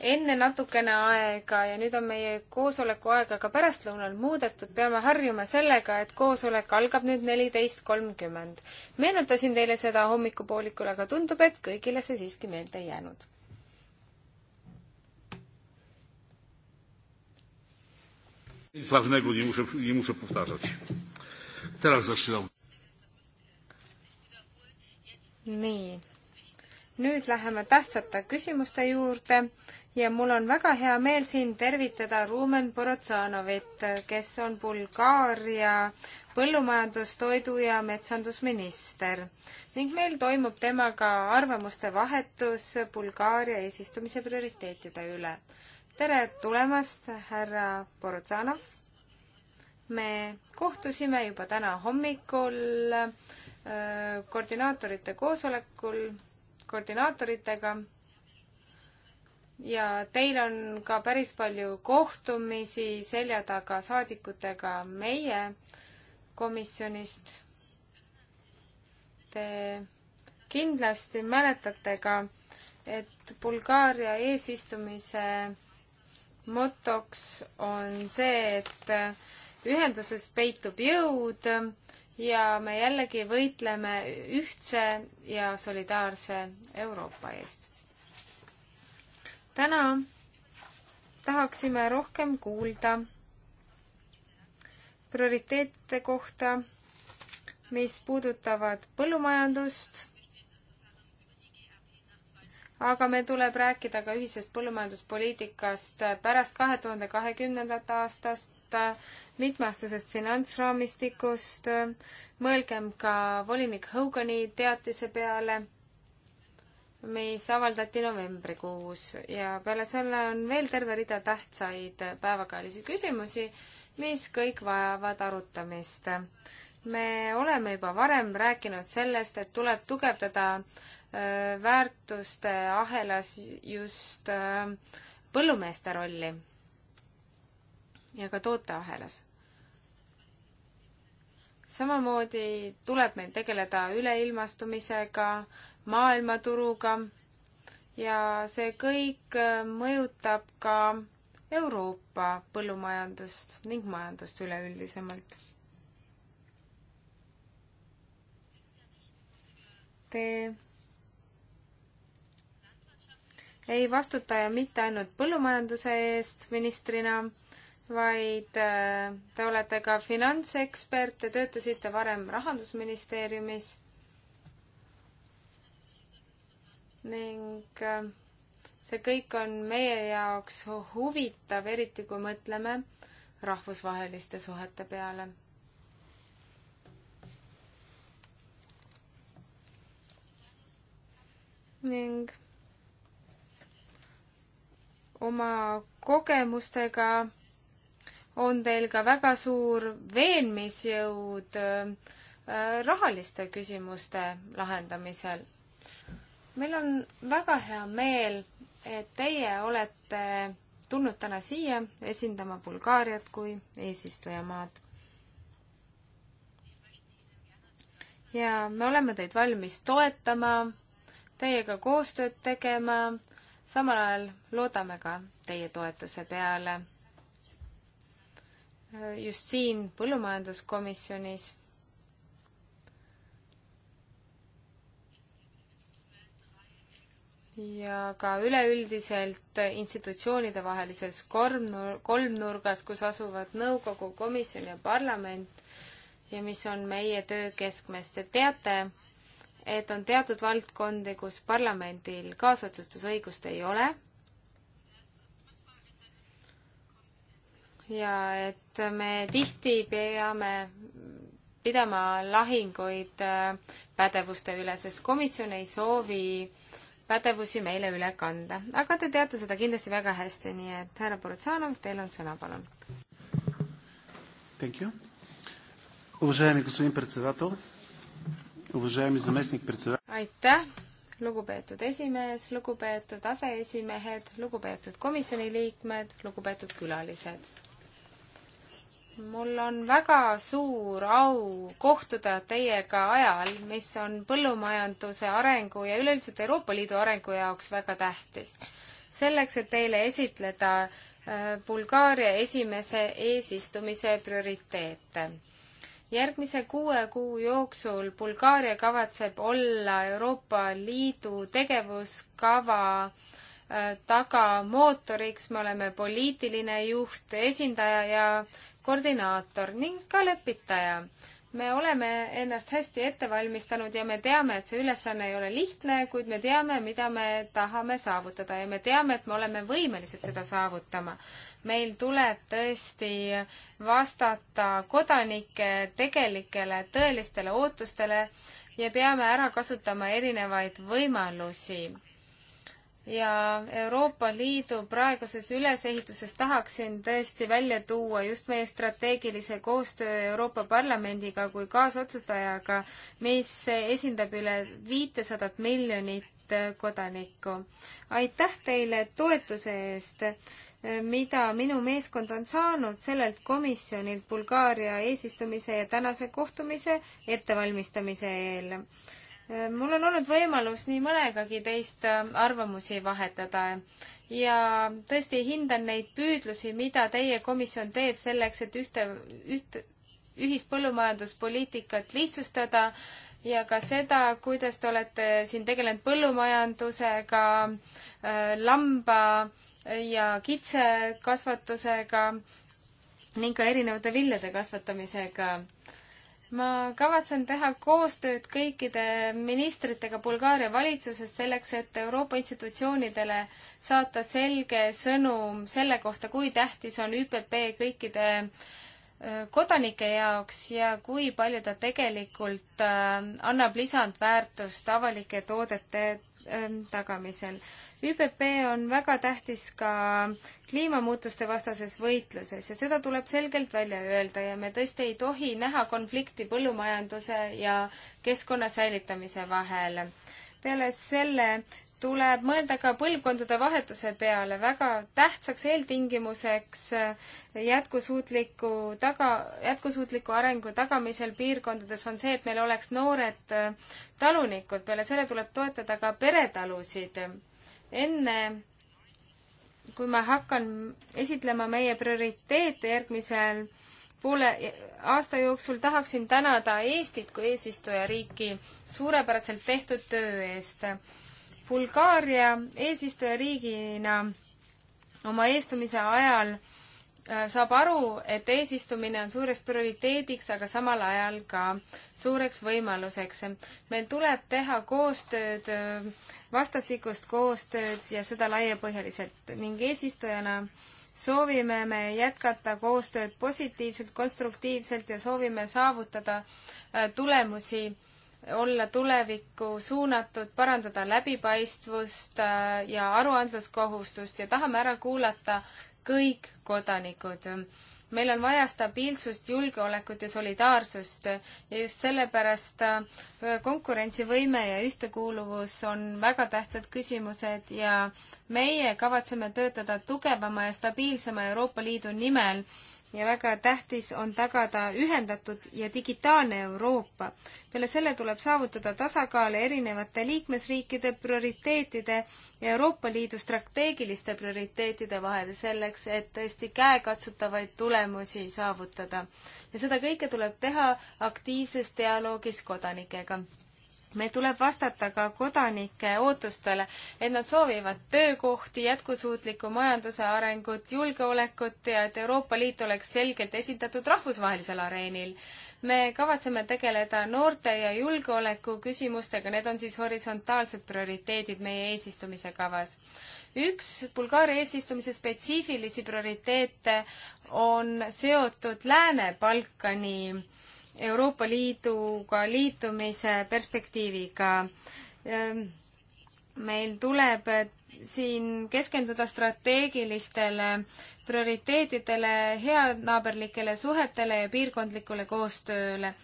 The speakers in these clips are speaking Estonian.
enne natukene aega ja nüüd on meie koosoleku aega ka pärastlõunal muudetud, peame harjuma sellega, et koosolek algab nüüd neliteist kolmkümmend. meenutasin teile seda hommikupoolikul, aga tundub, et kõigile see siiski meelde ei jäänud. nii, nüüd läheme tähtsate küsimuste juurde ja mul on väga hea meel siin tervitada Ruumen Borotsanovit, kes on Bulgaaria põllumajandus, toidu ja metsandusminister ning meil toimub temaga arvamuste vahetus Bulgaaria eesistumise prioriteetide üle. tere tulemast, härra Borotsanov! me kohtusime juba täna hommikul äh, koordinaatorite koosolekul koordinaatoritega ja teil on ka päris palju kohtumisi selja taga saadikutega meie komisjonist. Te kindlasti mäletate ka, et Bulgaaria eesistumise motoks on see, et ühenduses peitub jõud ja me jällegi võitleme ühtse ja solidaarse Euroopa eest täna tahaksime rohkem kuulda prioriteete kohta, mis puudutavad põllumajandust, aga meil tuleb rääkida ka ühisest põllumajanduspoliitikast pärast kahe tuhande kahekümnendat aastast, mitmeaastasest finantsraamistikust, mõelgem ka volinik Hogani teatise peale mis avaldati novembrikuus ja peale selle on veel terve rida tähtsaid päevakajalisi küsimusi, mis kõik vajavad arutamist. me oleme juba varem rääkinud sellest, et tuleb tugevdada äh, väärtuste ahelas just äh, põllumeeste rolli ja ka tooteahelas samamoodi tuleb meil tegeleda üleilmastumisega, maailmaturuga ja see kõik äh, mõjutab ka Euroopa põllumajandust ning majandust üleüldisemalt. Te ei vastuta ju mitte ainult põllumajanduse eest ministrina, vaid äh, te olete ka finantsekspert, te töötasite varem Rahandusministeeriumis ning äh, see kõik on meie jaoks huvitav, eriti kui mõtleme rahvusvaheliste suhete peale. ning oma kogemustega on teil ka väga suur veenmisjõud äh, rahaliste küsimuste lahendamisel meil on väga hea meel, et teie olete tulnud täna siia esindama Bulgaariat kui eesistujamaad. ja me oleme teid valmis toetama, teiega koostööd tegema, samal ajal loodame ka teie toetuse peale just siin põllumajanduskomisjonis ja ka üleüldiselt institutsioonide vahelises kolmnur-, kolmnurgas, kus asuvad nõukogu, komisjon ja parlament ja mis on meie töö keskmes. Te teate, et on teatud valdkondi, kus parlamendil kaasotsustusõigust ei ole ja et me tihti peame pidama lahinguid äh, pädevuste üle, sest komisjon ei soovi äh, pädevusi meile üle kanda. aga te teate seda kindlasti väga hästi, nii et härra Borutšanov, teil on sõna, palun. Thank you. Уважаеми господин председател, уважаеми заместник председател. Aitäh, lugupeetud esimees, lugupeetud aseesimehed, lugupeetud komisjoni liikmed, lugupeetud külalised mul on väga suur au kohtuda teiega ajal, mis on põllumajanduse arengu ja üleüldiselt Euroopa Liidu arengu jaoks väga tähtis. selleks, et teile esitleda äh, Bulgaaria esimese eesistumise prioriteete. järgmise kuue kuu jooksul Bulgaaria kavatseb olla Euroopa Liidu tegevuskava äh, taga mootoriks, me oleme poliitiline juht, esindaja ja koordinaator ning ka lepitaja. me oleme ennast hästi ette valmistanud ja me teame, et see ülesanne ei ole lihtne, kuid me teame, mida me tahame saavutada ja me teame, et me oleme võimelised seda saavutama. meil tuleb tõesti vastata kodanike tegelikele tõelistele ootustele ja peame ära kasutama erinevaid võimalusi ja Euroopa Liidu praeguses ülesehituses tahaksin tõesti välja tuua just meie strateegilise koostöö Euroopa Parlamendiga kui kaasotsustajaga, mis esindab üle viitesadat miljonit kodanikku. aitäh teile toetuse eest, mida minu meeskond on saanud sellelt komisjonilt Bulgaaria eesistumise ja tänase kohtumise ettevalmistamise eel mul on olnud võimalus nii mõnegagi teist äh, arvamusi vahetada ja tõesti hindan neid püüdlusi, mida teie komisjon teeb selleks, et ühte, üht, ühist põllumajanduspoliitikat lihtsustada ja ka seda, kuidas te olete siin tegelenud põllumajandusega, äh, lamba ja kitsekasvatusega ning ka erinevate viljade kasvatamisega ma kavatsen teha koostööd kõikide ministritega Bulgaaria valitsuses selleks, et Euroopa institutsioonidele saata selge sõnum selle kohta, kui tähtis on ÜPP kõikide kodanike jaoks ja kui palju ta tegelikult annab lisandväärtust avalike toodete Ähm, tagamisel. ÜPP on väga tähtis ka kliimamuutuste vastases võitluses ja seda tuleb selgelt välja öelda ja me tõesti ei tohi näha konflikti põllumajanduse ja keskkonna säilitamise vahel. peale selle tuleb mõelda ka põlvkondade vahetuse peale. väga tähtsaks eeltingimuseks äh, jätkusuutliku taga, jätkusuutliku arengu tagamisel piirkondades on see, et meil oleks noored äh, talunikud. peale selle tuleb toetada ka peretalusid. enne kui ma hakkan esitlema meie prioriteete järgmisel poole aasta jooksul tahaksin tänada Eestit kui eesistujariiki suurepäraselt tehtud töö eest. Bulgaaria eesistujariigina oma eestumise ajal äh, saab aru, et eesistumine on suureks prioriteediks, aga samal ajal ka suureks võimaluseks. meil tuleb teha koostööd, äh, vastastikust koostööd ja seda laiapõhjaliselt ning eesistujana soovime me jätkata koostööd positiivselt, konstruktiivselt ja soovime saavutada äh, tulemusi olla tulevikku suunatud, parandada läbipaistvust äh, ja aruandluskohustust ja tahame ära kuulata kõik kodanikud. meil on vaja stabiilsust, julgeolekut ja solidaarsust ja just sellepärast äh, konkurentsivõime ja ühtekuuluvus on väga tähtsad küsimused ja meie kavatseme töötada tugevama ja stabiilsema Euroopa Liidu nimel ja väga tähtis on tagada ühendatud ja digitaalne Euroopa. peale selle tuleb saavutada tasakaal erinevate liikmesriikide prioriteetide ja Euroopa Liidu strateegiliste prioriteetide vahel selleks, et tõesti käekatsutavaid tulemusi saavutada. ja seda kõike tuleb teha aktiivses dialoogis kodanikega meil tuleb vastata ka kodanike ootustele, et nad soovivad töökohti, jätkusuutlikku majanduse arengut, julgeolekut ja et Euroopa Liit oleks selgelt esindatud rahvusvahelisel areenil. me kavatseme tegeleda noorte ja julgeoleku küsimustega, need on siis horisontaalsed prioriteedid meie eesistumise kavas üks Bulgaaria eesistumise spetsiifilisi prioriteete on seotud Lääne-Balkani äh, Euroopa Liiduga liitumise perspektiiviga. Ehm, meil tuleb siin keskenduda strateegilistele prioriteetidele, heanaaberlikele suhetele ja piirkondlikule koostööle.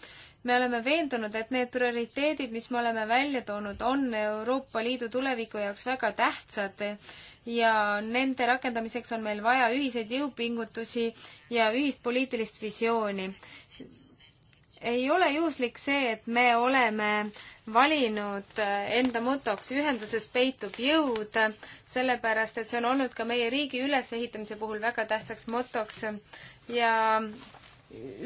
me oleme veendunud, et need prioriteedid, mis me oleme välja toonud, on Euroopa Liidu tuleviku jaoks väga tähtsad ja nende rakendamiseks on meil vaja ühiseid jõupingutusi ja ühist poliitilist visiooni ei ole juhuslik see, et me oleme valinud eh, enda motoks ühenduses peitub jõud, sellepärast et see on olnud ka meie riigi ülesehitamise puhul väga tähtsaks motoks ja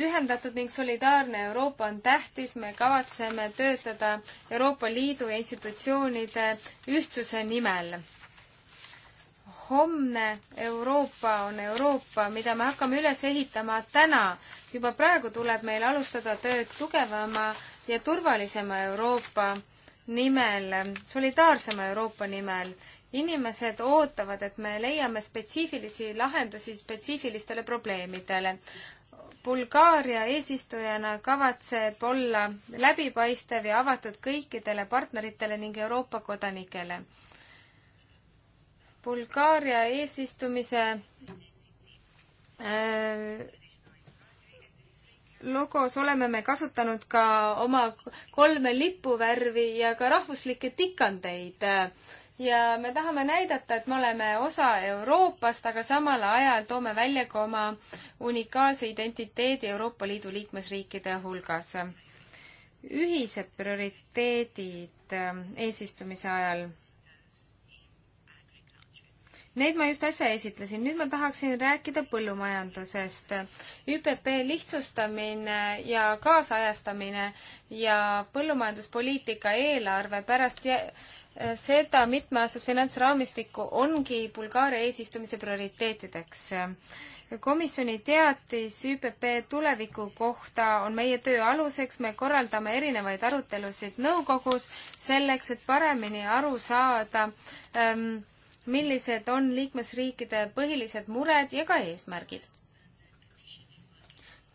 ühendatud ning solidaarne Euroopa on tähtis, me kavatseme töötada Euroopa Liidu institutsioonide ühtsuse nimel homne Euroopa on Euroopa, mida me hakkame üles ehitama täna. juba praegu tuleb meil alustada tööd tugevama ja turvalisema Euroopa nimel, solidaarsema Euroopa nimel. inimesed ootavad, et me leiame spetsiifilisi lahendusi spetsiifilistele probleemidele. Bulgaaria eesistujana kavatseb olla läbipaistev ja avatud kõikidele partneritele ning Euroopa kodanikele Bulgaaria eesistumise äh, logos oleme me kasutanud ka oma kolme lipuvärvi ja ka rahvuslikke tikandeid. ja me tahame näidata, et me oleme osa Euroopast, aga samal ajal toome välja ka oma unikaalse identiteedi Euroopa Liidu liikmesriikide hulgas. ühised prioriteedid äh, eesistumise ajal Neid ma just äsja esitlesin, nüüd ma tahaksin rääkida põllumajandusest. ÜPP lihtsustamine ja kaasajastamine ja põllumajanduspoliitika eelarve pärast seda mitmeaastast finantsraamistikku ongi Bulgaaria eesistumise prioriteetideks. komisjoni teatis ÜPP tuleviku kohta on meie töö aluseks, me korraldame erinevaid arutelusid nõukogus selleks, et paremini aru saada ähm, millised on liikmesriikide põhilised mured ja ka eesmärgid.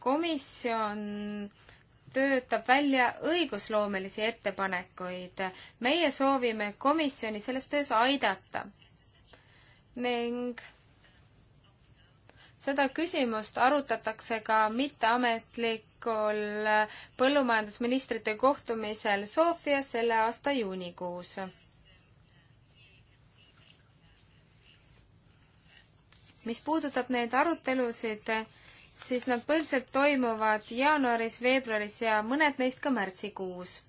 komisjon töötab välja õigusloomelisi ettepanekuid. meie soovime komisjoni selles töös aidata ning seda küsimust arutatakse ka mitteametlikul põllumajandusministrite kohtumisel Sofias selle aasta juunikuus mis puudutab neid arutelusid, siis nad põhiliselt toimuvad jaanuaris, veebruaris ja mõned neist ka märtsikuus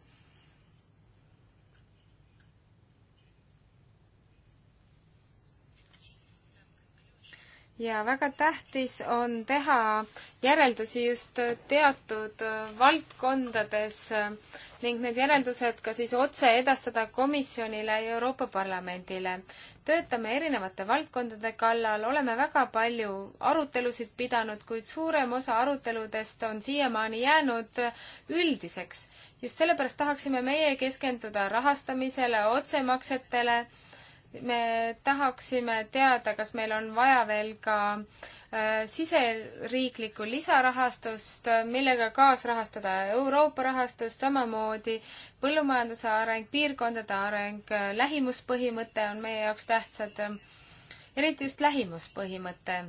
ja väga tähtis on teha järeldusi just teatud valdkondades ning need järeldused ka siis otse edastada komisjonile ja Euroopa Parlamendile. töötame erinevate valdkondade kallal, oleme väga palju arutelusid pidanud, kuid suurem osa aruteludest on siiamaani jäänud üldiseks. just sellepärast tahaksime meie keskenduda rahastamisele, otsemaksetele me tahaksime teada, kas meil on vaja veel ka äh, siseriiklikku lisarahastust, millega kaasrahastada Euroopa rahastust, samamoodi põllumajanduse areng, piirkondade areng, äh, lähimuspõhimõte on meie jaoks tähtsad, eriti just lähimuspõhimõte.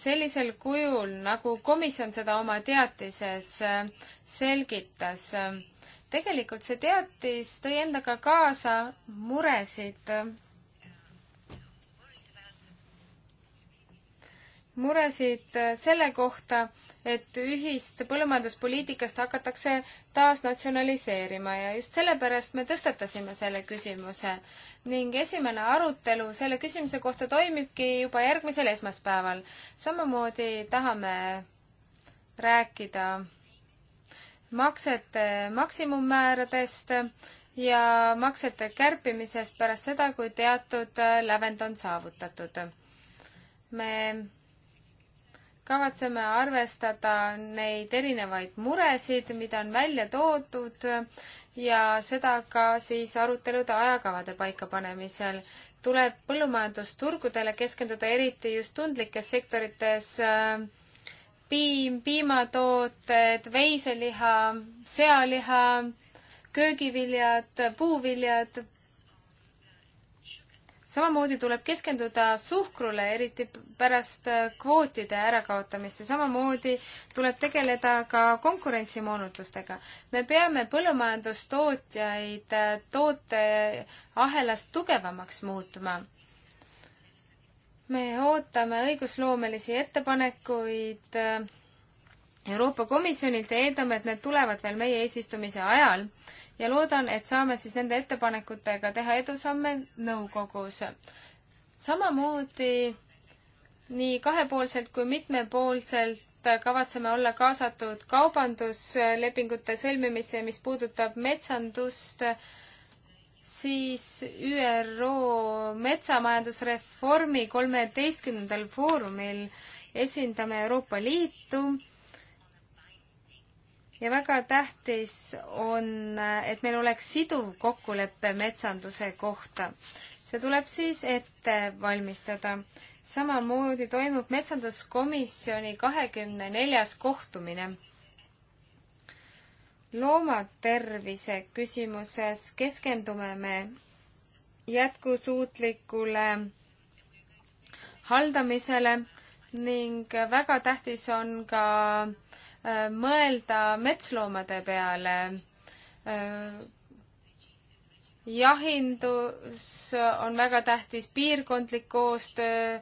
sellisel kujul, nagu komisjon seda oma teatises äh, selgitas tegelikult see teatis tõi endaga kaasa muresid. muresid selle kohta, et ühist põllumajanduspoliitikast hakatakse taas natsionaliseerima ja just sellepärast me tõstatasime selle küsimuse ning esimene arutelu selle küsimuse kohta toimibki juba järgmisel esmaspäeval. samamoodi tahame rääkida maksete maksimummääradest ja maksete kärpimisest pärast seda, kui teatud äh, lävend on saavutatud. me kavatseme arvestada neid erinevaid muresid, mida on välja toodud ja seda ka siis arutelude ajakavade paikapanemisel. tuleb põllumajandusturgudele keskenduda eriti just tundlikes sektorites äh, piim, piimatooted, veiseliha, sealiha, köögiviljad, puuviljad. samamoodi tuleb keskenduda suhkrule, eriti pärast kvootide ärakaotamist ja samamoodi tuleb tegeleda ka konkurentsimoonutustega. me peame põllumajandustootjaid tooteahelast tugevamaks muutma me ootame õigusloomelisi ettepanekuid äh, Euroopa Komisjonilt ja eeldame, et need tulevad veel meie eesistumise ajal ja loodan, et saame siis nende ettepanekutega teha edusamme nõukogus. samamoodi nii kahepoolselt kui mitmepoolselt kavatseme olla kaasatud kaubanduslepingute sõlmimisse, mis puudutab metsandust siis ÜRO metsamajandusreformi kolmeteistkümnendal foorumil esindame Euroopa Liitu ja väga tähtis on, et meil oleks siduv kokkulepe metsanduse kohta. see tuleb siis ette valmistada. samamoodi toimub metsanduskomisjoni kahekümne neljas kohtumine loomatervise küsimuses keskendume me jätkusuutlikule haldamisele ning väga tähtis on ka äh, mõelda metsloomade peale. Äh, jahindus on väga tähtis, piirkondlik koostöö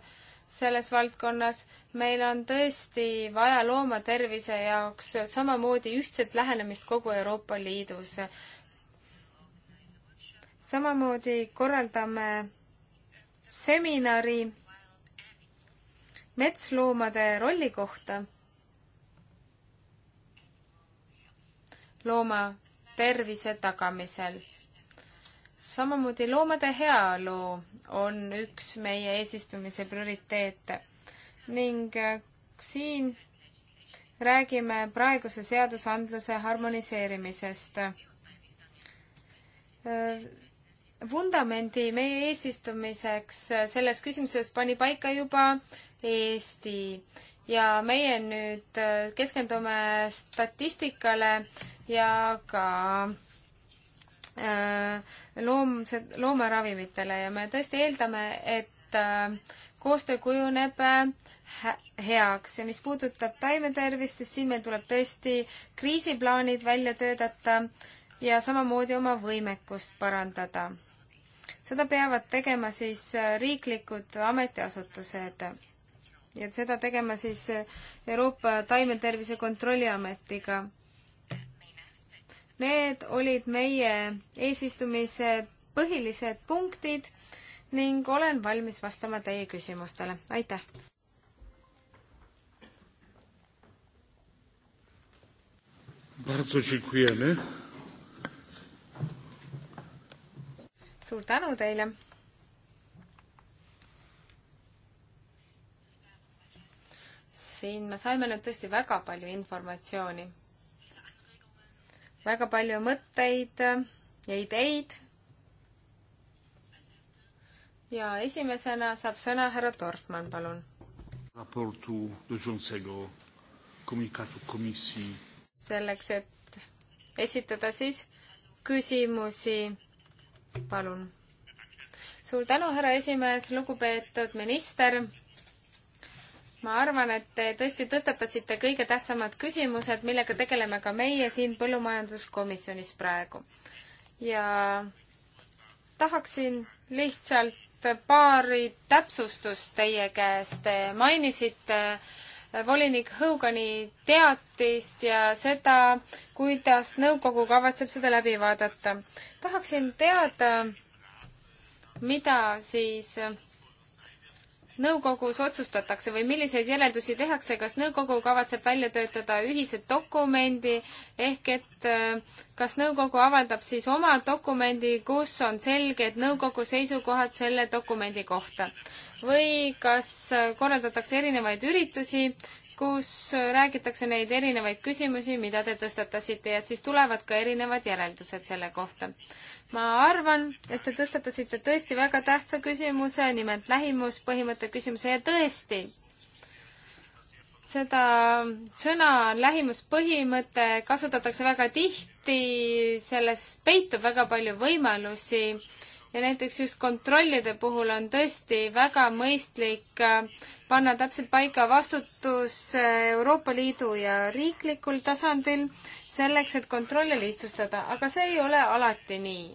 selles valdkonnas meil on tõesti vaja loomatervise jaoks samamoodi ühtset lähenemist kogu Euroopa Liidus. samamoodi korraldame seminari metsloomade rolli kohta looma tervise tagamisel. samamoodi loomade heaolu on üks meie eesistumise prioriteete ning äh, siin räägime praeguse seadusandluse harmoniseerimisest. Äh, vundamendi meie eesistumiseks äh, selles küsimuses pani paika juba Eesti ja meie nüüd keskendume statistikale ja ka loom-, loomaravimitele ja me tõesti eeldame, et koostöö kujuneb heaks ja mis puudutab taimetervist, siis siin meil tuleb tõesti kriisiplaanid välja töötada ja samamoodi oma võimekust parandada. seda peavad tegema siis äh, riiklikud ametiasutused ja seda tegema siis äh, Euroopa Taimetervise Kontrolliametiga. Need olid meie eesistumise põhilised punktid ning olen valmis vastama teie küsimustele, aitäh! Bardzo dziękujemy. suur tänu teile. siin me saime nüüd tõesti väga palju informatsiooni, väga palju mõtteid ja ideid. ja esimesena saab sõna härra Dorfmann, palun. raportu dotyczącego komunikatu komisji selleks, et esitada siis küsimusi. palun. suur tänu, härra esimees, lugupeetud minister. ma arvan, et te tõesti tõstatasite kõige tähtsamad küsimused, millega tegeleme ka meie siin põllumajanduskomisjonis praegu. ja tahaksin lihtsalt paari täpsustust teie käest. Te mainisite äh, volinik Hogani teatist ja seda, kuidas nõukogu kavatseb seda läbi vaadata. tahaksin teada, mida siis nõukogus otsustatakse või milliseid järeldusi tehakse, kas nõukogu kavatseb välja töötada ühise dokumendi ehk et äh, kas nõukogu avaldab siis oma dokumendi, kus on selged nõukogu seisukohad selle dokumendi kohta või kas äh, korraldatakse erinevaid üritusi kus äh, räägitakse neid erinevaid küsimusi, mida te tõstatasite ja et siis tulevad ka erinevad järeldused selle kohta. ma arvan, et te tõstatasite tõesti väga tähtsa küsimuse, nimelt lähimuspõhimõtte küsimuse ja tõesti, seda sõna lähimuspõhimõte kasutatakse väga tihti, selles peitub väga palju võimalusi ja näiteks just kontrollide puhul on tõesti väga mõistlik äh, panna täpselt paika vastutus äh, Euroopa Liidu ja riiklikul tasandil selleks, et kontrolle lihtsustada, aga see ei ole alati nii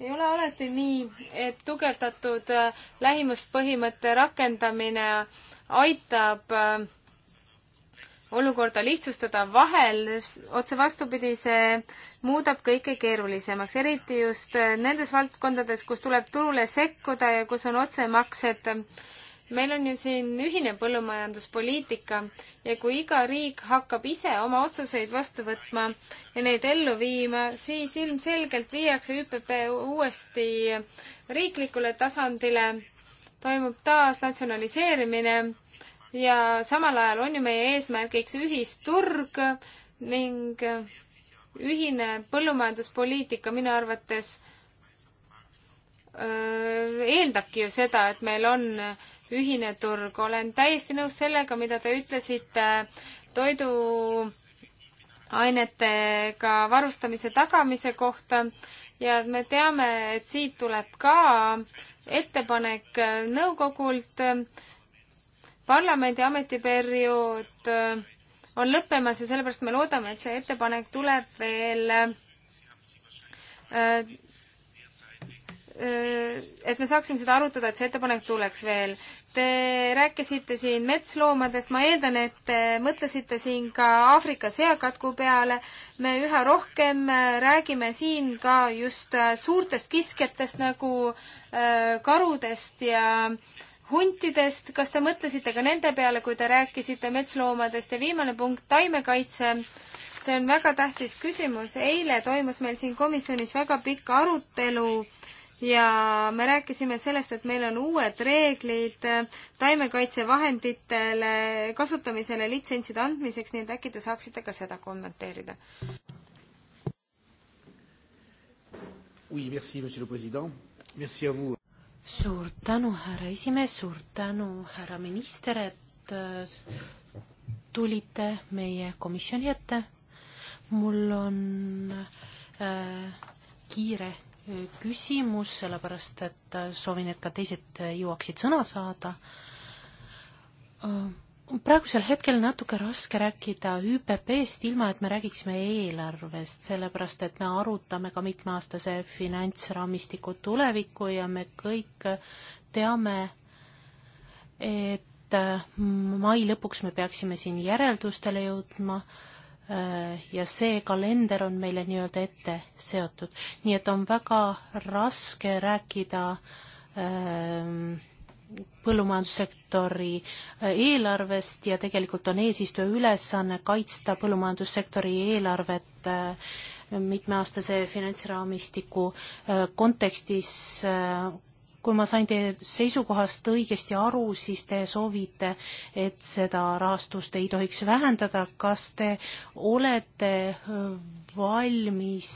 ei ole alati nii, et tugevdatud äh, lähimuspõhimõtte rakendamine aitab äh, olukorda lihtsustada, vahel otse vastupidi, see muudab kõike keerulisemaks, eriti just äh, nendes valdkondades, kus tuleb turule sekkuda ja kus on otsemaksed. meil on ju siin ühine põllumajanduspoliitika ja kui iga riik hakkab ise oma otsuseid vastu võtma ja neid ellu viima, siis ilmselgelt viiakse ÜPP uuesti riiklikule tasandile, toimub taas natsionaliseerimine ja samal ajal on ju meie eesmärgiks ühisturg ning ühine põllumajanduspoliitika minu arvates eeldabki ju seda, et meil on ühine turg. olen täiesti nõus sellega, mida te ütlesite toiduainetega varustamise tagamise kohta ja me teame, et siit tuleb ka ettepanek nõukogult parlamendi ametiperiood äh, on lõppemas ja sellepärast me loodame, et see ettepanek tuleb veel äh, äh, et me saaksime seda arutada, et see ettepanek tuleks veel. Te rääkisite siin metsloomadest, ma eeldan, et te mõtlesite siin ka Aafrika seakatku peale. me üha rohkem räägime siin ka just suurtest kiskjatest nagu karudest ja äh, huntidest, kas te mõtlesite ka nende peale, kui te rääkisite metsloomadest ja viimane punkt, taimekaitse, see on väga tähtis küsimus, eile toimus meil siin komisjonis väga pikk arutelu ja me rääkisime sellest, et meil on uued reeglid taimekaitsevahenditele kasutamisele litsentside andmiseks, nii et äkki te saaksite ka seda kommenteerida? Oui, merci, monsieur le président. Merci à vous suur tänu, härra esimees, suur tänu, härra minister, et äh, tulite meie komisjoni ette. mul on äh, kiire äh, küsimus, sellepärast et äh, soovin, et ka teised jõuaksid sõna saada äh, praegusel hetkel natuke raske rääkida ÜPP-st, ilma et me räägiksime eelarvest, sellepärast et me arutame ka mitmeaastase finantsraamistiku tulevikku ja me kõik teame, et mai lõpuks me peaksime siin järeldustele jõudma ja see kalender on meile nii-öelda ette seotud. nii et on väga raske rääkida äh, põllumajandussektori äh, eelarvest ja tegelikult on eesistuja ülesanne kaitsta põllumajandussektori eelarvet äh, mitmeaastase finantsraamistiku äh, kontekstis. kui ma sain teie seisukohast õigesti aru, siis te soovite, et seda rahastust ei tohiks vähendada. kas te olete valmis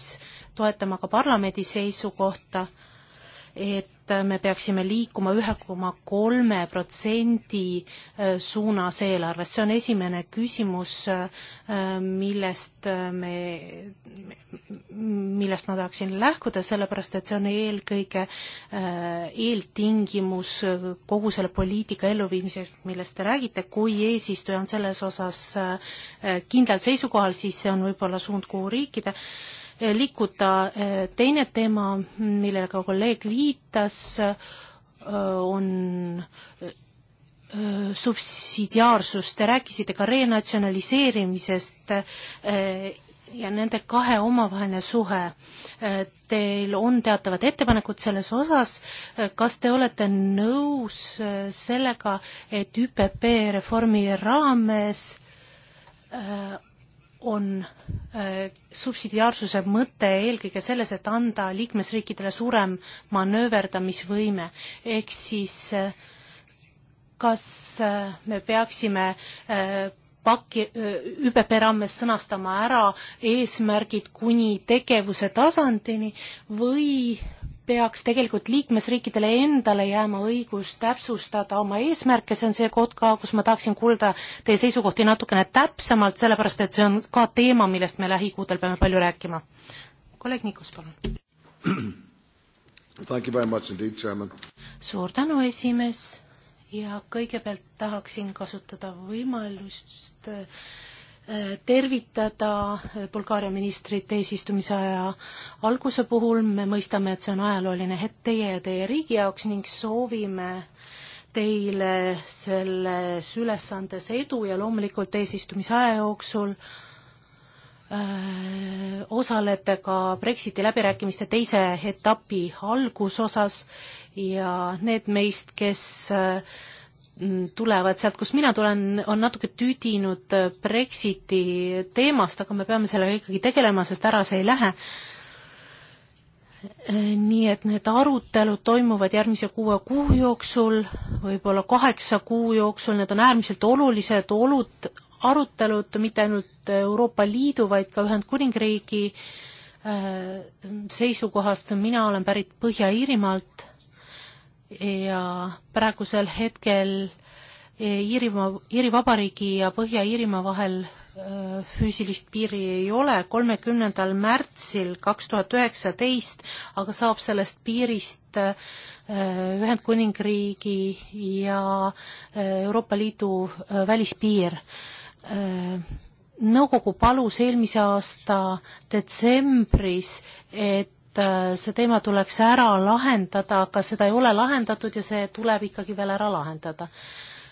toetama ka parlamendi seisukohta, et me peaksime liikuma ühe koma kolme protsendi äh, suunas eelarves, see on esimene küsimus, äh, millest äh, me, millest ma tahaksin lähtuda, sellepärast et see on eelkõige eeltingimus kogu selle poliitika elluviimiseks, millest te räägite, kui eesistuja on selles osas kindlal seisukohal, siis see on võib-olla suund, kuhu riikida liikuda. Eh, teine teema, millele ka kolleeg viitas, eh, on eh, subsidiaarsus, te rääkisite ka renatsionaliseerimisest ja nende kahe omavaheline suhe. Teil on teatavad ettepanekud selles osas, kas te olete nõus sellega, et ÜPP reformi raames on äh, subsidiaarsuse mõte eelkõige selles, et anda liikmesriikidele suurem manööverdamisvõime, ehk siis äh, kas äh, me peaksime paki, ÜPP raames sõnastama ära eesmärgid kuni tegevuse tasandini või peaks tegelikult liikmesriikidele endale jääma õigus täpsustada oma eesmärke, see on see koht ka, kus ma tahaksin kuulda teie seisukohti natukene täpsemalt, sellepärast et see on ka teema, millest me lähikuudel peame palju rääkima. kolleeg Nikos, palun. suur tänu, esimees, ja kõigepealt tahaksin kasutada võimalust äh, tervitada Bulgaaria ministrit eesistumise aja alguse puhul, me mõistame, et see on ajalooline hetk teie ja teie riigi jaoks ning soovime teile selles ülesandes edu ja loomulikult eesistumise aja jooksul öö, äh, osalete ka Brexiti läbirääkimiste teise etapi algusosas ja need meist, kes öö, äh, Mm, tulevad sealt, kust mina tulen, on natuke tüdinud äh, Brexiti teemast, aga me peame sellega ikkagi tegelema, sest ära see ei lähe. Äh, nii et need arutelud toimuvad järgmise kuue kuu jooksul, võib-olla kaheksa kuu jooksul, need on äärmiselt olulised olud, arutelud mitte ainult Euroopa Liidu, vaid ka Ühendkuningriigi äh, seisukohast, mina olen pärit Põhja-Iirimaalt ja praegusel hetkel eh, Iirimaa, Iiri Vabariigi ja Põhja-Iirimaa vahel eh, füüsilist piiri ei ole, kolmekümnendal märtsil kaks tuhat üheksateist aga saab sellest piirist eh, Ühendkuningriigi ja Euroopa Liidu välispiir. Nõukogu palus eelmise aasta detsembris, et Äh, see teema tuleks ära lahendada, aga seda ei ole lahendatud ja see tuleb ikkagi veel ära lahendada.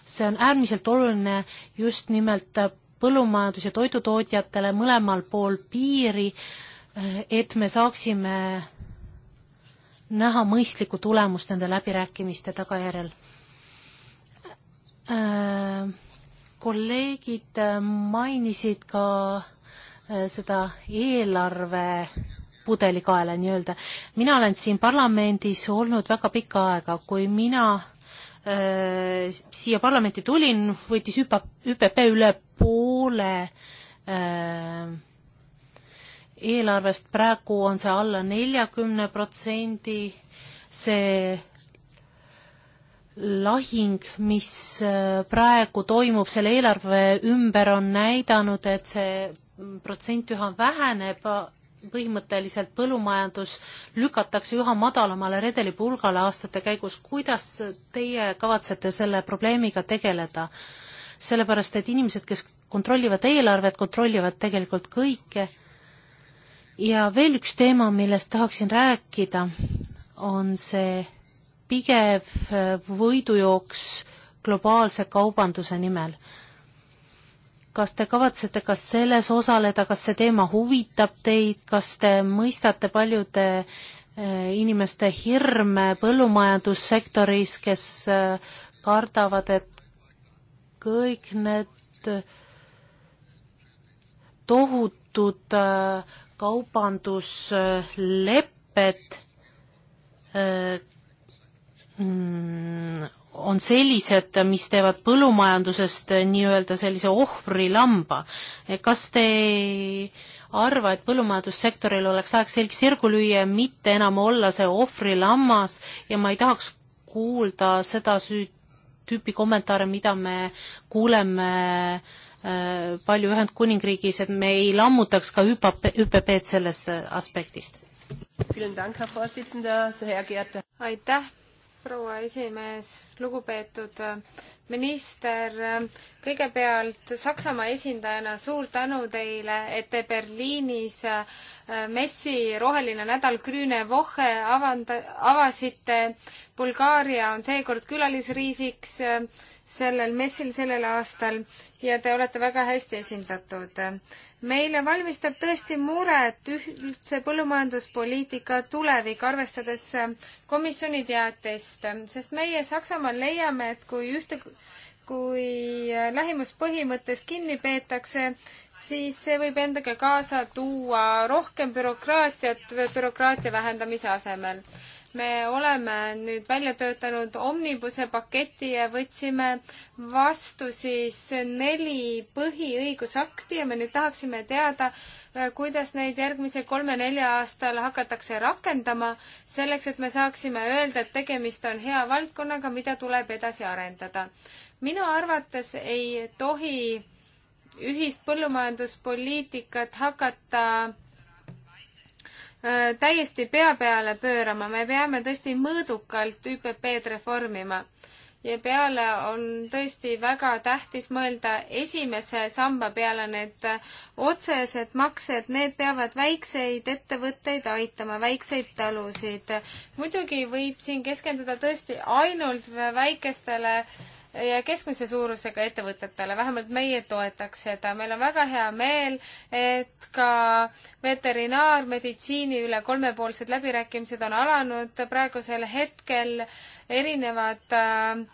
see on äärmiselt oluline just nimelt põllumajandus- ja toidutootjatele mõlemal pool piiri, äh, et me saaksime näha mõistlikku tulemust nende läbirääkimiste tagajärjel äh,. kolleegid äh, mainisid ka seda eelarve pudelikaela nii-öelda. mina olen siin parlamendis olnud väga pikka aega, kui mina öö, äh, siia parlamenti tulin, võttis ÜPA, ÜPP üle poole öö, äh, eelarvest, praegu on see alla neljakümne protsendi, see lahing, mis äh, praegu toimub selle eelarve ümber, on näidanud, et see protsent üha väheneb põhimõtteliselt põllumajandus lükatakse üha madalamale redelipulgale aastate käigus. kuidas teie kavatsete selle probleemiga tegeleda? sellepärast, et inimesed, kes kontrollivad eelarvet, kontrollivad tegelikult kõike. ja veel üks teema, millest tahaksin rääkida, on see pigev võidujooks globaalse kaubanduse nimel kas te kavatsete kas selles osaleda, kas see teema huvitab teid, kas te mõistate paljude eh, inimeste hirme põllumajandussektoris, kes eh, kardavad, et kõik need eh, tohutud kaubanduslepped mm, on sellised, mis teevad põllumajandusest nii-öelda sellise ohvrilamba. kas te ei arva, et põllumajandussektoril oleks aeg selg sirgu lüüa, mitte enam olla see ohvrilammas ja ma ei tahaks kuulda seda süüd, tüüpi kommentaare, mida me kuuleme äh, palju Ühendkuningriigis, et me ei lammutaks ka ÜPP, ÜPP-d sellest aspektist. aitäh, proua esimees, lugupeetud minister, kõigepealt Saksamaa esindajana suur tänu teile, et te Berliinis äh, messi roheline nädal Grüne Woche avanda-, avasite. Bulgaaria on seekord külalisriisiks äh, sellel messil sellel aastal ja te olete väga hästi esindatud. meile valmistab tõesti muret üldse põllumajanduspoliitika tulevik, arvestades komisjoni teatest, sest meie Saksamaal leiame, et kui ühte kui lähimuspõhimõttest kinni peetakse, siis see võib endaga kaasa tuua rohkem bürokraatiat bürokraatia vähendamise asemel me oleme nüüd välja töötanud omnibuse paketi ja võtsime vastu siis neli põhiõigusakti ja me nüüd tahaksime teada, kuidas neid järgmise kolme-nelja aastal hakatakse rakendama, selleks et me saaksime öelda, et tegemist on hea valdkonnaga, mida tuleb edasi arendada. minu arvates ei tohi ühist põllumajanduspoliitikat hakata Äh, täiesti pea peale pöörama, me peame tõesti mõõdukalt ÜPP-d reformima. ja peale on tõesti väga tähtis mõelda esimese samba peale, need otsesed maksed, need peavad väikseid ettevõtteid aitama, väikseid talusid. muidugi võib siin keskenduda tõesti ainult väikestele äh, ja keskmise suurusega ettevõtetele, vähemalt meie toetaks seda, meil on väga hea meel, et ka veterinaarmeditsiini üle kolmepoolsed läbirääkimised on alanud, praegusel hetkel erinevad äh,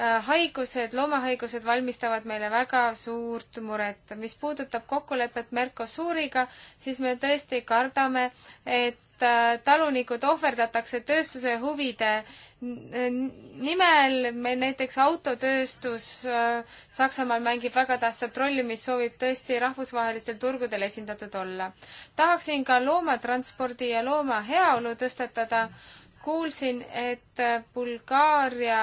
haigused, loomahaigused valmistavad meile väga suurt muret. mis puudutab kokkulepet Mercosuriga, siis me tõesti kardame, et äh, talunikud ohverdatakse tööstuse huvide nimel. meil näiteks autotööstus äh, Saksamaal mängib väga tähtsat rolli, mis soovib tõesti rahvusvahelistel turgudel esindatud olla. tahaksin ka loomatranspordi ja looma heaolu tõstatada. kuulsin, et äh, Bulgaaria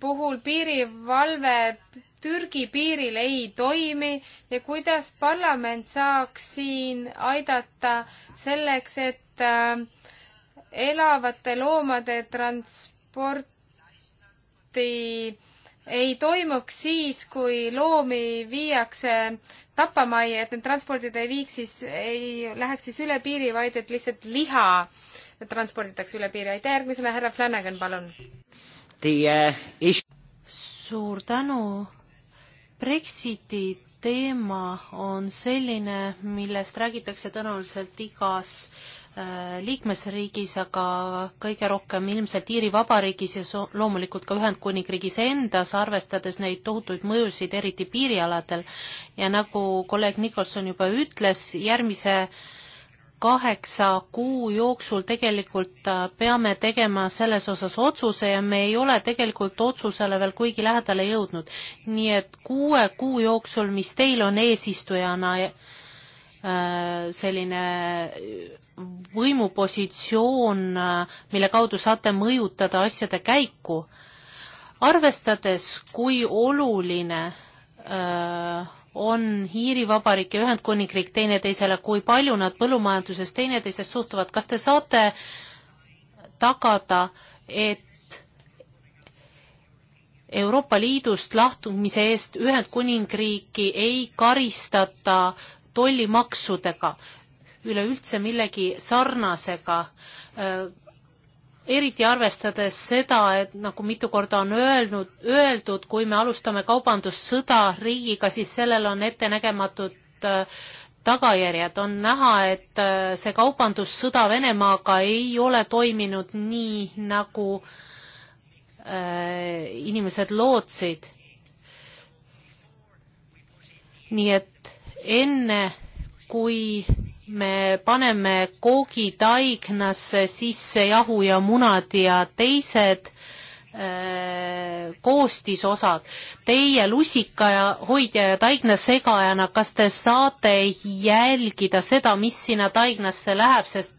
puhul piirivalve Türgi piiril ei toimi ja kuidas parlament saaks siin aidata selleks, et äh, elavate loomade transporti ei toimuks siis, kui loomi viiakse tapamajja, et need transpordid ei viiks siis, ei läheks siis üle piiri, vaid et lihtsalt liha transporditakse üle piiri. aitäh, järgmisena härra Flanagan, palun! the uh, issue. suur tänu. Brexiti teema on selline, millest räägitakse tõenäoliselt igas äh, liikmesriigis, aga kõige rohkem ilmselt Iiri Vabariigis ja loomulikult ka Ühendkuningriigis endas, arvestades neid tohutuid mõjusid, eriti piirialadel. ja nagu kolleeg Nikolson juba ütles, järgmise äh, kaheksa kuu jooksul tegelikult äh, peame tegema selles osas otsuse ja me ei ole tegelikult otsusele veel kuigi lähedale jõudnud. nii et kuue kuu jooksul, mis teil on eesistujana äh, selline äh, võimupositsioon, mille kaudu saate mõjutada asjade käiku, arvestades, kui oluline öö, on Iiri Vabariik ja Ühendkuningriik teineteisele, kui palju nad põllumajanduses teineteisest suhtuvad, kas te saate tagada, et Euroopa Liidust lahtumise eest Ühendkuningriiki ei karistata tollimaksudega, üleüldse millegi sarnasega, äh, eriti arvestades seda, et nagu mitu korda on öelnud, öeldud, kui me alustame kaubandussõda riigiga, siis sellel on ettenägematud äh, tagajärjed. on näha, et äh, see kaubandussõda Venemaaga ei ole toiminud nii, nagu äh, inimesed lootsid. nii et enne, kui me paneme koogitaignasse sisse jahu ja munad ja teised äh, koostisosad. Teie lusika ja hoidja ja taigna segajana, kas te saate jälgida seda, mis sinna taignasse läheb, sest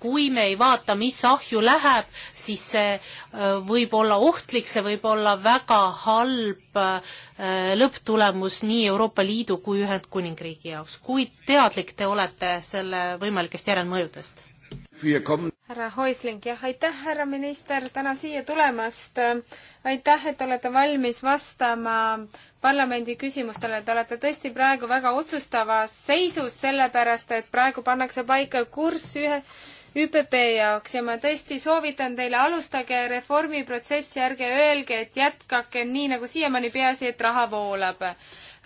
kui me ei vaata, mis ahju läheb, siis see äh, võib olla ohtlik, see võib olla väga halb äh, lõpptulemus nii Euroopa Liidu kui Ühendkuningriigi jaoks. kui teadlik te olete selle võimalikest järelmõjudest? härra Häusling, jah, aitäh, härra minister, täna siia tulemast aitäh, et olete valmis vastama parlamendi küsimustele. Te olete tõesti praegu väga otsustavas seisus, sellepärast et praegu pannakse paika kurss ühe ÜPP jaoks ja ma tõesti soovitan teile, alustage reformiprotsessi, ärge öelge, et jätkake nii nagu siiamaani, peaasi, et raha voolab.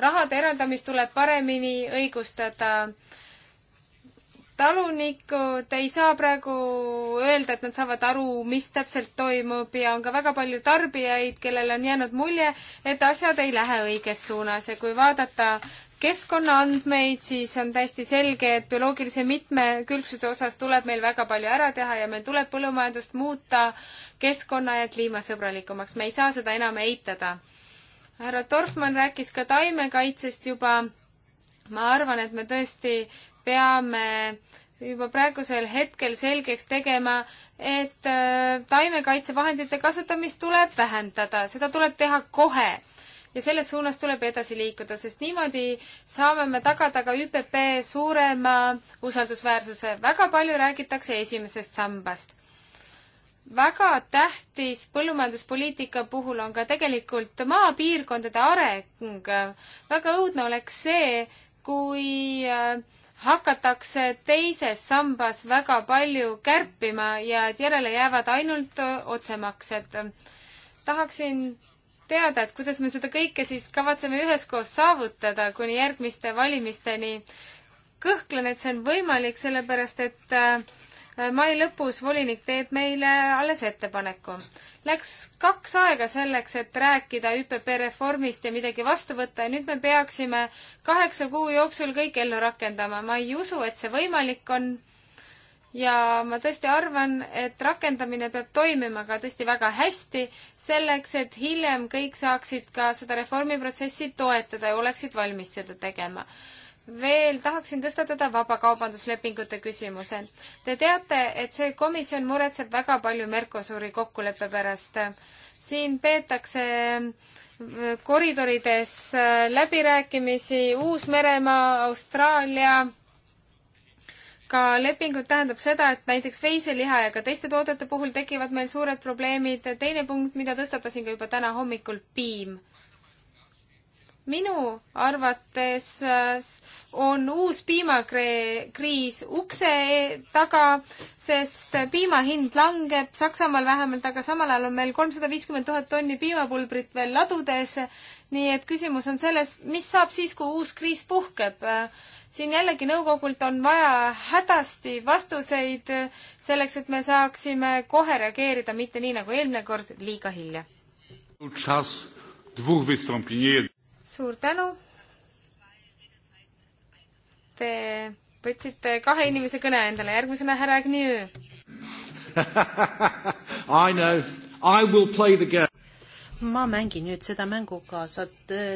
rahade eraldamist tuleb paremini õigustada talunikud ei saa praegu öelda, et nad saavad aru, mis täpselt toimub ja on ka väga palju tarbijaid, kellel on jäänud mulje, et asjad ei lähe õiges suunas ja kui vaadata keskkonnaandmeid, siis on täiesti selge, et bioloogilise mitmekülgsuse osas tuleb meil väga palju ära teha ja meil tuleb põllumajandust muuta keskkonna ja kliimasõbralikumaks, me ei saa seda enam eitada. härra Dorfmann rääkis ka taimekaitsest juba ma arvan, et me tõesti peame juba praegusel hetkel selgeks tegema, et äh, taimekaitsevahendite kasutamist tuleb vähendada, seda tuleb teha kohe. ja selles suunas tuleb edasi liikuda, sest niimoodi saame me tagada ka ÜPP suurema usaldusväärsuse. väga palju räägitakse esimesest sambast. väga tähtis põllumajanduspoliitika puhul on ka tegelikult maapiirkondade areng. väga õudne oleks see, kui äh, hakatakse teises sambas väga palju kärpima ja et järele jäävad ainult otsemaksed. tahaksin teada, et kuidas me seda kõike siis kavatseme üheskoos saavutada kuni järgmiste valimisteni. kõhklen, et see on võimalik, sellepärast et äh, Äh, mai lõpus volinik teeb meile alles ettepaneku. Läks kaks aega selleks, et rääkida ÜPP reformist ja midagi vastu võtta ja nüüd me peaksime kaheksa kuu jooksul kõik ellu rakendama. ma ei usu, et see võimalik on. ja ma tõesti arvan, et rakendamine peab toimima ka tõesti väga hästi, selleks et hiljem kõik saaksid ka seda reformiprotsessi toetada ja oleksid valmis seda tegema veel tahaksin tõstatada vabakaubanduslepingute küsimuse. Te teate, et see komisjon muretseb väga palju Mercosuri kokkuleppe pärast. siin peetakse koridorides läbirääkimisi Uus-Meremaa, Austraalia, ka lepingud tähendab seda, et näiteks veiseliha ja ka teiste toodete puhul tekivad meil suured probleemid. teine punkt, mida tõstatasin ka juba täna hommikul, piim minu arvates äh, on uus piimakriis ukse taga, sest piima hind langeb Saksamaal vähemalt, aga samal ajal on meil kolmsada viiskümmend tuhat tonni piimapulbrit veel ladudes. nii et küsimus on selles, mis saab siis, kui uus kriis puhkeb. siin jällegi nõukogult on vaja hädasti vastuseid selleks, et me saaksime kohe reageerida, mitte nii nagu eelmine kord, liiga hilja. Czas dwóch wystąpień suur tänu. Te võtsite kahe inimese kõne endale, järgmisena härra Agnew I know, I will play the game ma mängin nüüd seda mängu kaasa.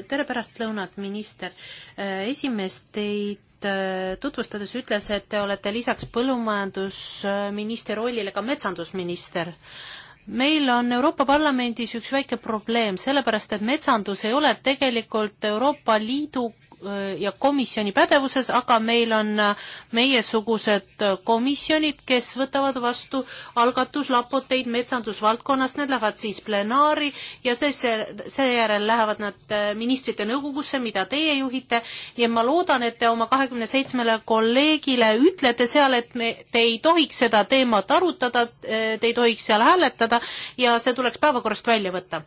tere pärastlõunat, minister. Äh, esimest teid äh, tutvustades ütles, et te olete lisaks põllumajandusministri rollile ka metsandusminister meil on Euroopa Parlamendis üks väike probleem, sellepärast et metsandus ei ole tegelikult Euroopa Liidu Äh, ja komisjoni pädevuses, aga meil on äh, meiesugused äh, komisjonid, kes võtavad vastu algatuslapoteid metsandusvaldkonnas, need lähevad siis plenaari ja see, see, seejärel lähevad nad ministrite nõukogusse, mida teie juhite, ja ma loodan, et te oma kahekümne seitsmele kolleegile ütlete seal, et me, te ei tohiks seda teemat arutada, te ei tohiks seal hääletada ja see tuleks päevakorrast välja võtta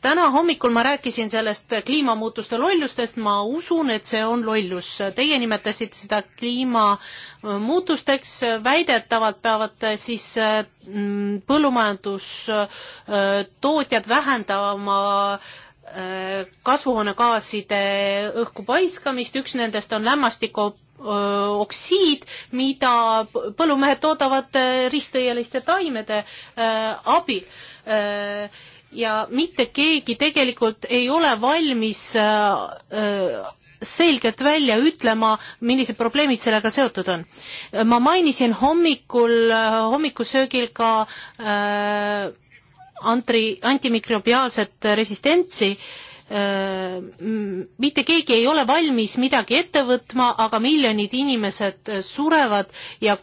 täna hommikul ma rääkisin sellest kliimamuutuste lollustest, ma usun, et see on lollus. Teie nimetasite seda kliimamuutusteks, väidetavalt peavad siis mm, põllumajandustootjad vähendama äh, kasvuhoonegaaside õhku paiskamist, üks nendest on lämmastiku oksiid, mida põllumehed toodavad äh, ristõieliste taimede äh, abil ja mitte keegi tegelikult ei ole valmis äh, äh, selgelt välja ütlema, millised probleemid sellega seotud on. ma mainisin hommikul, äh, hommikusöögil ka äh, antri, antimikrobiaalset resistentsi äh,, mitte keegi ei ole valmis midagi ette võtma, aga miljonid inimesed surevad ja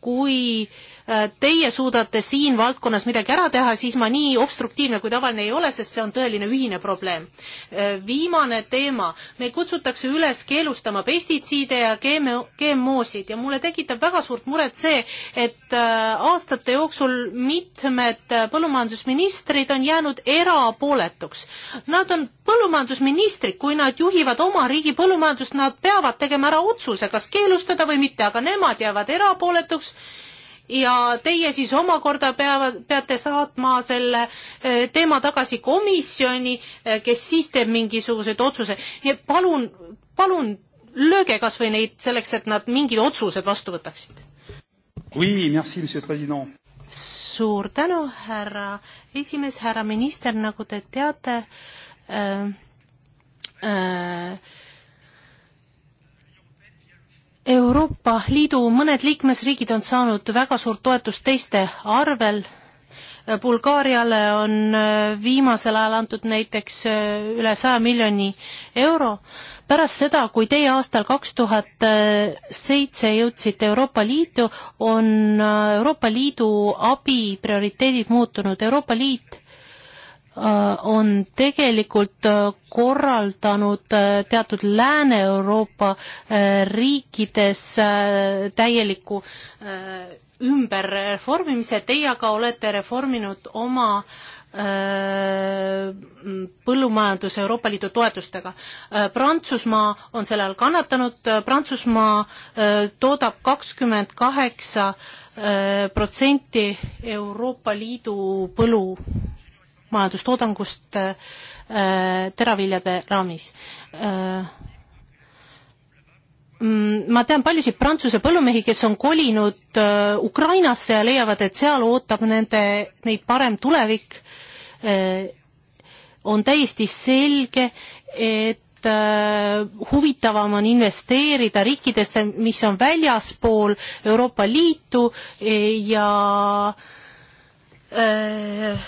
kui äh, Äh, teie suudate siin valdkonnas midagi ära teha, siis ma nii obstruktiivne kui tavaline ei ole, sest see on tõeline ühine probleem. Äh, viimane teema, meil kutsutakse üles keelustama pestitsiide ja GMO, GMO-sid ja mulle tekitab väga suurt muret see, et äh, aastate jooksul mitmed põllumajandusministrid on jäänud erapooletuks. Nad on põllumajandusministrid, kui nad juhivad oma riigi põllumajandust, nad peavad tegema ära otsuse, kas keelustada või mitte, aga nemad jäävad erapooletuks ja teie siis omakorda peavad, peate saatma selle eh, teema tagasi komisjoni, eh, kes siis teeb mingisugused otsuse. nii et palun, palun lööge kas või neid selleks, et nad mingid otsused vastu võtaksid. Oui, merci, monsieur president. suur tänu, härra esimees, härra minister, nagu te teate äh,, äh, Euroopa Liidu mõned liikmesriigid on saanud väga suurt toetust teiste arvel. Bulgaariale on äh, viimasel ajal antud näiteks äh, üle saja miljoni euro. pärast seda, kui teie aastal kaks tuhat seitse jõudsite Euroopa Liitu, on äh, Euroopa Liidu abi prioriteedid muutunud. Euroopa Liit Äh, on tegelikult äh, korraldanud äh, teatud Lääne-Euroopa riikides täieliku ümberreformimise, teie aga olete reforminud oma põllumajandus Euroopa Liidu toetustega. Prantsusmaa on selle all kannatanud, Prantsusmaa toodab kakskümmend kaheksa protsenti Euroopa Liidu põllu majandustoodangust äh, teraviljade raamis. Äh, mm, ma tean paljusid Prantsuse põllumehi, kes on kolinud äh, Ukrainasse ja leiavad, et seal ootab nende, neid parem tulevik. on täiesti selge, et huvitavam on investeerida riikidesse, mis on väljaspool Euroopa Liitu ja äh,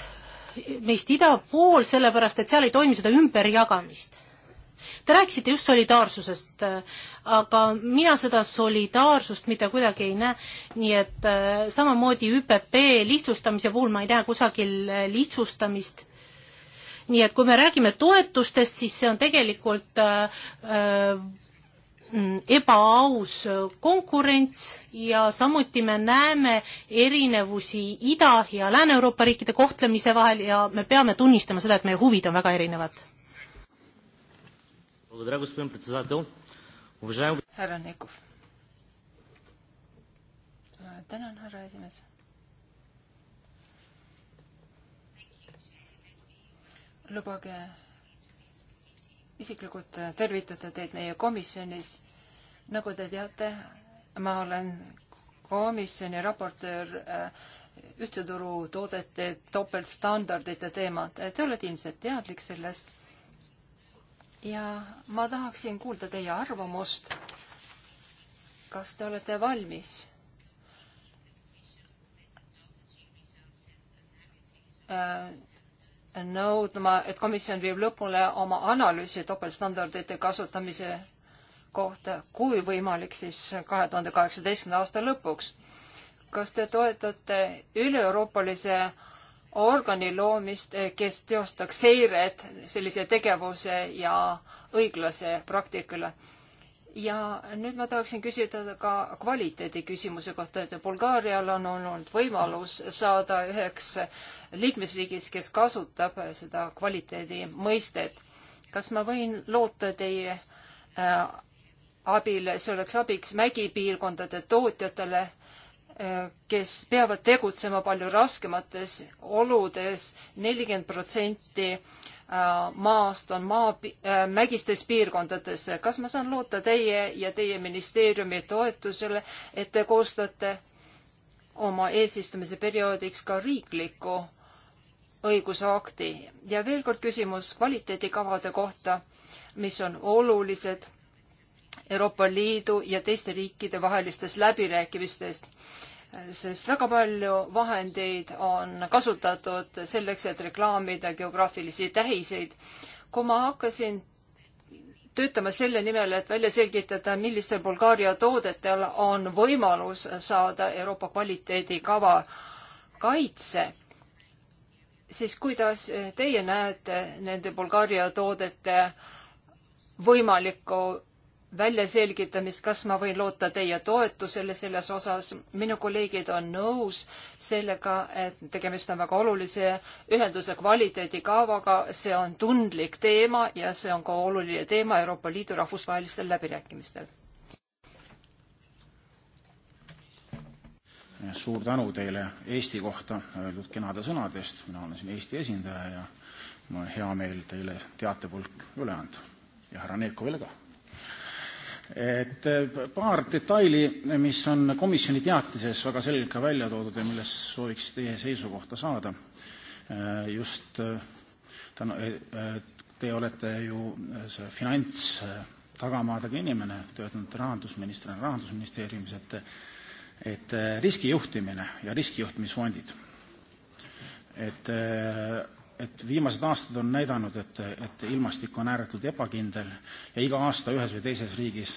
meist ida pool, sellepärast et seal ei toimi seda ümberjagamist. Te rääkisite just solidaarsusest, äh, aga mina seda solidaarsust mitte kuidagi ei näe, nii et äh, samamoodi ÜPP lihtsustamise puhul ma ei näe kusagil äh, lihtsustamist nii et kui me räägime toetustest, siis see on tegelikult äh, Mm, ebaaus konkurents ja samuti me näeme erinevusi Ida- ja Lääne-Euroopa riikide kohtlemise vahel ja me peame tunnistama seda, et meie huvid on väga erinevad. härra Nekov. tänan, härra esimees. lubage isiklikult äh, tervitada teid meie komisjonis. nagu te teate, ma olen komisjoni raportöör äh, ühtse turu toodete topeltstandardite teemad. Äh, te olete ilmselt teadlik sellest. ja ma tahaksin kuulda teie arvamust. kas te olete valmis äh, nõudma, et komisjon viib lõpule oma analüüsi topeltstandardite kasutamise kohta, kui võimalik, siis kahe tuhande kaheksateistkümnenda aasta lõpuks. kas te toetate üle-euroopalise organi loomist, eh, kes teostaks seiret sellise tegevuse ja õiglase praktikale? ja nüüd ma tahaksin küsida ka kvaliteedi küsimuse kohta, et Bulgaarial on olnud võimalus saada üheks liikmesriigis, kes kasutab seda kvaliteedi mõistet. kas ma võin loota teie äh, abile, see oleks abiks mägipiirkondade tootjatele äh,, kes peavad tegutsema palju raskemates oludes, nelikümmend protsenti Äh, maast on maa, äh, mägistes piirkondades. kas ma saan loota teie ja teie ministeeriumi toetusele, et te koostate oma eesistumise perioodiks ka riikliku õigusakti ja veel kord küsimus kvaliteedikavade kohta, mis on olulised Euroopa Liidu ja teiste riikide vahelistes läbirääkimistest sest väga palju vahendeid on kasutatud selleks, et reklaamida geograafilisi tähiseid. kui ma hakkasin töötama selle nimel, et välja selgitada, millistel Bulgaaria toodetel on võimalus saada Euroopa kvaliteedikava kaitse, siis kuidas teie näete nende Bulgaaria toodete võimalikku väljaselgitamist, kas ma võin loota teie toetusele selles osas. minu kolleegid on nõus sellega, et tegemist on väga olulise ühenduse kvaliteedikavaga, see on tundlik teema ja see on ka oluline teema Euroopa Liidu rahvusvahelistel läbirääkimistel. suur tänu teile Eesti kohta öeldud kenade sõnadest, mina olen siin Eesti esindaja ja mul on hea meel teile teatepulk üle anda ja härra Neekovile ka et eh, paar detaili, mis on komisjoni teatises väga selgelt ka välja toodud ja milles sooviks teie seisukohta saada. Eh, just eh, tänu, te olete ju see finantstagamaadega inimene, töötanud rahandusministrina Rahandusministeeriumis, et et riskijuhtimine ja riskijuhtimisfondid, et et viimased aastad on näidanud, et, et ilmastik on ääretult ebakindel ja iga aasta ühes või teises riigis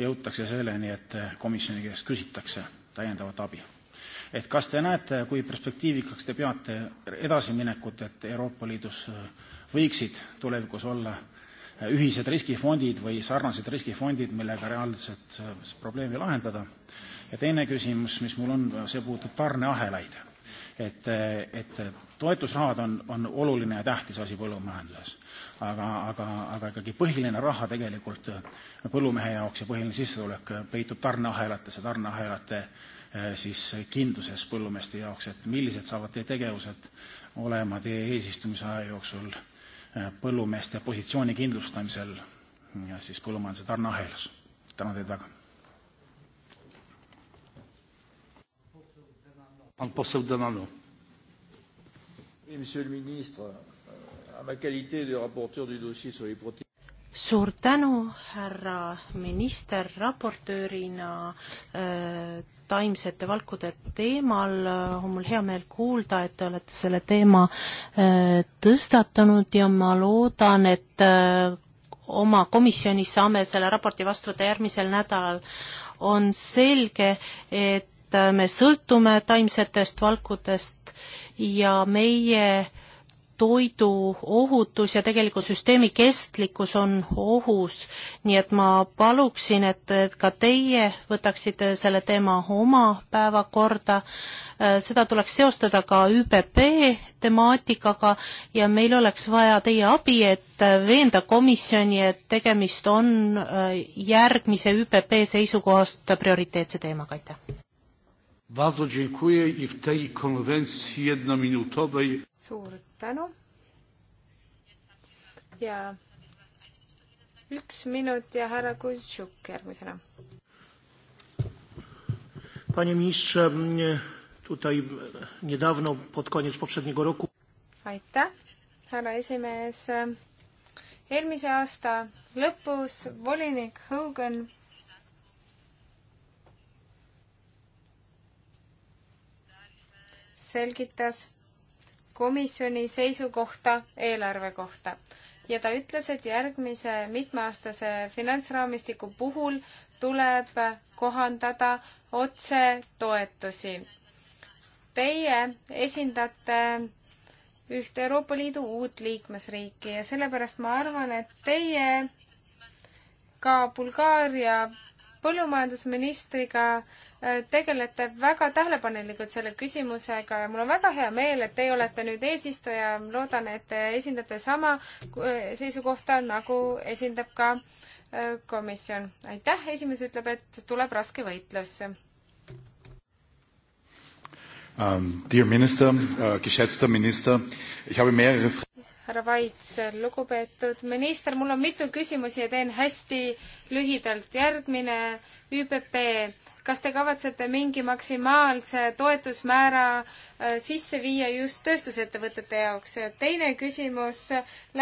jõutakse selleni, et komisjoni käest küsitakse täiendavat abi. et kas te näete, kui perspektiivikaks te peate edasiminekut, et Euroopa Liidus võiksid tulevikus olla ühised riskifondid või sarnased riskifondid, millega reaalselt probleemi lahendada. ja teine küsimus, mis mul on, see puudutab tarneahelaid et, et toetusrahad on, on oluline ja tähtis asi põllumajanduses. aga, aga, aga ikkagi põhiline raha tegelikult põllumehe jaoks ja põhiline sissetulek peitub tarneahelates ja tarneahelate eh, siis kindluses põllumeeste jaoks, et millised saavad teie tegevused olema teie eesistumise aja jooksul eh, põllumeeste positsiooni kindlustamisel ja siis põllumajanduse tarneahelas. tänan teid väga! Monsieur le ministre, euh, à ma qualité de rapporteur du dossier sur les protéines suur tänu, härra minister, raportöörina äh, taimsete valkude teemal äh, on mul hea meel kuulda, et te olete selle teema äh, tõstatanud ja ma loodan, et äh, oma komisjonis saame selle raporti vastu võtta järgmisel nädalal. on selge, et et äh, me sõltume taimsetest valkudest ja meie toiduohutus ja tegelikult süsteemi kestlikkus on ohus. nii et ma paluksin, et ka teie võtaksite selle teema oma päevakorda. Äh, seda tuleks seostada ka ÜPP temaatikaga ja meil oleks vaja teie abi, et äh, veenda komisjoni, et tegemist on järgmise ÜPP seisukohast prioriteetse teemaga, aitäh! Bardzo dziękuję i w tej konwencji jednominutowej. Suur tänu. Ja üks minut ja härra Kutšuk järgmisena. Panie ministrze, tutaj niedawno pod koniec poprzedniego roku. Aitäh, härra esimees. eelmise aasta lõpus volinik Hogan selgitas komisjoni seisukohta eelarve kohta ja ta ütles, et järgmise mitmeaastase finantsraamistiku puhul tuleb kohandada otsetoetusi. Teie esindate üht Euroopa Liidu uut liikmesriiki ja sellepärast ma arvan, et teie ka Bulgaaria põllumajandusministriga äh, tegelete väga tähelepanelikult selle küsimusega ja mul on väga hea meel, et teie olete nüüd eesistuja, loodan, et te esindate sama äh, seisukohta, nagu esindab ka äh, komisjon. aitäh, esimees ütleb, et tuleb raske võitlus. Um, dear Minister, äh, geschätzter Minister, ich habe mehrere härra Vaits, lugupeetud minister, mul on mitu küsimusi ja teen hästi lühidalt. järgmine ÜPP, kas te kavatsete mingi maksimaalse toetusmäära äh, sisse viia just tööstusettevõtete jaoks? teine küsimus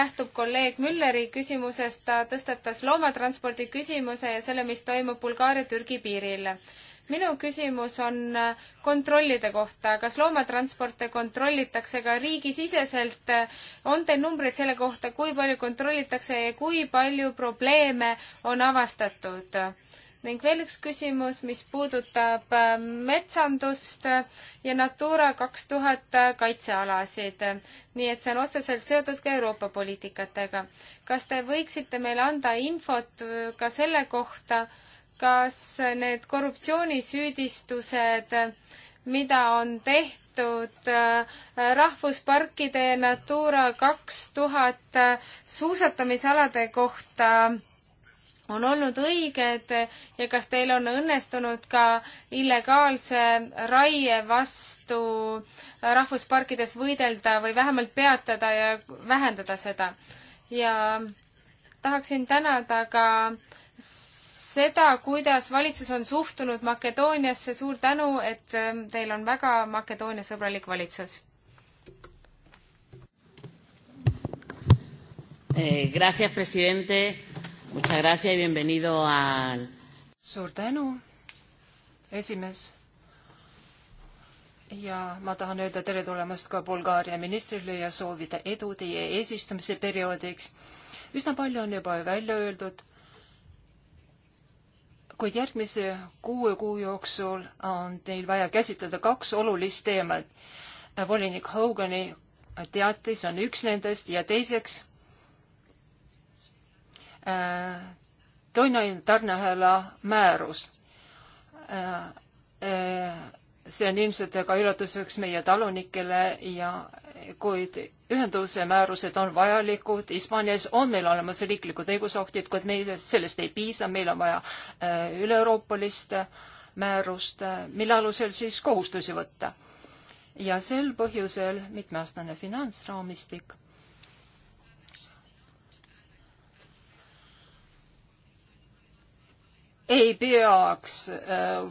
lähtub kolleeg Mülleri küsimusest, ta tõstatas loomatranspordi küsimuse ja selle, mis toimub Bulgaaria-Türgi piiril minu küsimus on äh, kontrollide kohta, kas loomatransporte kontrollitakse ka riigisiseselt, on teil numbreid selle kohta, kui palju kontrollitakse ja kui palju probleeme on avastatud? ning veel üks küsimus, mis puudutab äh, metsandust ja Natura kaks tuhat äh, kaitsealasid. nii et see on otseselt seotud ka Euroopa poliitikatega. kas te võiksite meile anda infot ka selle kohta, kas need korruptsioonisüüdistused, mida on tehtud äh, rahvusparkide Natura kaks tuhat äh, suusatamisalade kohta, on olnud õiged ja kas teil on õnnestunud ka illegaalse raie vastu äh, rahvusparkides võidelda või vähemalt peatada ja vähendada seda? ja tahaksin tänada ka seda, kuidas valitsus on suhtunud Makedooniasse, suur tänu, et ähm, teil on väga Makedooniasõbralik valitsus. Eh, gracias, presidente. Muchas gracias y bienvenido al. suur tänu, esimees. ja ma tahan öelda tere tulemast ka Bulgaaria ministrile ja soovida edu teie eesistumise perioodiks. üsna palju on juba välja öeldud kuid järgmise kuue kuu jooksul on teil vaja käsitleda kaks olulist teemat. volinik Hogani teatis on üks nendest ja teiseks äh, toimetarneahela määrus äh,. Äh, see on ilmselt ka üllatuseks meie talunikele ja kuid ühenduse määrused on vajalikud, Hispaanias on meil olemas riiklikud õigusaktid, kuid meil sellest ei piisa, meil on vaja äh, üle-euroopalist äh, määrust, äh, mille alusel siis kohustusi võtta. ja sel põhjusel mitmeaastane finantsraamistik ei peaks äh,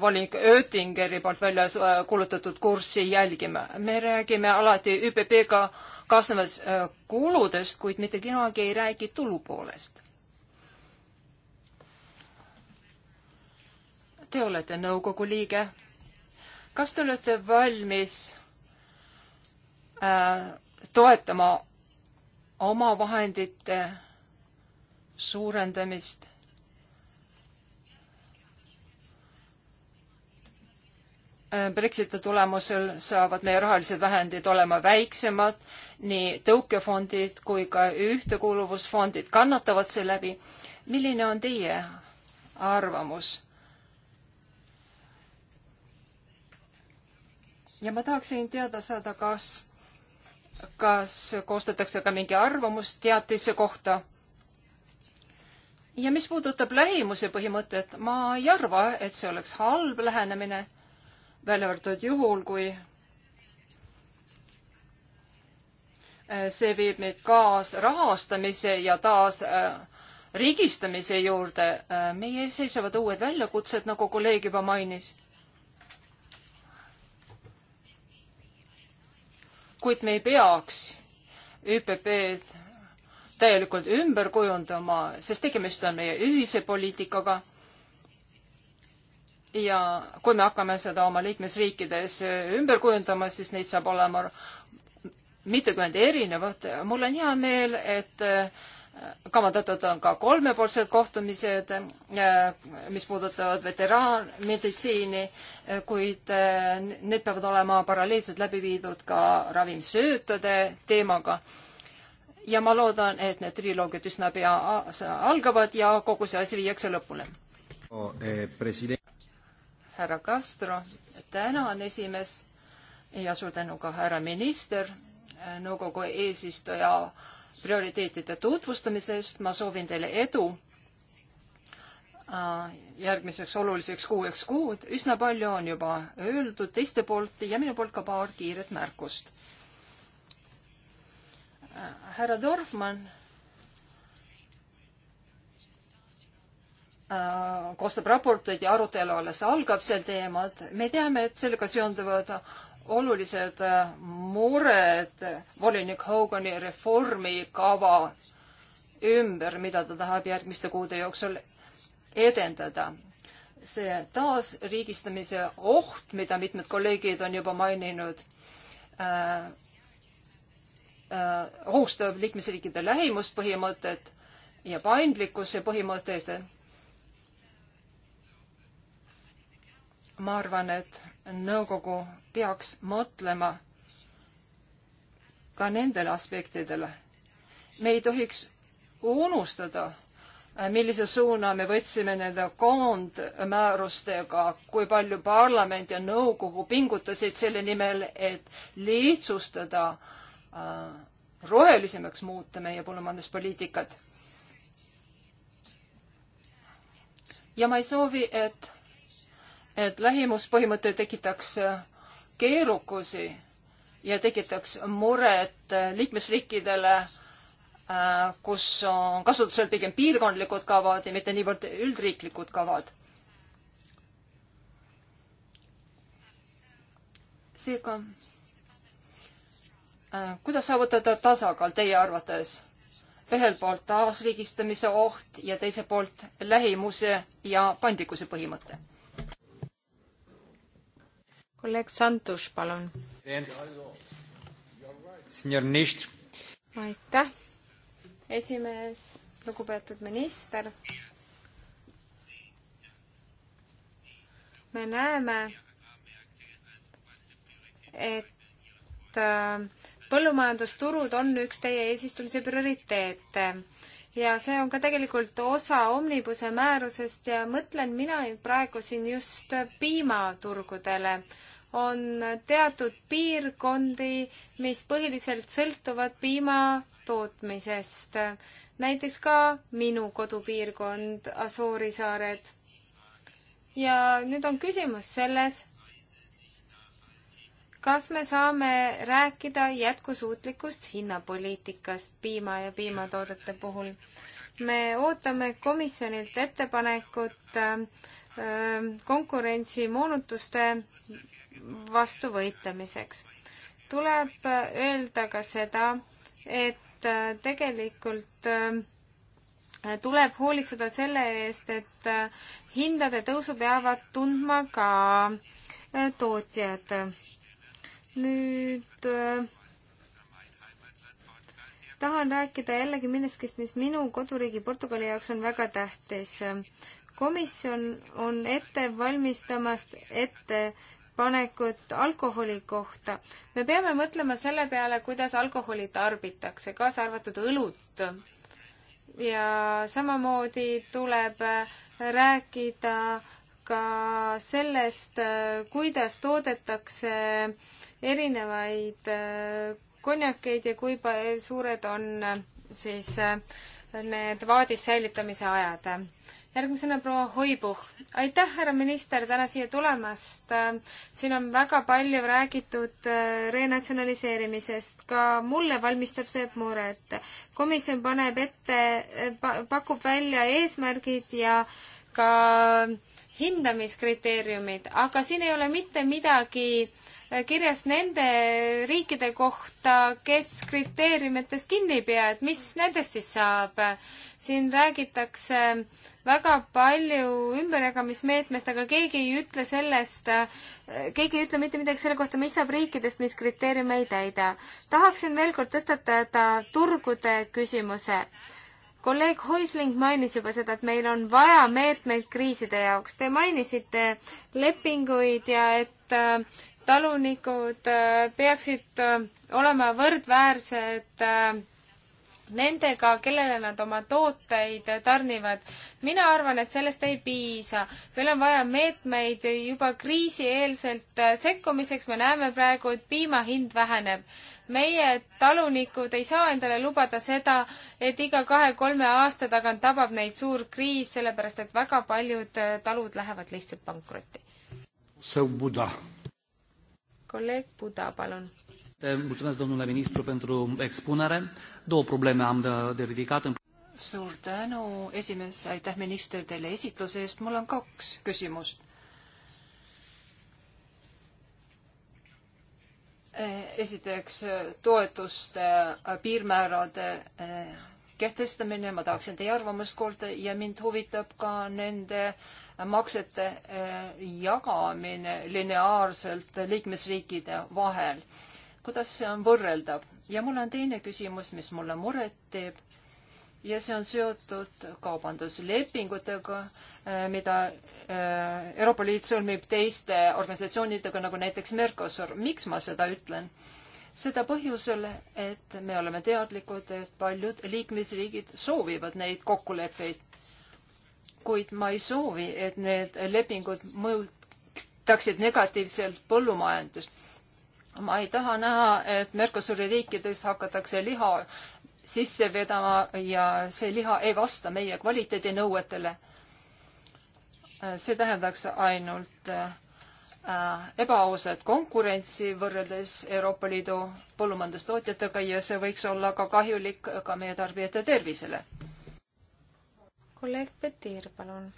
volinik Oettingeri poolt välja äh, kuulutatud kurssi jälgima. me räägime alati ÜPP-ga kaasnevast äh, kuludest, kuid mitte kunagi ei räägi tulupoolest. Te olete nõukogu liige. kas te olete valmis äh, toetama omavahendite suurendamist Äh, Brexiti tulemusel saavad meie rahalised vahendid olema väiksemad, nii tõukefondid kui ka ühtekuuluvusfondid kannatavad seeläbi. milline on teie arvamus? ja ma tahaksin teada saada, kas, kas koostatakse ka mingi arvamus teatise kohta ja mis puudutab lähimuse põhimõtet, ma ei arva, et see oleks halb lähenemine välja arvatud juhul, kui äh, see viib meid kaasrahastamise ja taas äh, riigistamise juurde. Äh, meie ees seisavad uued väljakutsed, nagu kolleeg juba mainis. kuid me ei peaks ÜPP-d täielikult ümber kujundama, sest tegemist on meie ühise poliitikaga ja kui me hakkame seda oma liikmesriikides ümber kujundama, siis neid saab olema mitukümmend erinevat. mul on hea meel, et äh, kavandatud on ka kolmepoolsed kohtumised, äh, mis puudutavad veteraanmeditsiini, äh, kuid need peavad olema paralleelselt läbi viidud ka ravimsöötade teemaga. ja ma loodan, et need triloogiad üsna pea algavad ja kogu see asi viiakse lõpule. Oh, eh, härra Castro, tänan esimees ja suur tänu ka härra minister, äh, nõukogu eesistuja prioriteetide tutvustamise eest, ma soovin teile edu äh, järgmiseks oluliseks kuueks kuud. üsna palju on juba öeldud teiste poolt ja minu poolt ka paar kiiret märkust. Äh, härra Dorfmann Äh, koostab raporteid ja arutelu alles algab sel teemal. me teame, et sellega seonduvad olulised äh, mured volinik Hogani reformikava ümber, mida ta tahab järgmiste kuude jooksul edendada. see taasriigistamise oht, mida mitmed kolleegid on juba maininud äh,, äh, ohustab liikmesriikide lähimuspõhimõtet ja paindlikkuse põhimõtet ma arvan, et nõukogu peaks mõtlema ka nendele aspektidele. me ei tohiks unustada, millise suuna me võtsime nende koondmäärustega, kui palju parlament ja nõukogu pingutasid selle nimel, et lihtsustada äh, rohelisemaks muuta meie põllumajanduspoliitikat. ja ma ei soovi, et et lähimuspõhimõte tekitaks keerukusi ja tekitaks muret liikmesriikidele, äh, kus on kasutusel pigem piirkondlikud kavad ja mitte niivõrd üldriiklikud kavad. seega, äh, kuidas saavutada tasakaal teie arvates? ühelt poolt taasriigistamise oht ja teiselt poolt lähimuse ja paindlikkuse põhimõte kolleeg Santus, palun. aitäh, esimees, lugupeetud minister. me näeme, et äh, põllumajandusturud on üks teie eesistumise prioriteete ja see on ka tegelikult osa Omnibuse määrusest ja mõtlen mina praegu siin just piimaturgudele. on teatud piirkondi, mis põhiliselt sõltuvad piima tootmisest. näiteks ka minu kodupiirkond, Asoori saared. ja nüüd on küsimus selles, kas me saame rääkida jätkusuutlikust hinnapoliitikast piima ja piimatoodete puhul? me ootame komisjonilt ettepanekut ähm, ähm, konkurentsimoonutuste vastu võitlemiseks. tuleb äh, öelda ka seda, et äh, tegelikult ähm, tuleb hoolitseda selle eest, et äh, hindade tõusu peavad tundma ka tootjad nüüd äh, tahan rääkida jällegi millestki, mis minu koduriigi Portugali jaoks on väga tähtis. komisjon on ette valmistamas ettepanekut alkoholi kohta. me peame mõtlema selle peale, kuidas alkoholi tarbitakse, kaasa arvatud õlut. ja samamoodi tuleb rääkida ka sellest, kuidas toodetakse erinevaid äh, konjakeid ja kui suured on äh, siis äh, need vaadis säilitamise ajad. järgmisena proua Hoibuh. aitäh, härra minister, täna siia tulemast. siin on väga palju räägitud renatsionaliseerimisest. ka mulle valmistab see muret. komisjon paneb ette, pakub välja eesmärgid ja ka äh, hindamiskriteeriumid, aga siin ei ole mitte midagi äh, kirjas nende riikide kohta, kes kriteeriumitest kinni ei pea, et mis nendest siis saab. siin räägitakse väga palju ümberjagamismeetmest, aga keegi ei ütle sellest, äh, keegi ei ütle mitte midagi selle kohta, mis saab riikidest, mis kriteeriume ei täida. tahaksin veel kord tõstatada turgude küsimuse kolleeg Hoisling mainis juba seda, et meil on vaja meetmeid kriiside jaoks. Te mainisite lepinguid ja et äh, talunikud äh, peaksid äh, olema võrdväärsed nendega, kellele nad oma tooteid tarnivad. mina arvan, et sellest ei piisa. meil on vaja meetmeid juba kriisieelselt äh, sekkumiseks, me näeme praegu, et piima hind väheneb. meie talunikud ei saa endale lubada seda, et iga kahe-kolme aasta tagant tabab neid suur kriis, sellepärast et väga paljud äh, talud lähevad lihtsalt pankrotti. see on Buda. kolleeg Buda, palun. Mulțumesc, domnule ministru, pentru expunere Două probleeme am de, de ridicat. Suur tänu, esimees, aitäh minister teile esitluse eest. mul on kaks küsimust. esiteks toetuste äh, piirmäärade äh, kehtestamine, ma tahaksin teie arvamust kuulda ja mind huvitab ka nende maksete äh, jagamine lineaarselt liikmesriikide vahel kuidas see on võrreldav? ja mul on teine küsimus, mis mulle muret teeb ja see on seotud kaubanduslepingutega, eh, mida eh, Euroopa Liit sõlmib teiste organisatsioonidega, nagu näiteks Mercosur. miks ma seda ütlen? seda põhjusel, et me oleme teadlikud, et paljud liikmesriigid soovivad neid kokkuleppeid. kuid ma ei soovi, et need lepingud mõjutaksid negatiivselt põllumajandust ma ei taha näha, et Mercosuri riikides hakatakse liha sisse vedama ja see liha ei vasta meie kvaliteedinõuetele. see tähendaks ainult äh, ebaausat konkurentsi võrreldes Euroopa Liidu põllumajandustootjatega ja see võiks olla ka kahjulik ka meie tarbijate tervisele. kolleeg Petir, palun.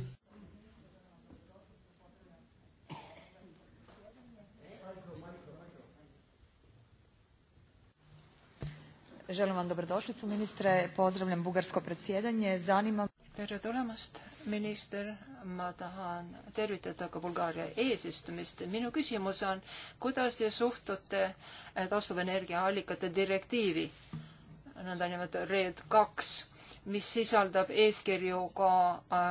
želim vam dobrodošlicu ministre, pozdravljam bugarsko predsjedanje, zanima... tere tulemast, minister, ma tahan tervitada ka Bulgaaria eesistumist. minu küsimus on, kuidas te suhtute eh, taastuvenergiaallikate direktiivi, nõndanimetatud RED kaks, mis sisaldab eeskirju ka eh,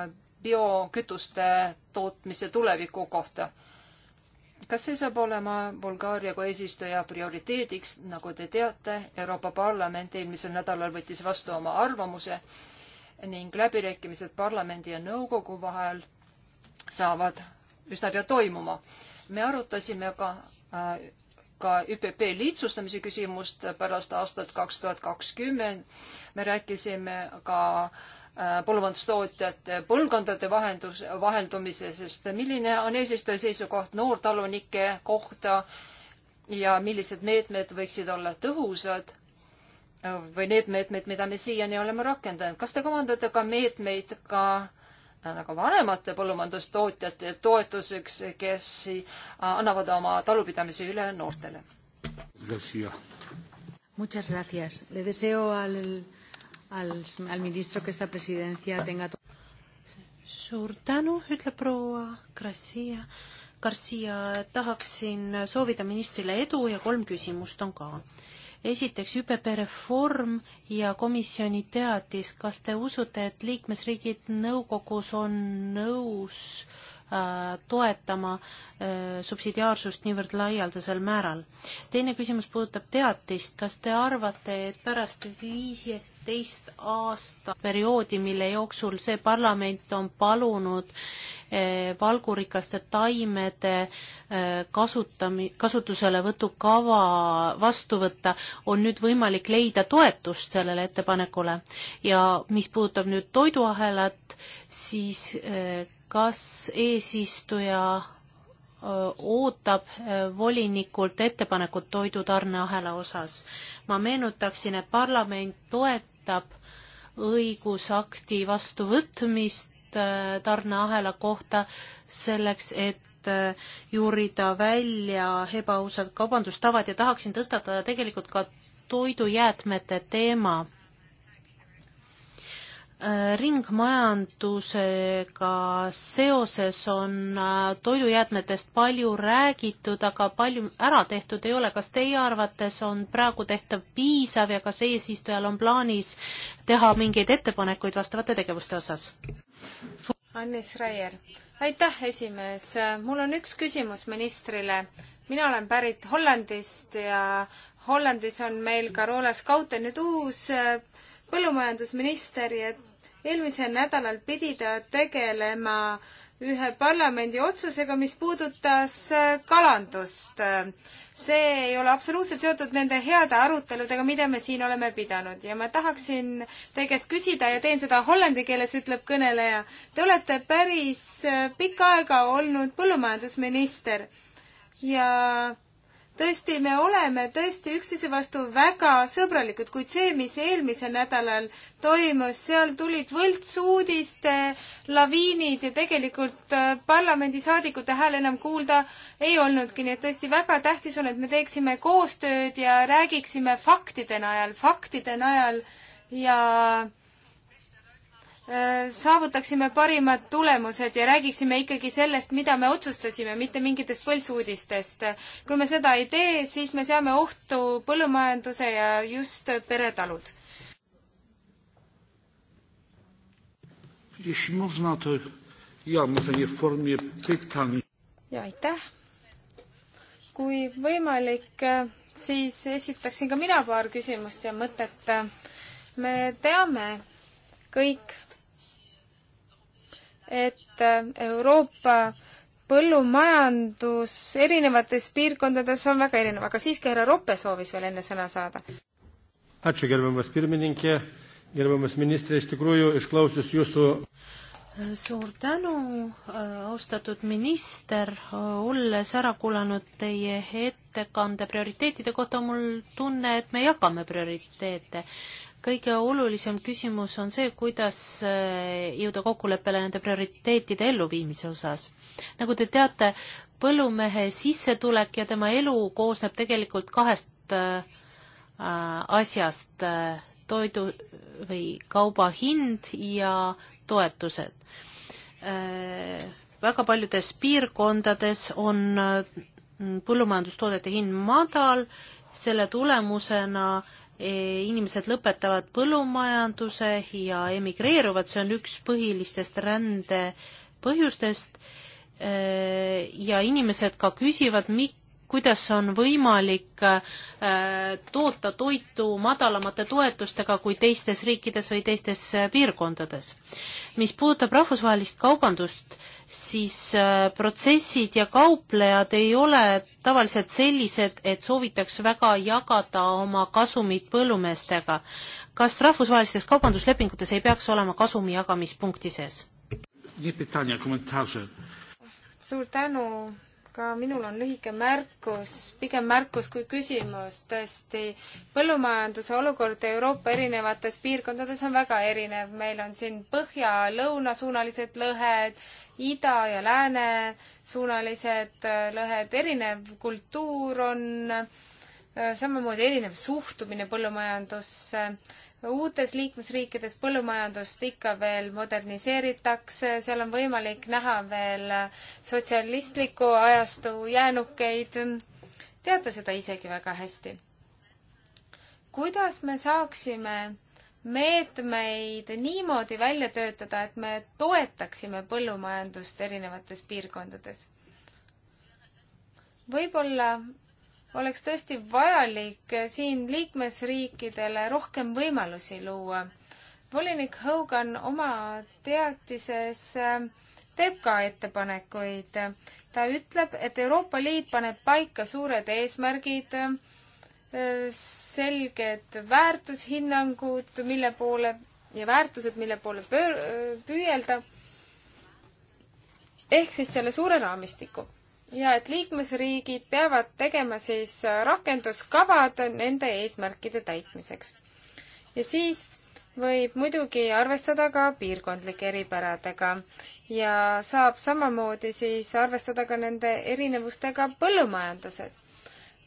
biokütuste tootmise tuleviku kohta kas see saab olema Bulgaaria kui eesistuja prioriteediks, nagu te teate, Euroopa Parlament eelmisel nädalal võttis vastu oma arvamuse ning läbirääkimised parlamendi ja nõukogu vahel saavad üsna pea toimuma. me arutasime ka äh, ka ÜPP lihtsustamise küsimust pärast aastat kaks tuhat kakskümmend. me rääkisime ka äh, Äh, põllumajandustootjate põlvkondade vahendus, vaheldumise, sest milline on eesistuja seisukoht noortalunike kohta ja millised meetmed võiksid olla tõhusad või need meetmed, mida me siiani oleme rakendanud. kas te kavandate ka meetmeid ka äh, nagu vanemate põllumajandustootjate toetuseks, kes äh, annavad oma talupidamise üle noortele? Muchas gracias. Le deseo al al, al ministro que esta presidencia tenga suur tänu, ütleb proua Gracia. Garcia, tahaksin soovida ministrile edu ja kolm küsimust on ka. esiteks ÜPP reform ja komisjoni teatis, kas te usute, et liikmesriigid nõukogus on nõus äh, toetama äh, subsidiaarsust niivõrd laialdasel määral. teine küsimus puudutab teatist, kas te arvate, et pärast viisi teist aasta perioodi, mille jooksul see parlament on palunud eh, valgurikaste taimede eh, kasutami-, kasutuselevõtu kava vastu võtta, on nüüd võimalik leida toetust sellele ettepanekule. ja mis puudutab nüüd toiduahelat, siis eh, kas eesistuja ootab volinikult ettepanekut toidutarneahela osas. ma meenutaksin, et parlament toetab puudutab õigusakti vastuvõtmist äh, tarneahela kohta selleks, et äh, juurida välja ebaausad kaubandustavad ja tahaksin tõstatada tegelikult ka toidujäätmete teema ringmajandusega seoses on äh, toidujäätmetest palju räägitud, aga palju ära tehtud ei ole. kas teie arvates on praegu tehtav piisav ja kas eesistujal on plaanis teha mingeid ettepanekuid vastavate tegevuste osas? Annis Raier, aitäh, esimees. mul on üks küsimus ministrile. mina olen pärit Hollandist ja Hollandis on meil Carola Scouten nüüd uus äh, põllumajandusminister ja eelmisel nädalal pidi ta tegelema ühe parlamendi otsusega, mis puudutas äh, kalandust. see ei ole absoluutselt seotud nende heade aruteludega, mida me siin oleme pidanud ja ma tahaksin teie käest küsida ja teen seda hollandi keeles, ütleb kõneleja. Te olete päris äh, pikka aega olnud põllumajandusminister ja tõesti, me oleme tõesti üksteise vastu väga sõbralikud, kuid see, mis eelmisel nädalal toimus, seal tulid võltsuudiste laviinid ja tegelikult äh, parlamendisaadikute hääl enam kuulda ei olnudki, nii et tõesti väga tähtis on, et me teeksime koostööd ja räägiksime faktide najal, faktide najal ja Äh, saavutaksime parimad tulemused ja räägiksime ikkagi sellest, mida me otsustasime, mitte mingitest võltsuudistest. kui me seda ei tee, siis me seame ohtu põllumajanduse ja just peretalud. ja aitäh. kui võimalik, siis esitaksin ka mina paar küsimust ja mõtet. me teame kõik et äh, Euroopa põllumajandus erinevates piirkondades on väga erinev, aga siiski härra Roppe soovis veel enne sõna saada. Ačiū, gerbiamas pirmininkė, gerbiamas ministrė, iš tikrųjų išklausius jūsų suur tänu, äh, austatud minister, olles ära kuulanud teie ettekande prioriteetide kohta, on mul tunne, et me jagame prioriteete kõige olulisem küsimus on see, kuidas äh, jõuda kokkuleppele nende prioriteetide elluviimise osas. nagu te teate, põllumehe sissetulek ja tema elu koosneb tegelikult kahest äh, äh asjast, äh, toidu või kauba hind ja toetused äh,. väga paljudes piirkondades on põllumajandustoodete hind madal, selle tulemusena äh, E, inimesed lõpetavad põllumajanduse ja emigreeruvad, see on üks põhilistest rände põhjustest e, ja inimesed ka küsivad, miks kuidas on võimalik äh, toota toitu madalamate toetustega kui teistes riikides või teistes äh, piirkondades. mis puudutab rahvusvahelist kaubandust, siis äh, protsessid ja kauplejad ei ole tavaliselt sellised, et soovitaks väga jagada oma kasumit põllumeestega. kas rahvusvahelistes kaubanduslepingutes ei peaks olema kasumi jagamispunkti sees? suur tänu ka minul on lühike märkus, pigem märkus kui küsimus. tõesti, põllumajanduse olukord Euroopa erinevates piirkondades on väga erinev. meil on siin põhja-lõunasuunalised lõhed, ida- ja läänesuunalised äh, lõhed, erinev kultuur on, äh, samamoodi erinev suhtumine põllumajandusse uutes liikmesriikides põllumajandust ikka veel moderniseeritakse, seal on võimalik näha veel sotsialistliku ajastu jäänukeid. teate seda isegi väga hästi. kuidas me saaksime meetmeid niimoodi välja töötada, et me toetaksime põllumajandust erinevates piirkondades? võib-olla oleks tõesti vajalik siin liikmesriikidele rohkem võimalusi luua. volinik Hogan oma teatises äh, teeb ka ettepanekuid. ta ütleb, et Euroopa Liit paneb paika suured eesmärgid, äh, selged väärtushinnangud, mille poole ja väärtused, mille poole pöör-, äh, püüelda, ehk siis selle suure raamistiku ja et liikmesriigid peavad tegema siis rakenduskavad nende eesmärkide täitmiseks. ja siis võib muidugi arvestada ka piirkondlike eripäradega ja saab samamoodi siis arvestada ka nende erinevustega põllumajanduses.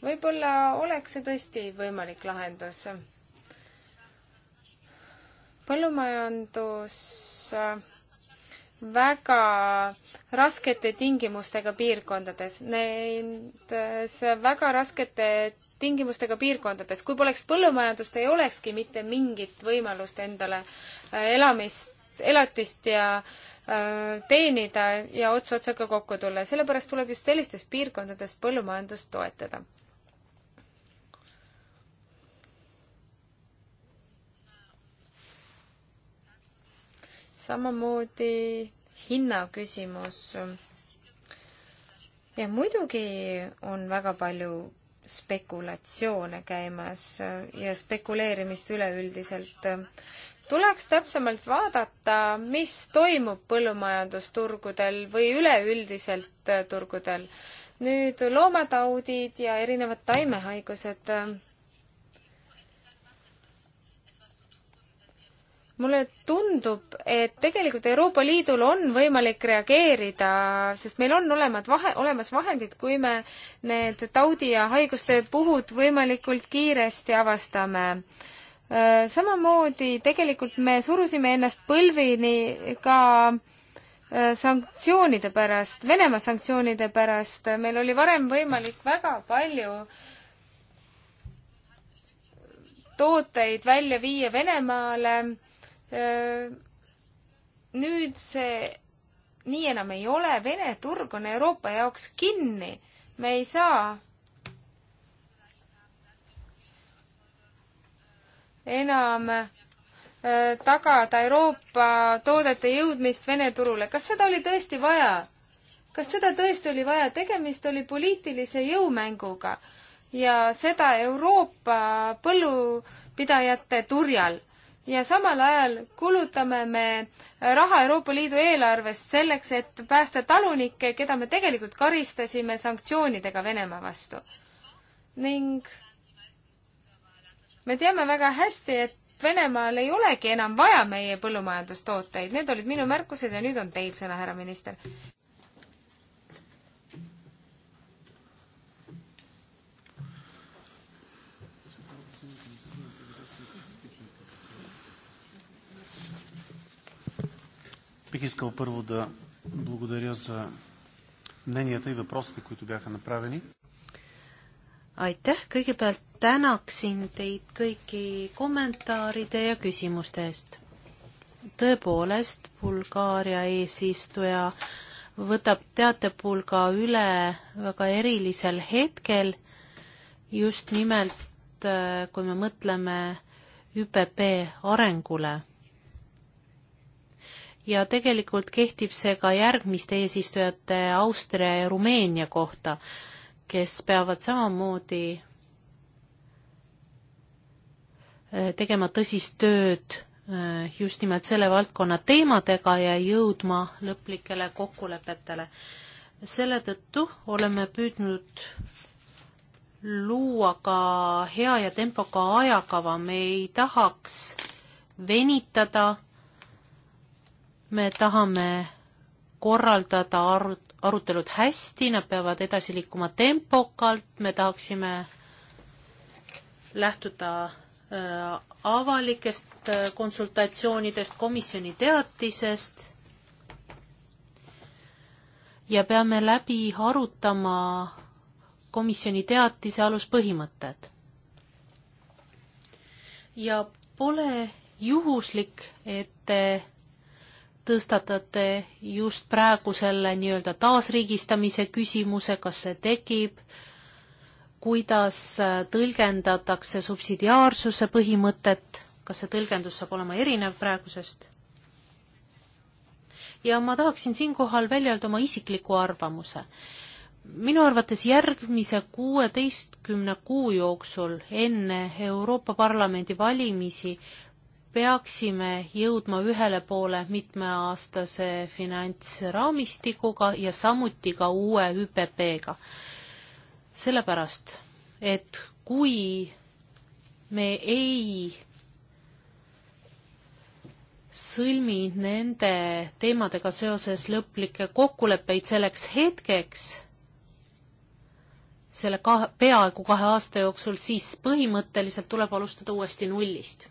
võib-olla oleks see tõesti võimalik lahendus. põllumajandus väga raskete tingimustega piirkondades, nendes väga raskete tingimustega piirkondades, kui poleks põllumajandust, ei olekski mitte mingit võimalust endale äh, elamist, elatist ja äh, teenida ja ots otsaga kokku tulla, sellepärast tuleb just sellistes piirkondades põllumajandust toetada. samamoodi hinnaküsimus. ja muidugi on väga palju spekulatsioone käimas ja spekuleerimist üleüldiselt. tuleks täpsemalt vaadata, mis toimub põllumajandusturgudel või üleüldiselt turgudel. nüüd loomataudid ja erinevad taimehaigused mulle tundub, et tegelikult Euroopa Liidul on võimalik reageerida, sest meil on olemas vahe, olemas vahendid, kui me need taudi ja haiguste puhud võimalikult kiiresti avastame. samamoodi tegelikult me surusime ennast põlvini ka sanktsioonide pärast, Venemaa sanktsioonide pärast, meil oli varem võimalik väga palju tooteid välja viia Venemaale nüüd see nii enam ei ole, Vene turg on Euroopa jaoks kinni, me ei saa enam tagada Euroopa toodete jõudmist Vene turule, kas seda oli tõesti vaja? kas seda tõesti oli vaja, tegemist oli poliitilise jõumänguga ja seda Euroopa põllupidajate turjal ja samal ajal kulutame me raha Euroopa Liidu eelarvest selleks, et päästa talunikke, keda me tegelikult karistasime sanktsioonidega Venemaa vastu. ning me teame väga hästi, et Venemaal ei olegi enam vaja meie põllumajandustooteid, need olid minu märkused ja nüüd on teil sõna, härra minister. Бих искал първо да благодаря за мненията и въпросите, които бяха направени. aitäh, kõigepealt tänaksin teid kõiki kommentaaride ja küsimuste eest. tõepoolest, Bulgaaria eesistuja võtab teatepulga üle väga erilisel hetkel, just nimelt, äh, kui me mõtleme ÜPP arengule ja tegelikult kehtib see ka järgmiste eesistujate Austria ja Rumeenia kohta, kes peavad samamoodi äh, tegema tõsist tööd äh, just nimelt selle valdkonna teemadega ja jõudma lõplikele kokkulepetele. selle tõttu oleme püüdnud luua ka hea ja tempoka ajakava, me ei tahaks venitada me tahame korraldada arut-, arutelud hästi, nad peavad edasi liikuma tempokalt, me tahaksime lähtuda äh, avalikest äh, konsultatsioonidest, komisjoni teatisest ja peame läbi arutama komisjoni teatise aluspõhimõtted. ja pole juhuslik, et te tõstatate just praegu selle nii-öelda taasriigistamise küsimuse, kas see tekib, kuidas äh, tõlgendatakse subsidiaarsuse põhimõtet, kas see tõlgendus saab olema erinev praegusest? ja ma tahaksin siinkohal välja öelda oma isikliku arvamuse. minu arvates järgmise kuueteistkümne kuu jooksul enne Euroopa Parlamendi valimisi peaksime jõudma ühele poole mitmeaastase finantsraamistikuga ja samuti ka uue ÜPP-ga. sellepärast, et kui me ei sõlmi nende teemadega seoses lõplikke kokkuleppeid selleks hetkeks, selle kahe, peaaegu kahe aasta jooksul, siis põhimõtteliselt tuleb alustada uuesti nullist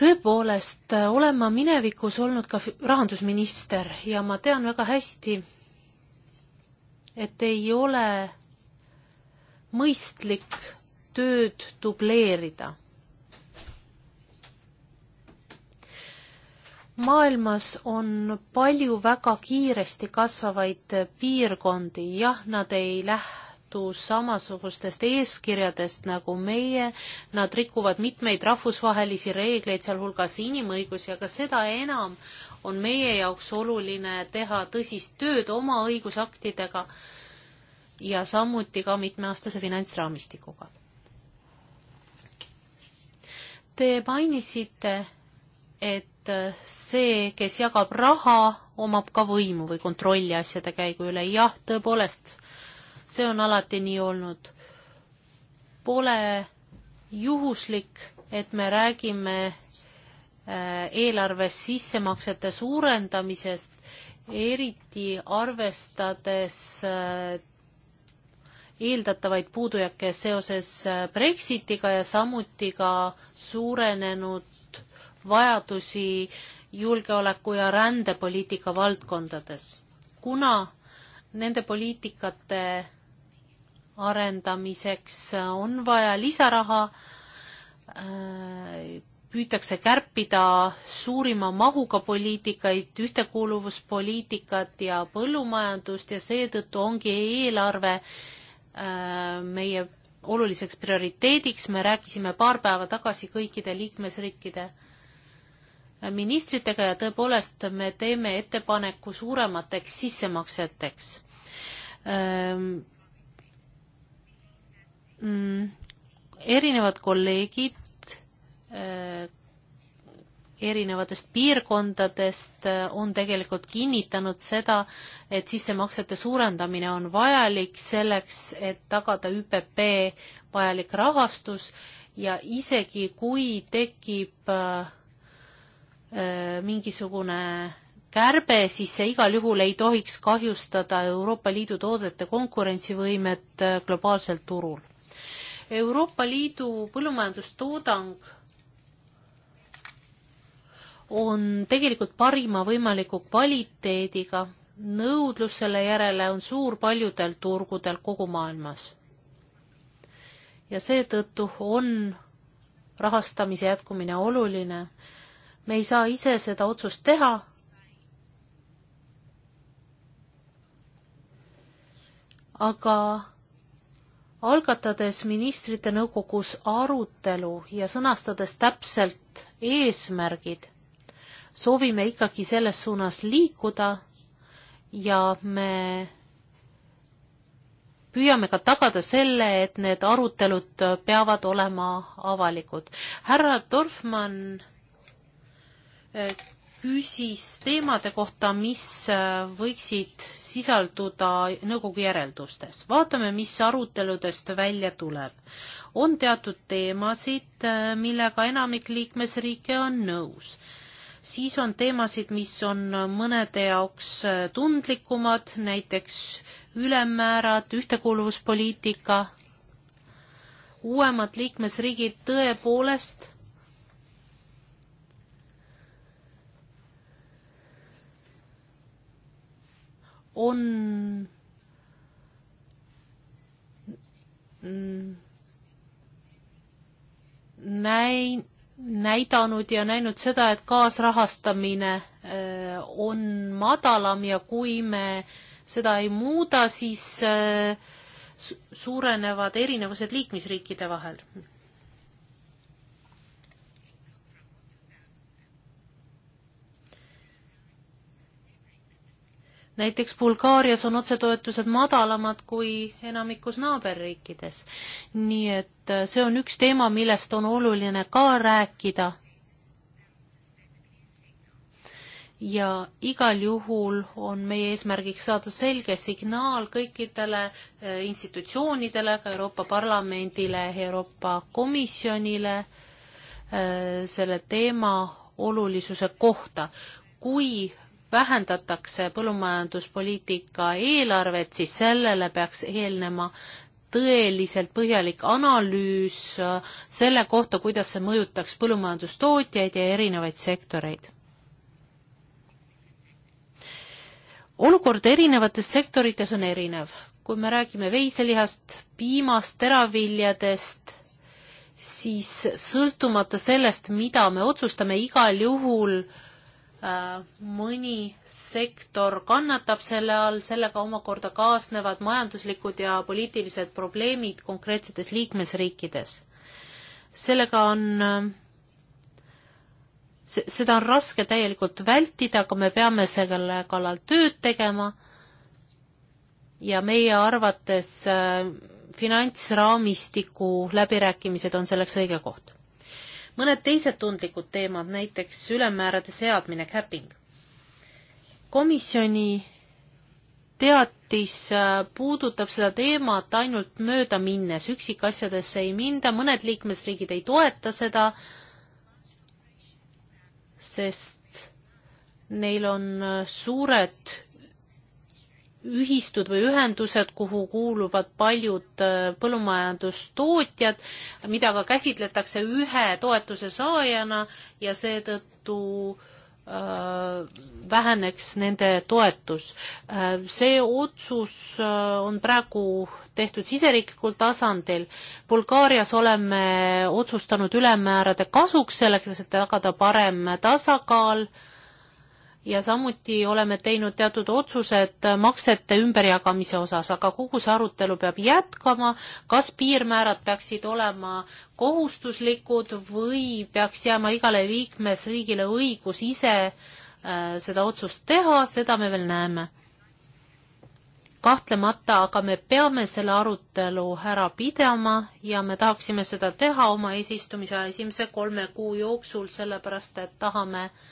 tõepoolest äh, olen ma minevikus olnud ka rahandusminister ja ma tean väga hästi, et ei ole mõistlik tööd dubleerida. maailmas on palju väga kiiresti kasvavaid piirkondi, jah, nad ei lähe lähtu samasugustest eeskirjadest nagu meie, nad rikuvad mitmeid rahvusvahelisi reegleid, sealhulgas inimõigusi, aga seda enam on meie jaoks oluline teha tõsist tööd oma õigusaktidega ja samuti ka mitmeaastase finantsraamistikuga. Te mainisite, et see, kes jagab raha, omab ka võimu või kontrolli asjade käigu üle. jah, tõepoolest, see on alati nii olnud. Pole juhuslik, et me räägime äh, eelarves sissemaksete suurendamisest, eriti arvestades äh, eeldatavaid puudujääke seoses äh, Brexitiga ja samuti ka suurenenud vajadusi julgeoleku ja rändepoliitika valdkondades. kuna nende poliitikate arendamiseks on vaja lisaraha, püütakse kärpida suurima mahuga poliitikaid, ühtekuuluvuspoliitikat ja põllumajandust ja seetõttu ongi eelarve äh, meie oluliseks prioriteediks, me rääkisime paar päeva tagasi kõikide liikmesriikide ministritega ja tõepoolest me teeme ettepaneku suuremateks sissemakseteks. Äh, mm, erinevad kolleegid äh, erinevatest piirkondadest äh, on tegelikult kinnitanud seda, et sissemaksete suurendamine on vajalik selleks, et tagada ÜPP vajalik rahastus ja isegi kui tekib äh, äh mingisugune kärbe, siis see igal juhul ei tohiks kahjustada Euroopa Liidu toodete konkurentsivõimet äh, globaalsel turul Euroopa Liidu põllumajandustoodang on tegelikult parima võimaliku kvaliteediga, nõudlus selle järele on suur paljudel turgudel kogu maailmas. ja seetõttu on rahastamise jätkumine oluline. me ei saa ise seda otsust teha. aga algatades ministrite nõukogus arutelu ja sõnastades täpselt eesmärgid, soovime ikkagi selles suunas liikuda ja me püüame ka tagada selle, et need arutelud peavad olema avalikud. härra Dorfmann küsis teemade kohta, mis äh, võiksid sisalduda nõukogu järeldustes. vaatame, mis aruteludest välja tuleb. on teatud teemasid, äh, millega enamik liikmesriike on nõus. siis on teemasid, mis on mõnede jaoks äh, tundlikumad, näiteks ülemmäärad, ühtekuuluvuspoliitika, uuemad liikmesriigid tõepoolest on näin, näidanud ja näinud seda, et kaasrahastamine äh, on madalam ja kui me seda ei muuda, siis äh, suurenevad erinevused liikmesriikide vahel näiteks Bulgaarias on otsetoetused madalamad kui enamikus naaberriikides. nii et äh, see on üks teema, millest on oluline ka rääkida. ja igal juhul on meie eesmärgiks saada selge signaal kõikidele äh, institutsioonidele, ka Euroopa Parlamendile, Euroopa Komisjonile äh, selle teema olulisuse kohta. kui vähendatakse põllumajanduspoliitika eelarvet, siis sellele peaks eelnema tõeliselt põhjalik analüüs selle kohta, kuidas see mõjutaks põllumajandustootjaid ja erinevaid sektoreid. olukord erinevates sektorites on erinev. kui me räägime veiselihast, piimast, teraviljadest, siis sõltumata sellest, mida me otsustame, igal juhul äh, Äh, mõni sektor kannatab selle all, sellega omakorda kaasnevad majanduslikud ja poliitilised probleemid konkreetsetes liikmesriikides. sellega on, äh, seda on raske täielikult vältida, aga me peame selle kallal tööd tegema ja meie arvates äh, finantsraamistiku läbirääkimised on selleks õige koht mõned teised tundlikud teemad, näiteks ülemmäärade seadmine, capping. komisjoni teatis äh, puudutab seda teemat ainult möödaminnes, üksikasjadesse ei minda, mõned liikmesriigid ei toeta seda, sest neil on äh, suured ühistud või ühendused, kuhu kuuluvad paljud äh, põllumajandustootjad, mida ka käsitletakse ühe toetuse saajana ja seetõttu äh, väheneks nende toetus. Äh, see otsus on praegu tehtud siseriiklikul tasandil. Bulgaarias oleme otsustanud ülemäärade kasuks selleks, et tagada parem tasakaal äh, ja samuti oleme teinud teatud otsused maksete ümberjagamise osas, aga kogu see arutelu peab jätkama, kas piirmäärad peaksid olema kohustuslikud või peaks jääma igale liikmesriigile õigus ise äh, seda otsust teha, seda me veel näeme. kahtlemata, aga me peame selle arutelu ära pidama ja me tahaksime seda teha oma eesistumise esimese kolme kuu jooksul, sellepärast et tahame äh,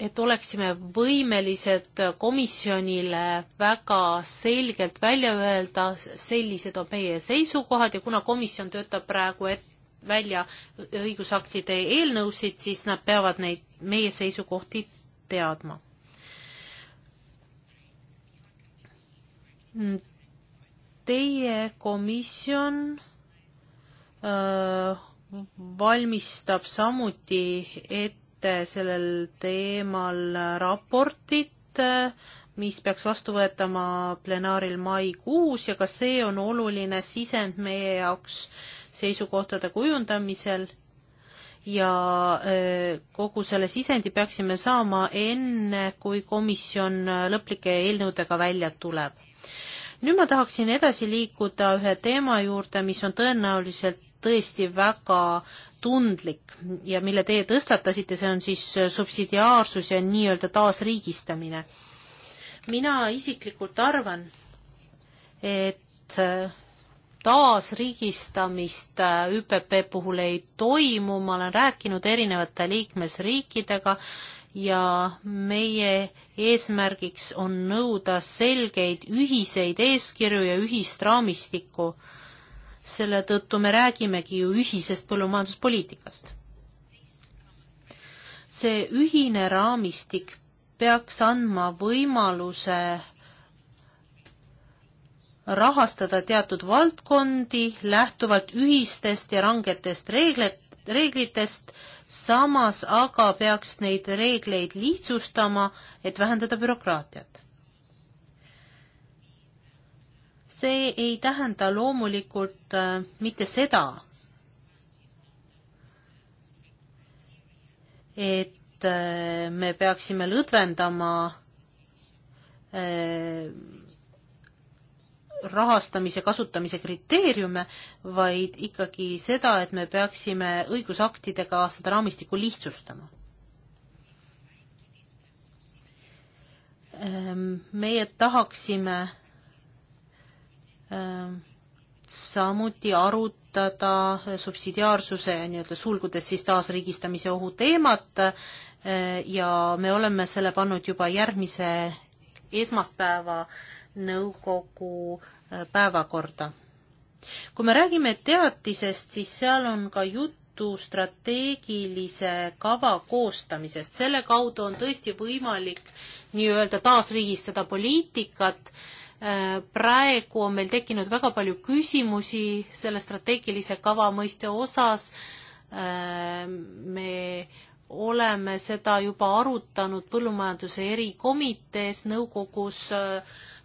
et oleksime võimelised komisjonile väga selgelt välja öelda, sellised on meie seisukohad ja kuna komisjon töötab praegu et-, välja õigusaktide eelnõusid, siis nad peavad neid, meie seisukohti teadma. Teie komisjon öö, valmistab samuti ette sellel teemal raportit, mis peaks vastu võetama plenaaril maikuus ja ka see on oluline sisend meie jaoks seisukohtade kujundamisel ja kogu selle sisendi peaksime saama enne, kui komisjon lõplike eelnõudega välja tuleb. nüüd ma tahaksin edasi liikuda ühe teema juurde, mis on tõenäoliselt tõesti väga tundlik ja mille teie tõstatasite, see on siis subsidiaarsus ja nii-öelda taasriigistamine. mina isiklikult arvan, et taasriigistamist ÜPP puhul ei toimu, ma olen rääkinud erinevate liikmesriikidega ja meie eesmärgiks on nõuda selgeid ühiseid eeskirju ja ühist raamistikku äh, selle tõttu me räägimegi ju ühisest põllumajanduspoliitikast. see ühine raamistik peaks andma võimaluse rahastada teatud valdkondi lähtuvalt ühistest ja rangetest reeglet, reeglitest, samas aga peaks neid reegleid lihtsustama, et vähendada bürokraatiat. see ei tähenda loomulikult äh, mitte seda, et äh, me peaksime lõdvendama äh, rahastamise kasutamise kriteeriume, vaid ikkagi seda, et me peaksime õigusaktidega seda raamistikku lihtsustama. meie tahaksime Ehm, samuti arutada subsidiaarsuse nii-öelda sulgudes siis taasriigistamise ohu teemat eh, ja me oleme selle pannud juba järgmise esmaspäeva nõukogu eh, päevakorda. kui me räägime teatisest, siis seal on ka juttu strateegilise kava koostamisest, selle kaudu on tõesti võimalik nii-öelda taasriigistada poliitikat äh, praegu on meil tekkinud väga palju küsimusi selle strateegilise kava mõiste osas. me oleme seda juba arutanud põllumajanduse erikomitees nõukogus,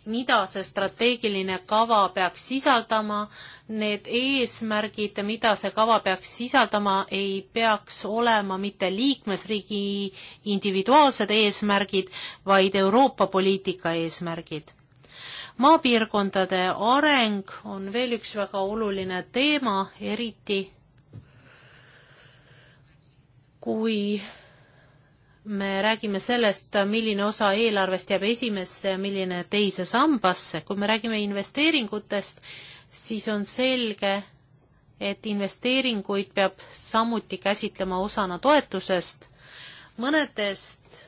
mida see strateegiline kava peaks sisaldama. Need eesmärgid, mida see kava peaks sisaldama, ei peaks olema mitte liikmesriigi individuaalsed eesmärgid, vaid Euroopa poliitika eesmärgid maapiirkondade areng on veel üks väga oluline teema, eriti kui me räägime sellest, milline osa eelarvest jääb esimesse ja milline teise sambasse, kui me räägime investeeringutest, siis on selge, et investeeringuid peab samuti käsitlema osana toetusest. mõnedest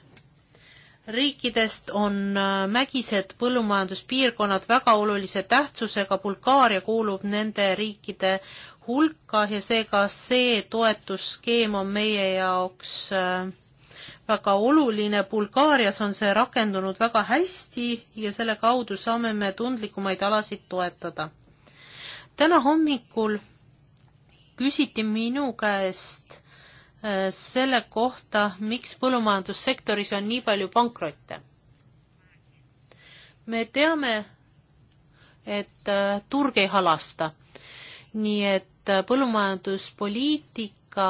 riikidest on äh, mägised põllumajanduspiirkonnad väga olulise tähtsusega, Bulgaaria kuulub nende riikide hulka ja seega see toetusskeem on meie jaoks äh, väga oluline, Bulgaarias on see rakendunud väga hästi ja selle kaudu saame me tundlikumaid alasid toetada. täna hommikul küsiti minu käest Äh, selle kohta, miks põllumajandussektoris on nii palju pankrotte. me teame, et äh, turg ei halasta, nii et äh, põllumajanduspoliitika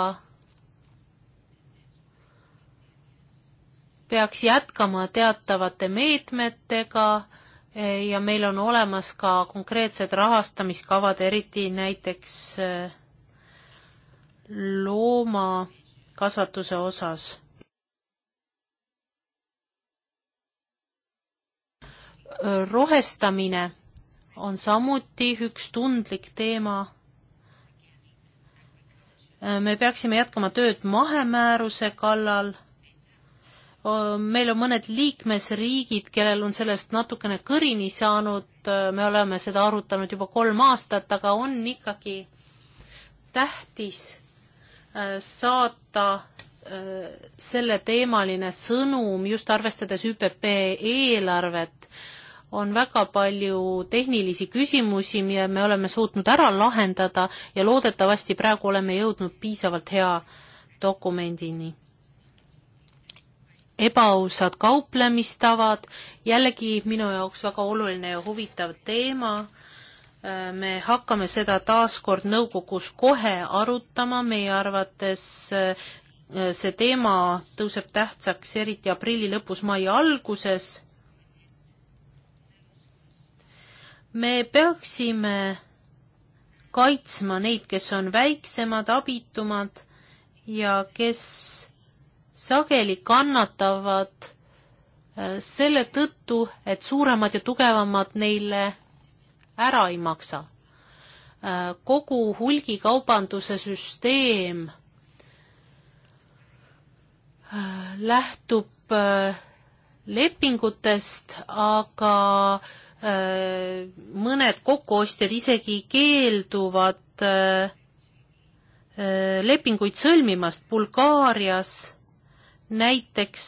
peaks jätkama teatavate meetmetega ja meil on olemas ka konkreetsed rahastamiskavad, eriti näiteks looma kasvatuse osas rohestamine on samuti üks tundlik teema. me peaksime jätkama tööd mahemääruse kallal. meil on mõned liikmesriigid, kellel on sellest natukene kõrini saanud, me oleme seda arutanud juba kolm aastat, aga on ikkagi tähtis saata äh, selleteemaline sõnum, just arvestades ÜPP eelarvet, on väga palju tehnilisi küsimusi, mida me oleme suutnud ära lahendada ja loodetavasti praegu oleme jõudnud piisavalt hea dokumendini. ebaausad kauplemistavad, jällegi minu jaoks väga oluline ja huvitav teema me hakkame seda taaskord nõukogus kohe arutama, meie arvates äh, see teema tõuseb tähtsaks eriti aprilli lõpus, mai alguses. me peaksime kaitsma neid, kes on väiksemad, abitumad ja kes sageli kannatavad äh, selle tõttu, et suuremad ja tugevamad neile ära ei maksa. Äh, kogu hulgikaubanduse süsteem äh, lähtub äh, lepingutest, aga mõned kokkuostjad isegi keelduvad lepinguid sõlmimast. Bulgaarias näiteks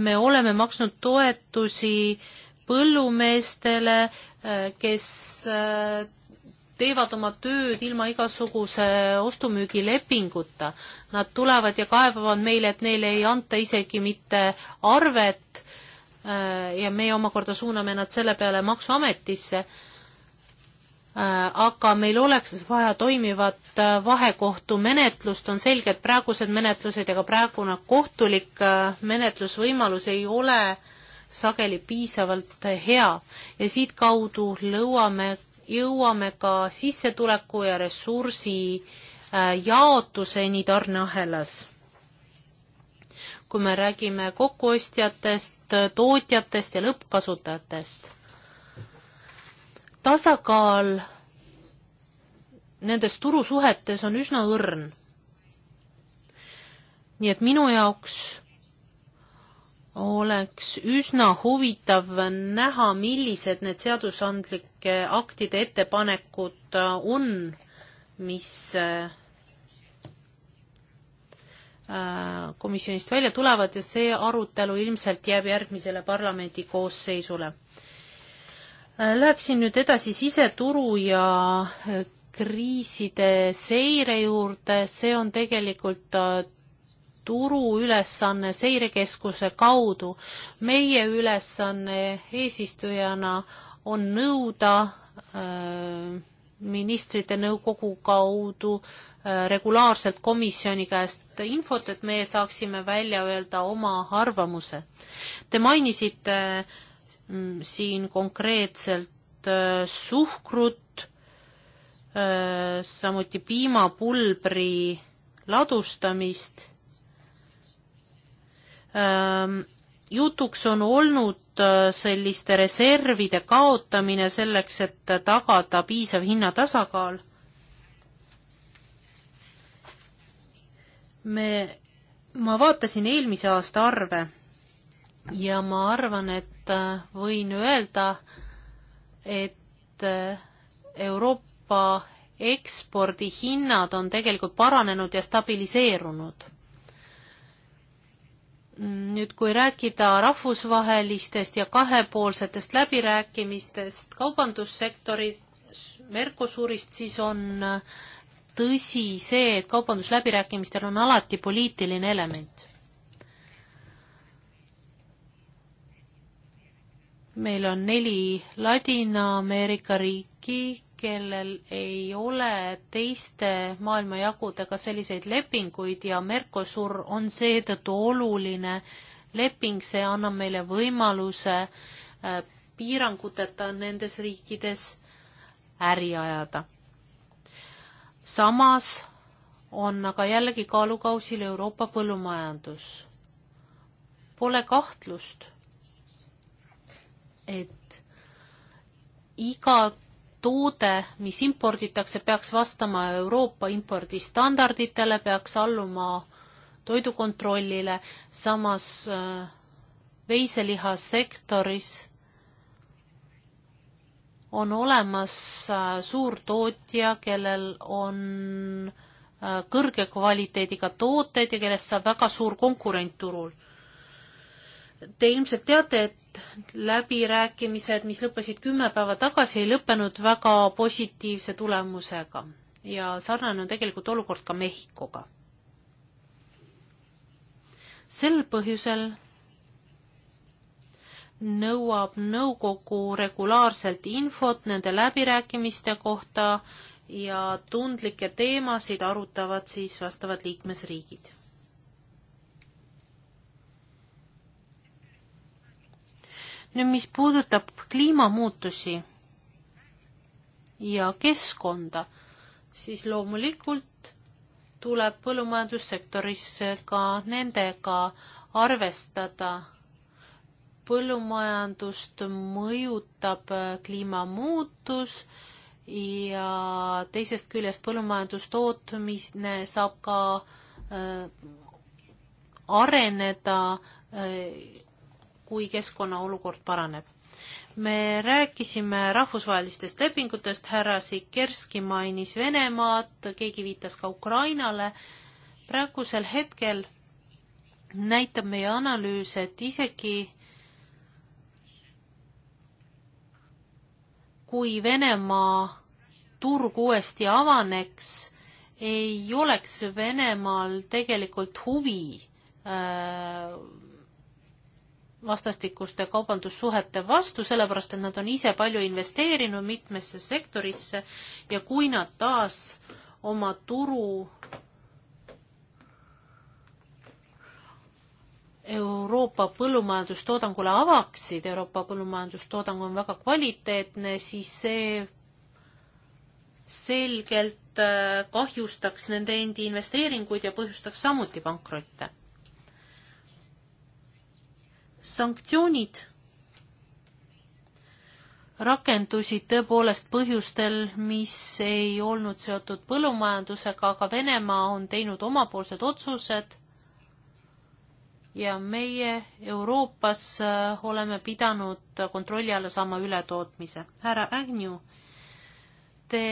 me oleme maksnud toetusi põllumeestele, Äh, kes äh, teevad oma tööd ilma igasuguse ostu-müügilepinguta. Nad tulevad ja kaebavad meile, et neile ei anta isegi mitte arvet äh, ja meie omakorda suuname nad selle peale Maksuametisse. aga meil oleks vaja toimivat vahekohtumenetlust, on selge, et praegused menetlused ja ka praegune kohtulik menetlusvõimalus ei ole äh, sageli piisavalt hea ja siitkaudu lõuame, jõuame ka sissetuleku ja ressursi äh, jaotuseni tarneahelas. kui me räägime kokkuostjatest, tootjatest ja lõppkasutajatest, tasakaal nendes turusuhetes on üsna õrn. nii et minu jaoks oleks üsna huvitav näha, millised need seadusandlike aktide ettepanekud äh, on, mis äh, äh, komisjonist välja tulevad ja see arutelu ilmselt jääb järgmisele parlamendi koosseisule. Läheksin nüüd edasi siseturu ja kriiside seire juurde, see on tegelikult turu ülesanne seirekeskuse kaudu. meie ülesanne eesistujana on nõuda äh, ministrite nõukogu kaudu äh, regulaarselt komisjoni käest infot, et meie saaksime välja öelda oma arvamuse. Te mainisite äh, siin konkreetselt äh, suhkrut, äh, samuti piimapulbri ladustamist Ähm, jutuks on olnud äh, selliste reservide kaotamine selleks, et tagada piisav hinnatasakaal. me, ma vaatasin eelmise aasta arve ja ma arvan, et äh, võin öelda, et äh, Euroopa ekspordihinnad on tegelikult paranenud ja stabiliseerunud nüüd, kui rääkida rahvusvahelistest ja kahepoolsetest läbirääkimistest kaubandussektori Mercosurist, siis on äh, tõsi see, et kaubandusläbirääkimistel on alati poliitiline element. meil on neli Ladina-Ameerika riiki, kellel ei ole teiste maailmajagudega selliseid lepinguid ja Mercosur on seetõttu oluline leping, see annab meile võimaluse äh, piiranguteta nendes riikides äri ajada. samas on aga jällegi kaalukausil Euroopa põllumajandus. Pole kahtlust, et iga toode, mis imporditakse, peaks vastama Euroopa impordistandarditele, peaks alluma toidukontrollile, samas äh, veiselihasektoris on olemas äh, suurtootja, kellel on äh, kõrge kvaliteediga tooted ja kellest saab väga suur konkurent turul. Te ilmselt teate, et läbirääkimised, mis lõppesid kümme päeva tagasi, ei lõppenud väga positiivse tulemusega ja sarnane on tegelikult olukord ka Mehhikoga. sel põhjusel nõuab nõukogu regulaarselt infot nende läbirääkimiste kohta ja tundlikke teemasid arutavad siis vastavad liikmesriigid nüüd, mis puudutab kliimamuutusi ja keskkonda, siis loomulikult tuleb põllumajandussektoris ka nendega arvestada. põllumajandust mõjutab kliimamuutus ja teisest küljest põllumajandustootmine saab ka äh, areneda äh, kui keskkonna olukord paraneb. me rääkisime rahvusvahelistest lepingutest, härra Sikerski mainis Venemaad, keegi viitas ka Ukrainale. praegusel hetkel näitab meie analüüs, et isegi kui Venemaa turg uuesti avaneks, ei oleks Venemaal tegelikult huvi äh, vastastikuste kaubandussuhete vastu, sellepärast et nad on ise palju investeerinud mitmesse sektorisse ja kui nad taas oma turu Euroopa põllumajandustoodangule avaksid, Euroopa põllumajandustoodang on väga kvaliteetne, siis see selgelt äh, kahjustaks nende endi investeeringuid ja põhjustaks samuti pankrotte sanktsioonid rakendusid tõepoolest põhjustel, mis ei olnud seotud põllumajandusega, aga Venemaa on teinud omapoolsed otsused ja meie Euroopas äh, oleme pidanud kontrolli alla saama ületootmise. härra Agnew, te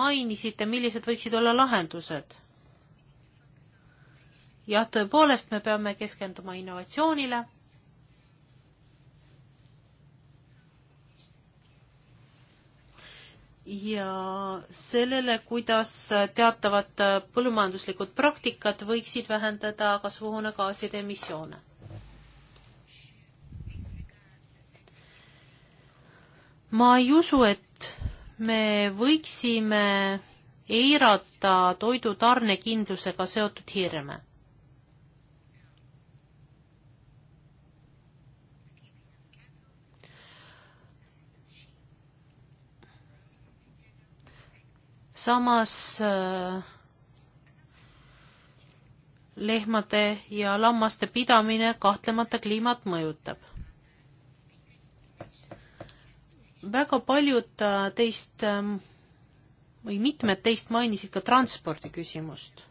mainisite, millised võiksid olla lahendused. jah, tõepoolest, me peame keskenduma innovatsioonile ja sellele, kuidas teatavad põllumajanduslikud praktikad võiksid vähendada kasvuhoonegaaside emissioone. ma ei usu, et me võiksime eirata toidu tarnekindlusega seotud hirme samas äh, lehmade ja lammaste pidamine kahtlemata kliimat mõjutab. väga paljud äh, teist ähm, või mitmed teist mainisid ka transpordi küsimust.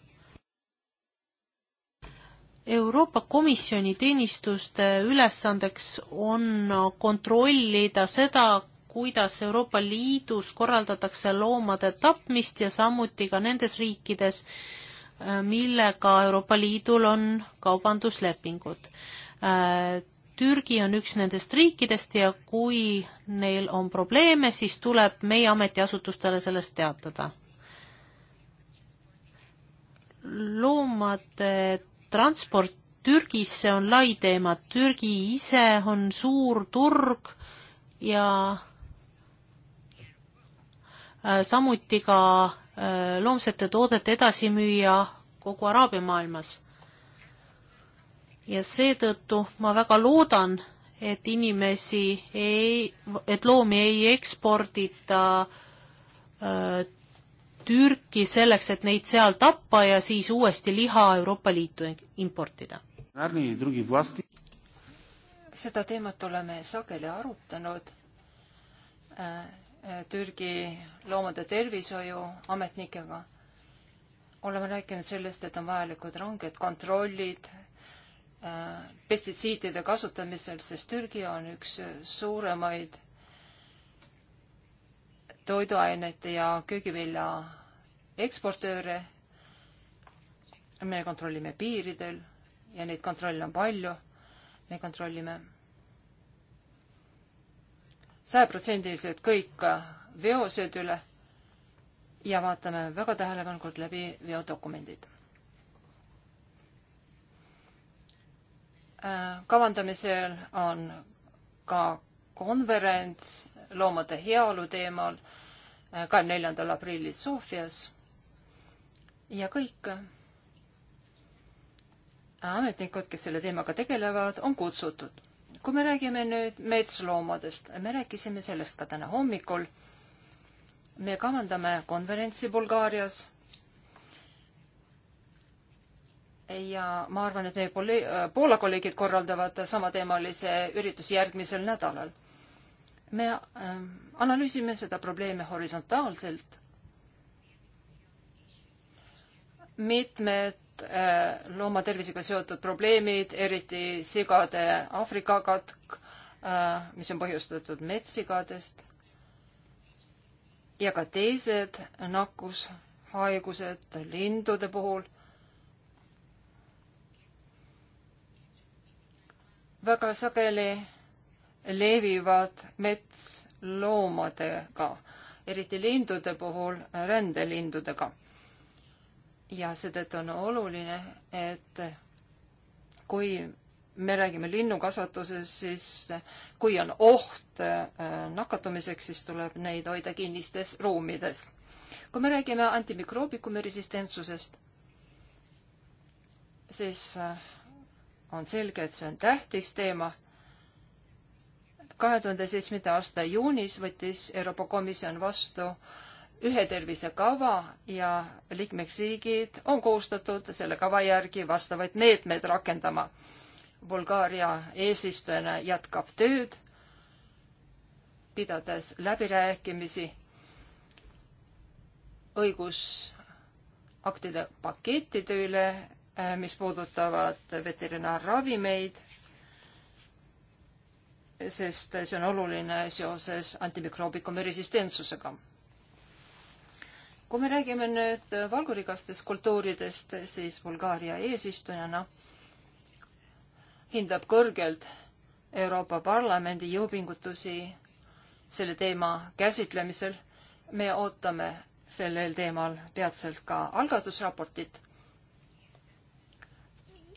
Euroopa Komisjoni teenistuste ülesandeks on kontrollida seda, kuidas Euroopa Liidus korraldatakse loomade tapmist ja samuti ka nendes riikides, äh, millega Euroopa Liidul on kaubanduslepingud. Äh, Türgi on üks nendest riikidest ja kui neil on probleeme, siis tuleb meie ametiasutustele sellest teatada. loomade transport Türgisse on lai teema, Türgi ise on suur turg ja Äh, samuti ka äh, loomsete toodete edasimüüja kogu Araabia maailmas. ja seetõttu ma väga loodan, et inimesi ei, et loomi ei ekspordita öö, äh, Türki selleks, et neid seal tappa ja siis uuesti liha Euroopa Liitu importida. seda teemat oleme sageli arutanud äh Türgi loomade tervishoiuametnikega. oleme rääkinud sellest, et on vajalikud ranged kontrollid äh, pestitsiidide kasutamisel, sest Türgi on üks suuremaid toiduainete ja köögivilja eksportööre. me kontrollime piiridel ja neid kontrolle on palju. me kontrollime sajaprotsendiliselt kõik veosed üle ja vaatame väga tähelepanelikult läbi veodokumendid. Äh, kavandamisel on ka konverents loomade heaolu teemal äh, kahekümne neljandal aprillil Sofias ja kõik äh, ametnikud, kes selle teemaga tegelevad, on kutsutud kui me räägime nüüd metsloomadest, me rääkisime sellest ka täna hommikul. me kavandame konverentsi Bulgaarias. ja ma arvan, et meie pole, Poola kolleegid korraldavad samateemalise ürituse järgmisel nädalal. me äh, analüüsime seda probleemi horisontaalselt. mitmed Äh, looma tervisega seotud probleemid, eriti sigade Aafrika katk, äh, mis on põhjustatud metssigadest ja ka teised nakkushaigused lindude puhul. väga sageli levivad metsloomadega, eriti lindude puhul rändelindudega ja seetõttu on oluline, et kui me räägime linnukasvatuses, siis kui on oht äh, nakatumiseks, siis tuleb neid hoida kinnistes ruumides. kui me räägime antimikroobikumide resistentsusest, siis äh, on selge, et see on tähtis teema. kahe tuhande seitsmenda aasta juunis võttis Euroopa Komisjon vastu äh, ühe tervisekava ja liikmesriigid on koostatud selle kava järgi vastavaid meetmeid rakendama. Bulgaaria eesistujana jätkab tööd, pidades läbirääkimisi õigusaktide pakettide üle, eh, mis puudutavad veterinaarravimeid, sest see on oluline seoses antimikroobikumi resistentsusega kui me räägime nüüd valgurikastest kultuuridest, siis Bulgaaria eesistujana hindab kõrgelt Euroopa Parlamendi jõupingutusi selle teema käsitlemisel. me ootame sellel teemal peatselt ka algatusraportit.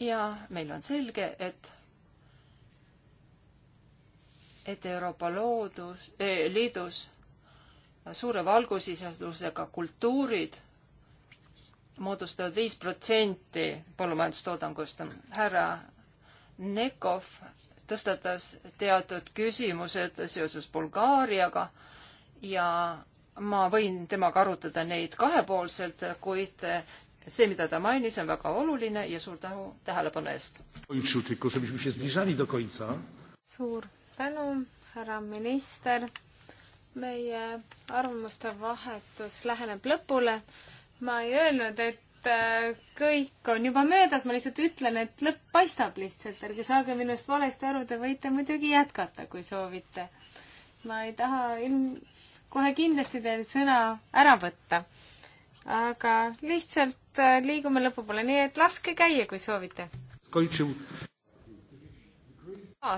ja meil on selge, et et Euroopa loodus eh,, liidus suure valgusisaldusega kultuurid moodustavad viis protsenti põllumajandustoodangust. härra Nekov tõstatas teatud küsimused seoses Bulgaariaga ja ma võin temaga arutada neid kahepoolselt, kuid see, mida ta mainis, on väga oluline ja suur tänu tähelepanu eest. suur tänu, härra minister meie arvamuste vahetus läheneb lõpule. ma ei öelnud, et äh, kõik on juba möödas, ma lihtsalt ütlen, et lõpp paistab lihtsalt, ärge saage minust valesti aru, te võite muidugi jätkata, kui soovite. ma ei taha ilm-, kohe kindlasti teil sõna ära võtta. aga lihtsalt äh, liigume lõpupoole, nii et laske käia, kui soovite.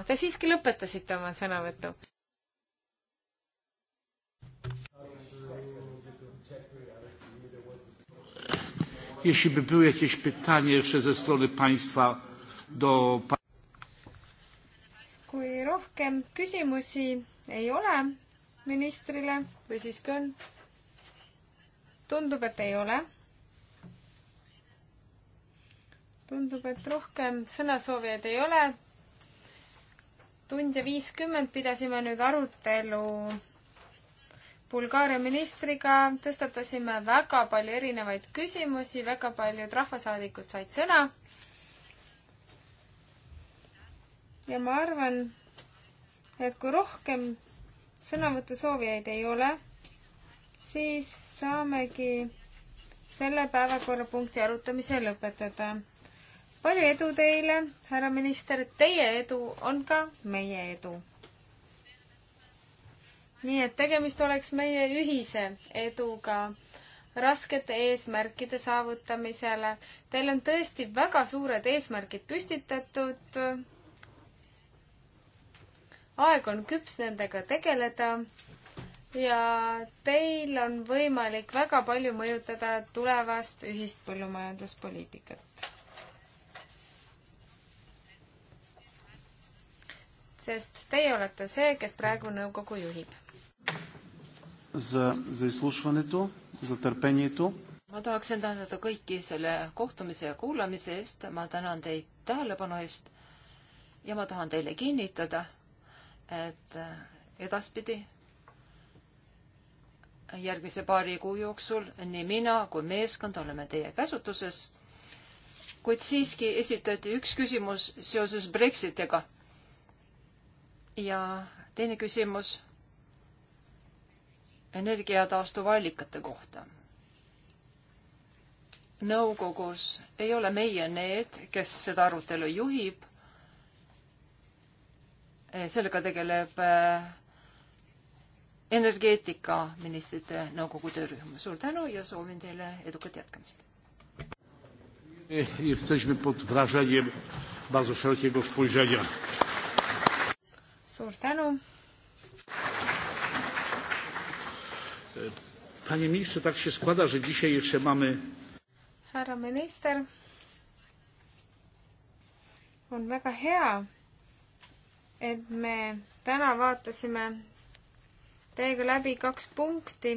Te siiski lõpetasite oma sõnavõtu jeśli by były jakieś pytanie jeszcze ze strony państwa do kui rohkem küsimusi ei ole ministrile või siiski on? tundub, et ei ole. tundub, et rohkem sõnasoovijaid ei ole. tund ja viiskümmend pidasime nüüd arutelu Bulgaaria ministriga tõstatasime väga palju erinevaid küsimusi, väga paljud rahvasaadikud said sõna. ja ma arvan, et kui rohkem sõnavõtusoovijaid ei ole, siis saamegi selle päevakorrapunkti arutamise lõpetada. palju edu teile, härra minister, teie edu on ka meie edu nii et tegemist oleks meie ühise eduga raskete eesmärkide saavutamisele. Teil on tõesti väga suured eesmärgid püstitatud. aeg on küps nendega tegeleda ja teil on võimalik väga palju mõjutada tulevast ühist põllumajanduspoliitikat. sest teie olete see, kes praegu nõukogu juhib за, за изслушването, за търпението. ma tahaksin tänada kõiki selle kohtumise ja kuulamise eest, ma tänan teid tähelepanu eest ja ma tahan teile kinnitada, et äh, edaspidi järgmise paari kuu jooksul nii mina kui meeskond oleme teie käsutuses. kuid siiski esitati üks küsimus seoses Brexitiga. ja teine küsimus energiataastuvallikate kohta. nõukogus ei ole meie need, kes seda arutelu juhib. sellega tegeleb äh, energeetikaministrite nõukogu töörühm. suur tänu ja soovin teile edukat jätkamist. Eh, jesteśmy pod wrażeniem bardzo szerokiego spojrzenia. Suur tänu. E, panie ministrze, tak się składa, że dzisiaj jeszcze mamy... Härra minister, on väga hea, et me täna vaatasime teiega läbi kaks punkti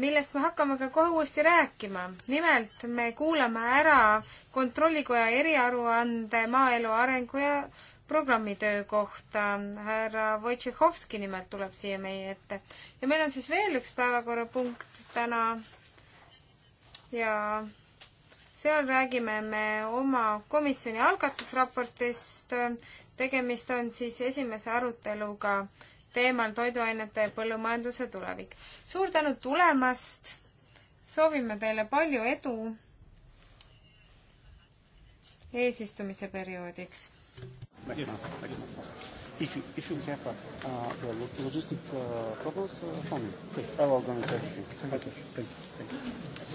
millest me hakkame ka kohe uuesti rääkima. nimelt me kuulame ära Kontrollikoja eriaruande maaelu arengu ja programmitöö kohta. härra Wojtšehovski nimelt tuleb siia meie ette. ja meil on siis veel üks päevakorrapunkt täna. ja seal räägime me oma komisjoni algatusraportist. tegemist on siis esimese aruteluga teemal toiduainete ja põllumajanduse tulevik. suur tänu tulemast, soovime teile palju edu eesistumise perioodiks. If you, if you have uh, the logistic uh, problems, uh, phone me. Okay. I will organize everything. Thank okay. you. Thank you. Thank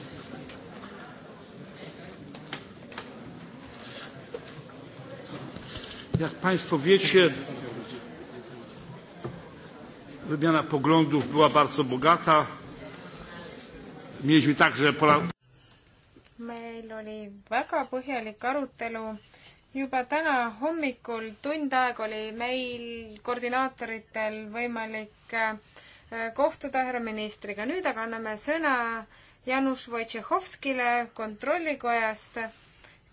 you. Jak Państwo wiecie, Wymiana poglądów była bardzo bogata. Mieliśmy także pola... meil oli väga põhjalik arutelu. juba täna hommikul tund aega oli meil koordinaatoritel võimalik äh, kohtuda härra ministriga. nüüd aga anname sõna Janus Wojciechowskile Kontrollikojast,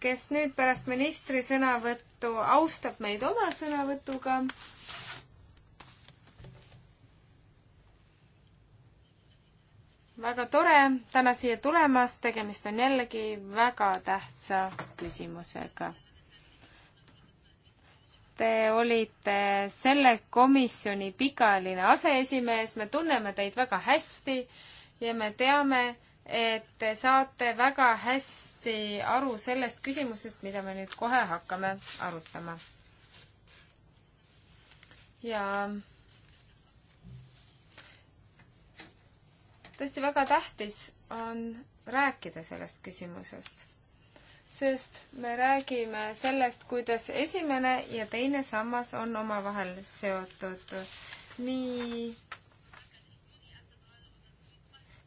kes nüüd pärast ministri sõnavõttu austab meid oma sõnavõtuga väga tore täna siia tulemast, tegemist on jällegi väga tähtsa küsimusega. Te olite selle komisjoni pikaajaline aseesimees, me tunneme teid väga hästi ja me teame, et te saate väga hästi aru sellest küsimusest, mida me nüüd kohe hakkame arutama. ja tõesti väga tähtis on rääkida sellest küsimusest, sest me räägime sellest, kuidas esimene ja teine sammas on omavahel seotud. nii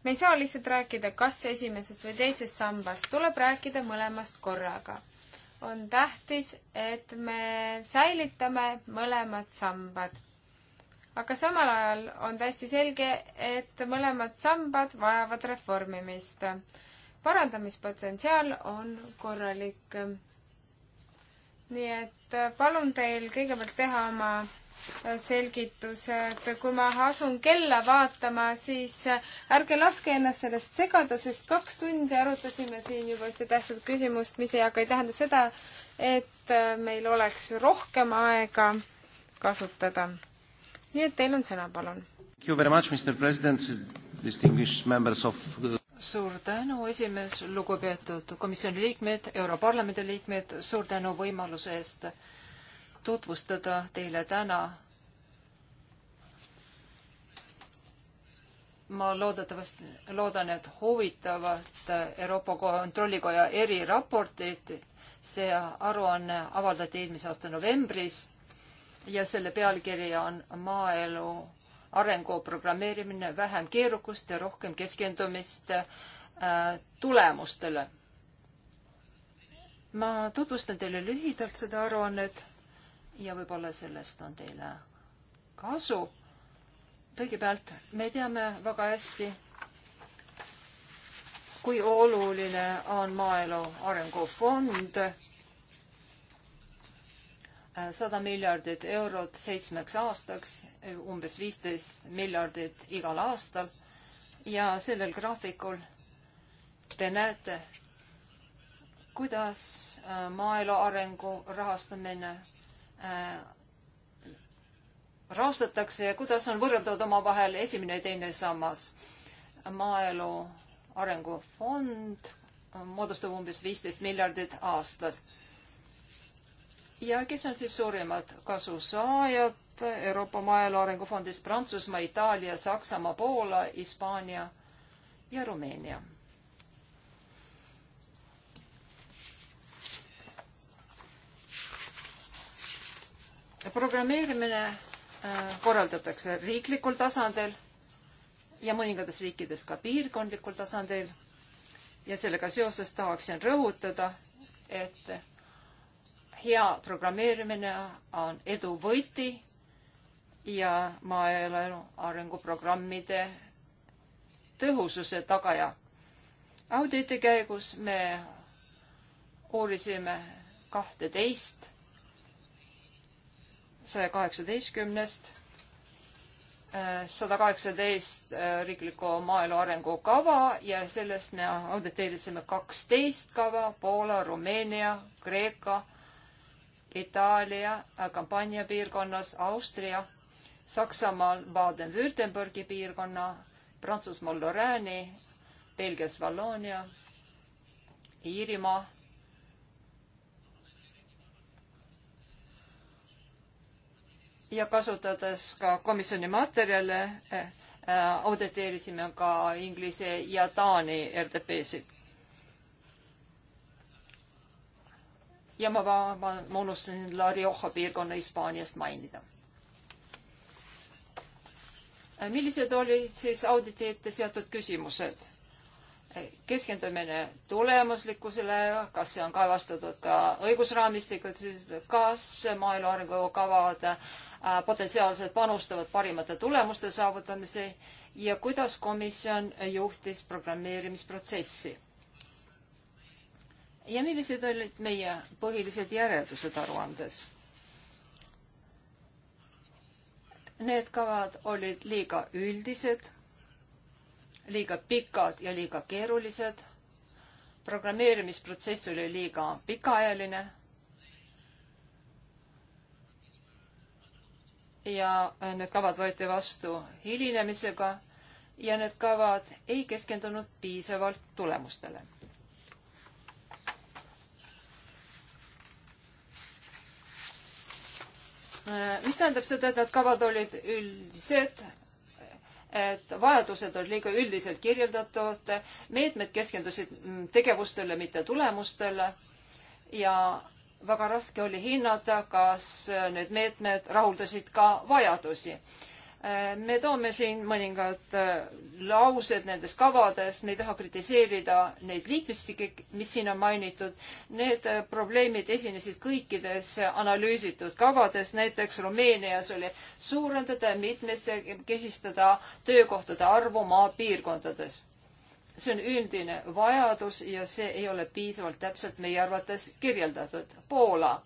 me ei saa lihtsalt rääkida kas esimesest või teisest sambast, tuleb rääkida mõlemast korraga. on tähtis, et me säilitame mõlemad sambad aga samal ajal on täiesti selge, et mõlemad sambad vajavad reformimist. parandamispotentsiaal on korralik. nii et äh, palun teil kõigepealt teha oma äh, selgitused, kui ma asun kella vaatama, siis äh, ärge laske ennast sellest segada, sest kaks tundi arutasime siin juba ühte tähtsat küsimust, mis ei, aga ei tähenda seda, et meil oleks rohkem aega kasutada nii et teil on sõna, palun. Uh, suur tänu, esimees, lugupeetud komisjoni liikmed, Europarlamendi liikmed, suur tänu võimaluse eest tutvustada teile täna ma loodetavasti, loodan, et huvitavat Euroopa Kontrollikoja eriraportit, see aruanne avaldati eelmise aasta novembris ja selle pealkiri on Maaelu arengu programmeerimine, vähem keerukust ja rohkem keskendumist äh, tulemustele. ma tutvustan teile lühidalt seda aruannet ja võib-olla sellest on teile kasu. kõigepealt me teame väga hästi, kui oluline on Maaelu Arengufond sada miljardit eurot seitsmeks aastaks, umbes viisteist miljardit igal aastal ja sellel graafikul te näete, kuidas äh, maaelu arengu rahastamine äh, rahastatakse ja kuidas on võrreldavad omavahel esimene ja teine sammas. maaelu arengufond moodustab umbes viisteist miljardit aastas ja kes on siis suurimad kasusaajad Euroopa Maaelu Arengufondist Prantsusmaa, Itaalia, Saksamaa, Poola, Hispaania ja Rumeenia. programmeerimine äh, korraldatakse riiklikul tasandil ja mõningates riikides ka piirkondlikul tasandil ja sellega seoses tahaksin rõhutada, et hea programmeerimine on edu võti ja maaelu arenguprogrammide tõhususe tagaja. auditi käigus me uurisime kahteteist saja kaheksateistkümnest, äh, sada kaheksateist riikliku maaelu arengukava ja sellest me auditeerisime kaksteist kava Poola, Rumeenia, Kreeka Itaalia, kampaania piirkonnas, Austria, Saksamaal Baden-Württembergi piirkonna, Prantsusmaal Lorraine'i, Belgias Valloonia, Iirimaa, ja kasutades ka komisjoni materjale, äh, äh, auditeerisime ka Inglise ja Taani RDP-sid ja ma, ma, ma unustasin La Rioja piirkonna Hispaaniast mainida. Äh, millised olid siis auditi ette seatud küsimused? Äh, keskendumine tulemuslikkusele, kas see on kaevastatud ka õigusraamistikud, kas maaelu arengukavad äh, potentsiaalselt panustavad parimate tulemuste saavutamise ja kuidas komisjon juhtis programmeerimisprotsessi ja millised olid meie põhilised järeldused aruandes? Need kavad olid liiga üldised, liiga pikad ja liiga keerulised. programmeerimisprotsess oli liiga pikaajaline. ja need kavad võeti vastu hilinemisega ja need kavad ei keskendunud piisavalt tulemustele Äh, mis tähendab seda, et need kavad olid üldised, et vajadused olid liiga üldiselt kirjeldatud, meetmed keskendusid mm, tegevustele, mitte tulemustele ja väga raske oli hinnata, kas äh, need meetmed rahuldasid ka vajadusi Äh, me toome siin mõningad äh, laused nendest kavadest, me ei taha kritiseerida neid liikmesriike, mis siin on mainitud. Need äh, probleemid esinesid kõikides analüüsitud kavades, näiteks Rumeenias oli suurendada ja mitmestekesistada töökohtade arvu maapiirkondades. see on üldine vajadus ja see ei ole piisavalt täpselt meie arvates kirjeldatud. Poola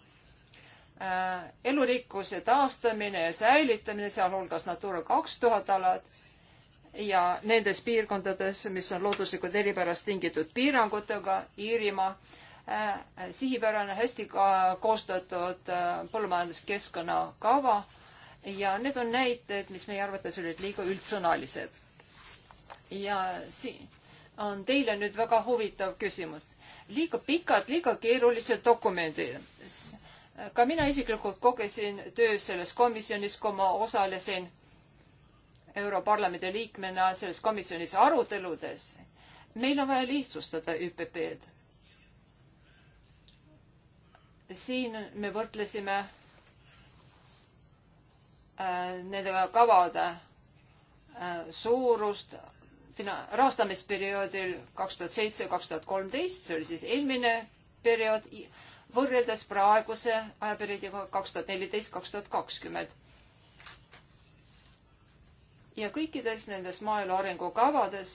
Äh, elurikkuse taastamine ja säilitamine, sealhulgas Natura kaks tuhat alad ja nendes piirkondades, mis on looduslikult eripärast tingitud piirangutega, Iirimaa äh,, sihipärane, hästi ka koostatud äh, põllumajanduskeskkonna kava ja need on näited, mis meie arvates olid liiga üldsõnalised. ja siin on teile nüüd väga huvitav küsimus. liiga pikad, liiga keerulised dokumendid ka mina isiklikult kogesin töös selles komisjonis, kui ma osalesin Europarlamendi liikmena selles komisjonis aruteludes. meil on vaja lihtsustada ÜPP-d. siin me võrdlesime äh, nende kavade äh, suurust fina-, rahastamisperioodil kaks tuhat seitse, kaks tuhat kolmteist, see oli siis eelmine periood võrreldes praeguse ajaperioodiga kaks tuhat neliteist, kaks tuhat kakskümmend. ja kõikides nendes maaelu arengukavades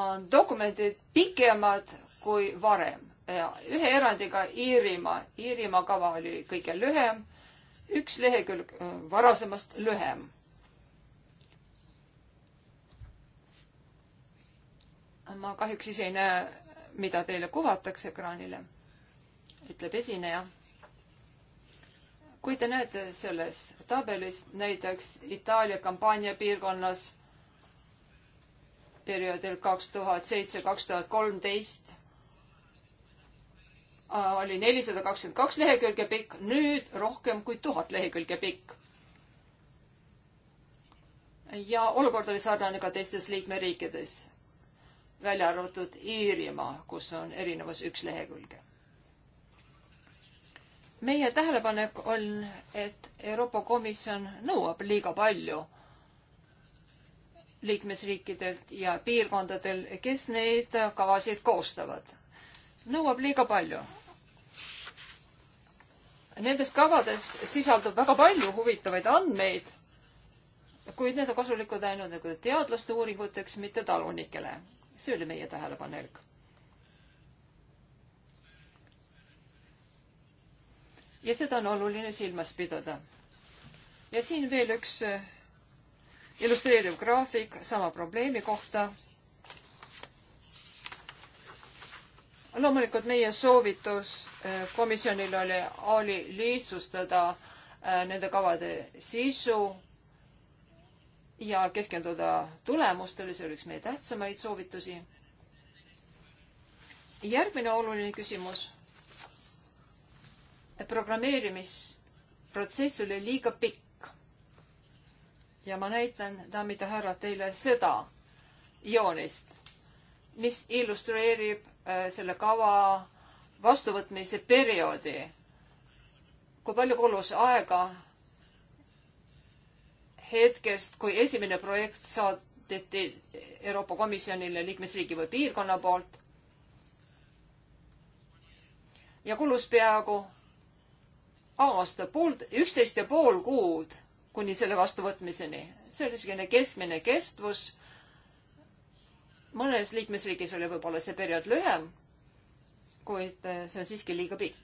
on dokumendid pikemad kui varem. ühe erandiga Iirimaa. Iirimaa kava oli kõige lühem, üks lehekülg äh, varasemast lühem ma kahjuks ise ei näe, mida teile kuvatakse ekraanile, ütleb esineja. kui te näete sellest tabelist näiteks Itaalia kampaania piirkonnas perioodil kaks tuhat seitse, kaks tuhat kolmteist oli nelisada kakskümmend kaks lehekülge pikk, nüüd rohkem kui tuhat lehekülge pikk. ja olukord oli sarnane ka teistes liikmeriikides välja arvatud Iirimaa, kus on erinevus üks lehekülge. meie tähelepanek on, et Euroopa Komisjon nõuab liiga palju liikmesriikidelt ja piirkondadel, kes neid kavasid koostavad. nõuab liiga palju. Nendes kavades sisaldub väga palju huvitavaid andmeid, kuid need on kasulikud ainult nagu teadlaste uuringuteks, mitte talunikele see oli meie tähelepanek. ja seda on oluline silmas pidada. ja siin veel üks äh, illustreeriv graafik sama probleemi kohta. loomulikult meie soovitus äh, komisjonile oli, oli lihtsustada äh, nende kavade sisu ja keskenduda tulemustele, see oli üks meie tähtsamaid soovitusi. järgmine oluline küsimus. programmeerimisprotsess oli liiga pikk. ja ma näitan, daamid ja härrad, teile seda joonist, mis illustreerib äh, selle kava vastuvõtmise perioodi. kui palju kulus aega hetkest, kui esimene projekt saadeti Euroopa Komisjonile liikmesriigi või piirkonna poolt. ja kulus peaaegu aasta, pool, üksteist ja pool kuud kuni selle vastuvõtmiseni. see oli selline keskmine kestvus. mõnes liikmesriigis oli võib-olla see periood lühem, kuid eh, see on siiski liiga pikk.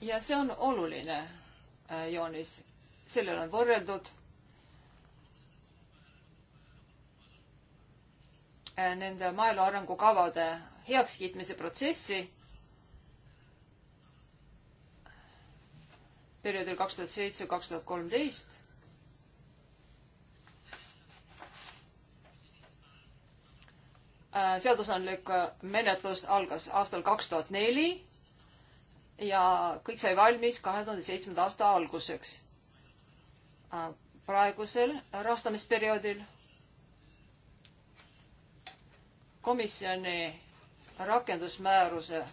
ja see on oluline Äh, joonis, sellel on võrreldud äh, nende maaelu arengukavade heakskiitmise protsessi perioodil kaks tuhat seitse, kaks tuhat kolmteist. Äh, seadusandlik menetlus algas aastal kaks tuhat neli ja kõik sai valmis kahe tuhande seitsmenda aasta alguseks. Äh, praegusel rahastamisperioodil komisjoni rakendusmääruse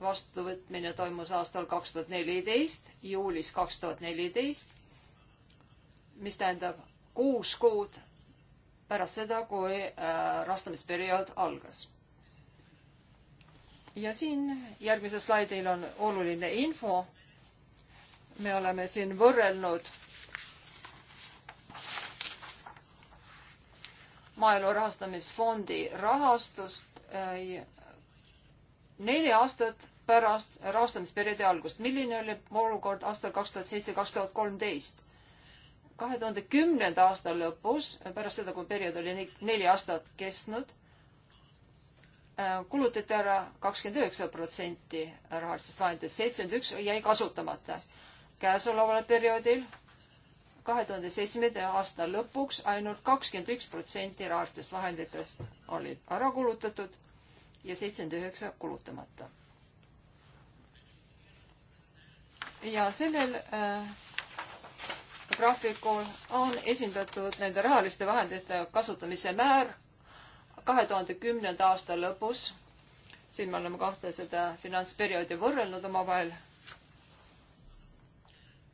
vastuvõtmine toimus aastal kaks tuhat neliteist, juulis kaks tuhat neliteist, mis tähendab kuus kuud pärast seda, kui äh, rahastamisperiood algas ja siin järgmisel slaidil on oluline info. me oleme siin võrrelnud maaelu rahastamisfondi rahastust äh, neli aastat pärast rahastamisperioodi algust. milline oli olukord aastal kaks tuhat seitse, kaks tuhat kolmteist? kahe tuhande kümnenda aasta lõpus, pärast seda, kui periood oli neli aastat kestnud kulutati ära kakskümmend üheksa protsenti rahalistest vahenditest, seitsekümmend üks jäi kasutamata. käesoleval perioodil, kahe tuhande seitsmenda aasta lõpuks ainult kakskümmend üks protsenti rahalistest vahenditest olid ära kulutatud ja seitsekümmend üheksa kulutamata. ja sellel äh, graafikul on esindatud nende rahaliste vahendite kasutamise määr kahe tuhande kümnenda aasta lõpus, siin me oleme kahte seda finantsperioodi võrrelnud omavahel,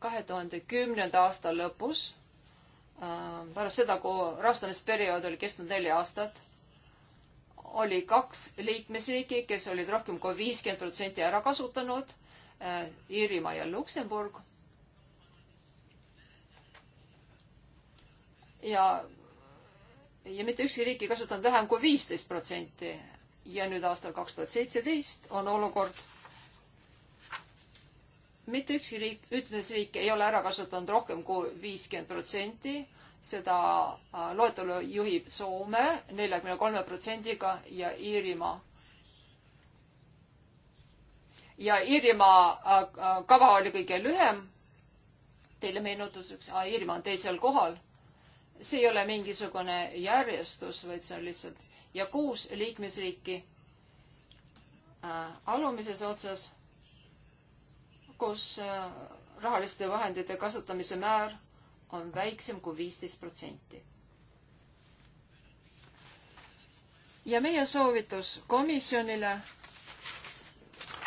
kahe tuhande kümnenda aasta lõpus äh,, pärast seda, kui rahastamisperiood oli kestnud neli aastat, oli kaks liikmesriiki, kes olid rohkem kui viiskümmend protsenti ära kasutanud äh,, Iirimaa ja Luksemburg. ja ja mitte ükski riik ei kasutanud vähem kui viisteist protsenti. ja nüüd aastal kaks tuhat seitseteist on olukord, mitte ükski riik, ütlusriik ei ole ära kasutanud rohkem kui viiskümmend protsenti, seda äh, loetelu juhib Soome neljakümne kolme protsendiga ja Iirimaa. ja Iirimaa äh, äh, kava oli kõige lühem. Teile meenutuseks, Iirimaa on teisel kohal see ei ole mingisugune järjestus, vaid see on lihtsalt ja kuus liikmesriiki äh, alumises otsas, kus äh, rahaliste vahendite kasutamise määr on väiksem kui viisteist protsenti. ja meie soovitus komisjonile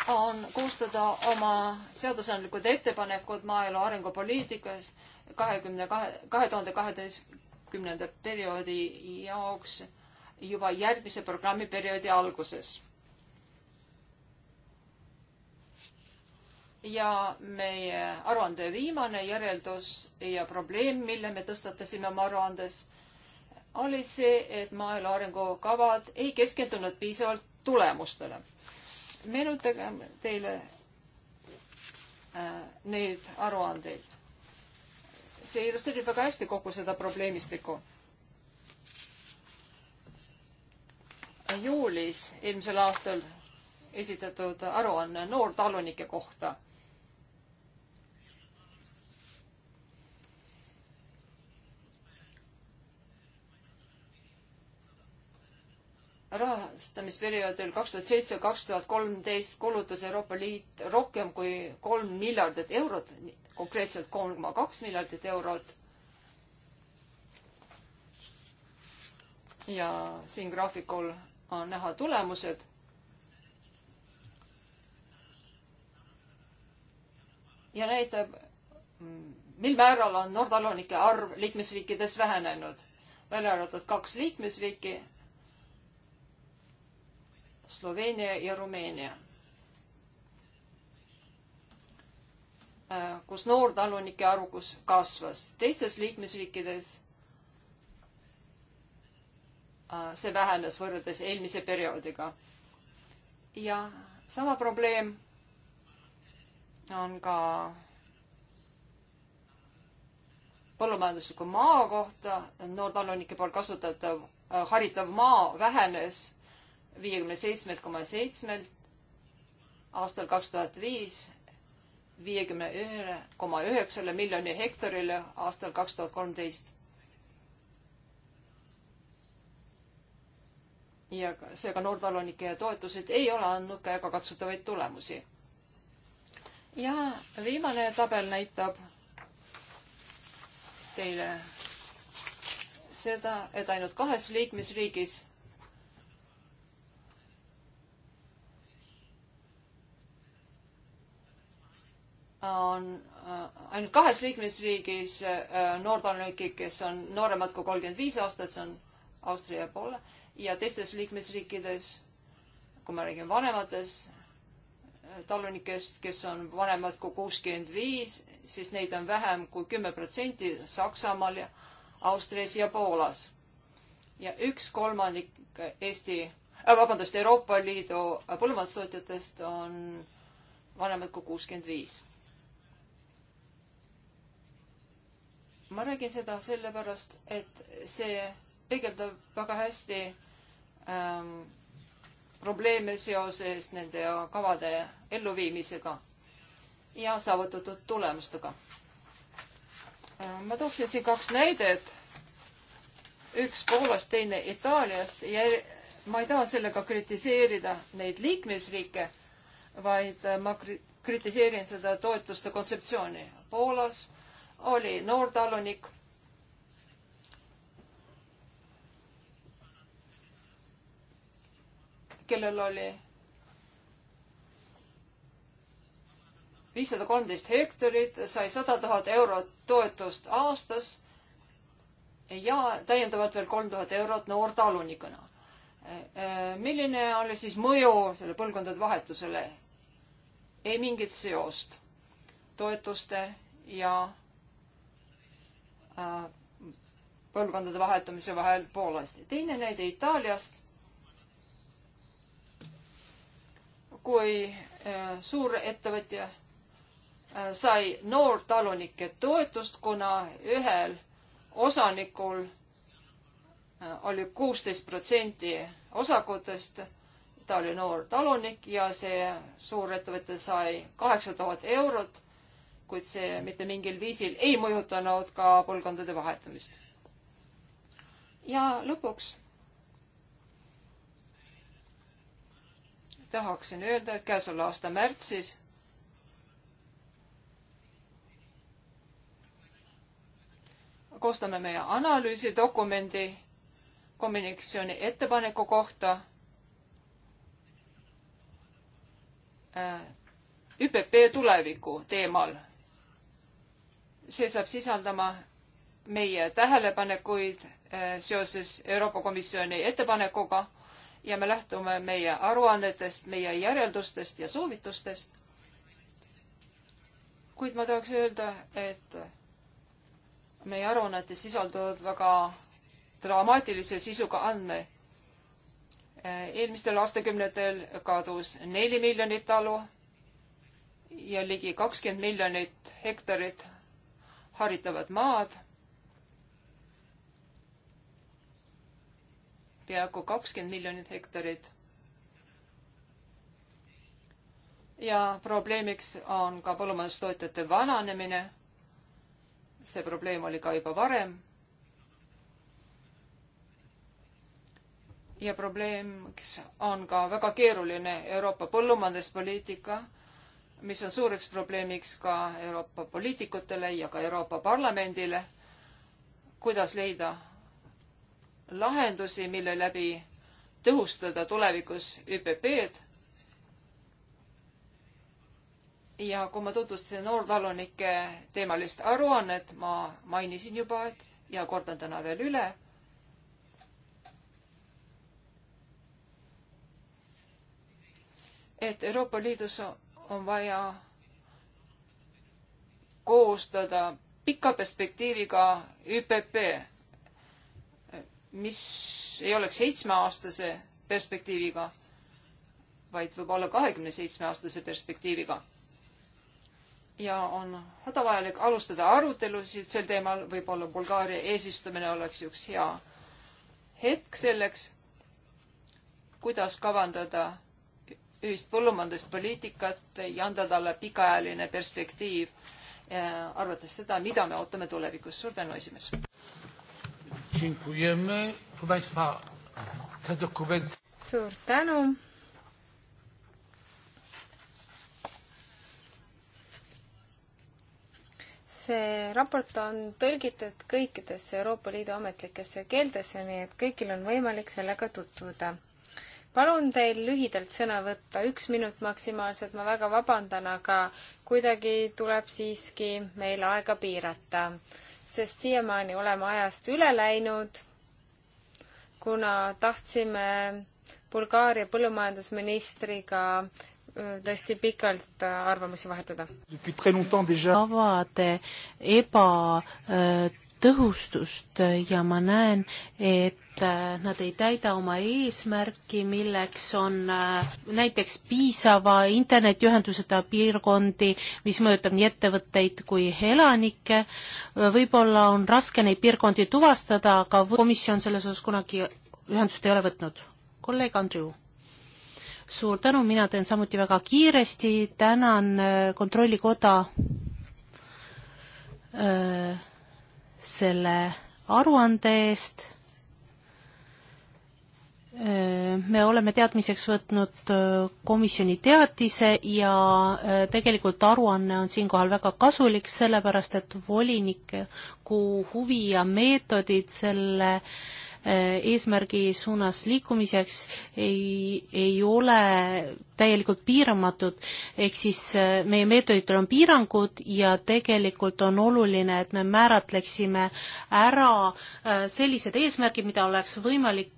on koostada oma seadusandlikud ettepanekud maaelu arengupoliitikas kahekümne kahe, kahe tuhande kaheteistkümnenda perioodi jaoks juba järgmise programmiperioodi alguses. ja meie aruande viimane järeldus ja probleem, mille me tõstatasime oma aruandes, oli see, et maaelu arengukavad ei keskendunud piisavalt tulemustele. meenutage teile äh, neid aruandeid see illustreerib väga hästi kogu seda probleemistikku. juulis eelmisel aastal esitatud aruanne noortalunike kohta rahastamisperioodil kaks tuhat seitse, kaks tuhat kolmteist kulutas Euroopa Liit rohkem kui kolm miljardit eurot, konkreetselt kolm koma kaks miljardit eurot. ja siin graafikul on näha tulemused. ja näitab, mil määral on nordalonike arv liikmesriikides vähenenud, välja arvatud kaks liikmesriiki Slovenija ja Rumeenia, äh, kus noortalunike arvukus kasvas. teistes liikmesriikides äh, see vähenes võrreldes eelmise perioodiga. ja sama probleem on ka põllumajandusliku maa kohta noortalunike poolt kasutatav äh, haritav maa vähenes viiekümne seitsmelt koma seitsmelt aastal kaks tuhat viis viiekümne ühele koma üheksale miljoni hektarile aastal kaks tuhat kolmteist. ja seega noortalunike toetused ei ole andnud käegakatsutavaid tulemusi. ja viimane tabel näitab teile seda, et ainult kahes liikmesriigis on äh, ainult kahes liikmesriigis äh, noorkanaliki, kes on nooremad kui kolmkümmend viis aastat, see on Austria ja Poola ja teistes liikmesriikides, kui me räägime vanemates äh, talunikest, kes on vanemad kui kuuskümmend viis, siis neid on vähem kui kümme protsenti Saksamaal ja Austrias ja Poolas. ja üks kolmandik Eesti äh,, vabandust, Euroopa Liidu põllumajandustootjatest on vanemad kui kuuskümmend viis ma räägin seda sellepärast, et see peegeldab väga hästi ähm, probleeme seoses nende kavade elluviimisega ja saavutatud tulemustega ähm,. ma tooksin siin kaks näidet. üks Poolast, teine Itaaliast ja ma ei taha sellega kritiseerida neid liikmesriike, vaid äh, ma kritiseerin seda toetuste kontseptsiooni. Poolas oli noortalunik. kellel oli viissada kolmteist hektarit, sai sada tuhat eurot toetust aastas ja täiendavalt veel kolm tuhat eurot noortalunikuna. milline oli siis mõju selle põlvkondade vahetusele? ei mingit seost toetuste ja Äh, põlvkondade vahetamise vahel Poolast. teine näide Itaaliast. kui äh, suurettevõtja äh, sai noortalunike toetust, kuna ühel osanikul oli kuusteist protsenti osakutest, ta oli noor talunik ja see suurettevõte sai kaheksa tuhat eurot kuid see mitte mingil viisil ei mõjutanud ka põlvkondade vahetamist. ja lõpuks tahaksin öelda, et käesoleva aasta märtsis koostame meie analüüsidokumendi kommunikatsiooni ettepaneku kohta äh, ÜPP tuleviku teemal see saab sisaldama meie tähelepanekuid eh, seoses Euroopa Komisjoni ettepanekuga ja me lähtume meie aruannetest, meie järeldustest ja soovitustest. kuid ma tahaks öelda, et meie aruannetes sisalduvad väga dramaatilise sisuga andme. Eh, eelmistel aastakümnetel kadus neli miljonit talu ja ligi kakskümmend miljonit hektarit haritavad maad. peaaegu kakskümmend miljonit hektarit. ja probleemiks on ka põllumajandustootjate vananemine. see probleem oli ka juba varem ja probleemiks on ka väga keeruline Euroopa põllumajanduspoliitika mis on suureks probleemiks ka Euroopa poliitikutele ja ka Euroopa Parlamendile, kuidas leida lahendusi, mille läbi tõhustada tulevikus ÜPP-d. ja kui ma tutvustasin noortalunike teemalist aruannet, ma mainisin juba, et ja kordan täna veel üle et Euroopa Liidus on vaja koostada pika perspektiiviga ÜPP, mis ei oleks seitsmeaastase perspektiiviga, vaid võib-olla kahekümne seitsme aastase perspektiiviga. ja on hädavajalik alustada arutelusid sel teemal, võib-olla Bulgaaria eesistumine oleks üks hea hetk selleks, kuidas kavandada ühist põllumajanduspoliitikat ja anda talle pikaajaline perspektiiv, äh, arvates seda, mida me ootame tulevikus. suur tänu, esimees! suur tänu! see raport on tõlgitud kõikidesse Euroopa Liidu ametlikesse keeltesse, nii et kõigil on võimalik sellega tutvuda palun teil lühidalt sõna võtta, üks minut maksimaalselt, ma väga vabandan, aga kuidagi tuleb siiski meil aega piirata, sest siiamaani oleme ajast üle läinud, kuna tahtsime Bulgaaria põllumajandusministriga tõesti pikalt äh, arvamusi vahetada. avade eba tõhustust ja ma näen, et äh, nad ei täida oma eesmärki, milleks on äh, näiteks piisava internetiühenduseta piirkondi, mis mõjutab nii ettevõtteid kui elanikke. Äh, võib-olla on raske neid piirkondi tuvastada, aga komisjon selles osas kunagi ühendust ei ole võtnud. kolleeg Andrew suur tänu, mina teen samuti väga kiiresti, tänan Kontrollikoda äh, selle aruande eest. me oleme teadmiseks võtnud äh, komisjoni teatise ja äh, tegelikult aruanne on siinkohal väga kasulik, sellepärast et volinike huvi ja meetodid selle äh, Äh, eesmärgi suunas liikumiseks ei, ei ole täielikult piiramatud, ehk siis äh, meie meetoditel on piirangud ja tegelikult on oluline, et me määratleksime ära äh, sellised eesmärgid, mida oleks võimalik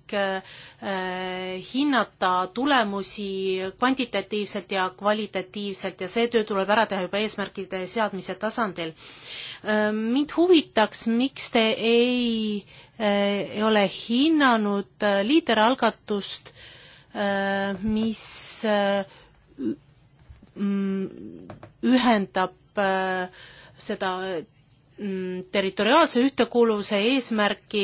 hinnata tulemusi kvantitatiivselt ja kvalitatiivselt ja see töö tuleb ära teha juba eesmärkide seadmise tasandil. mind huvitaks, miks te ei Eh, ei ole hinnanud eh, liideralgatust, eh, mis mm, ühendab seda mm, territoriaalse ühtekuuluvuse eesmärki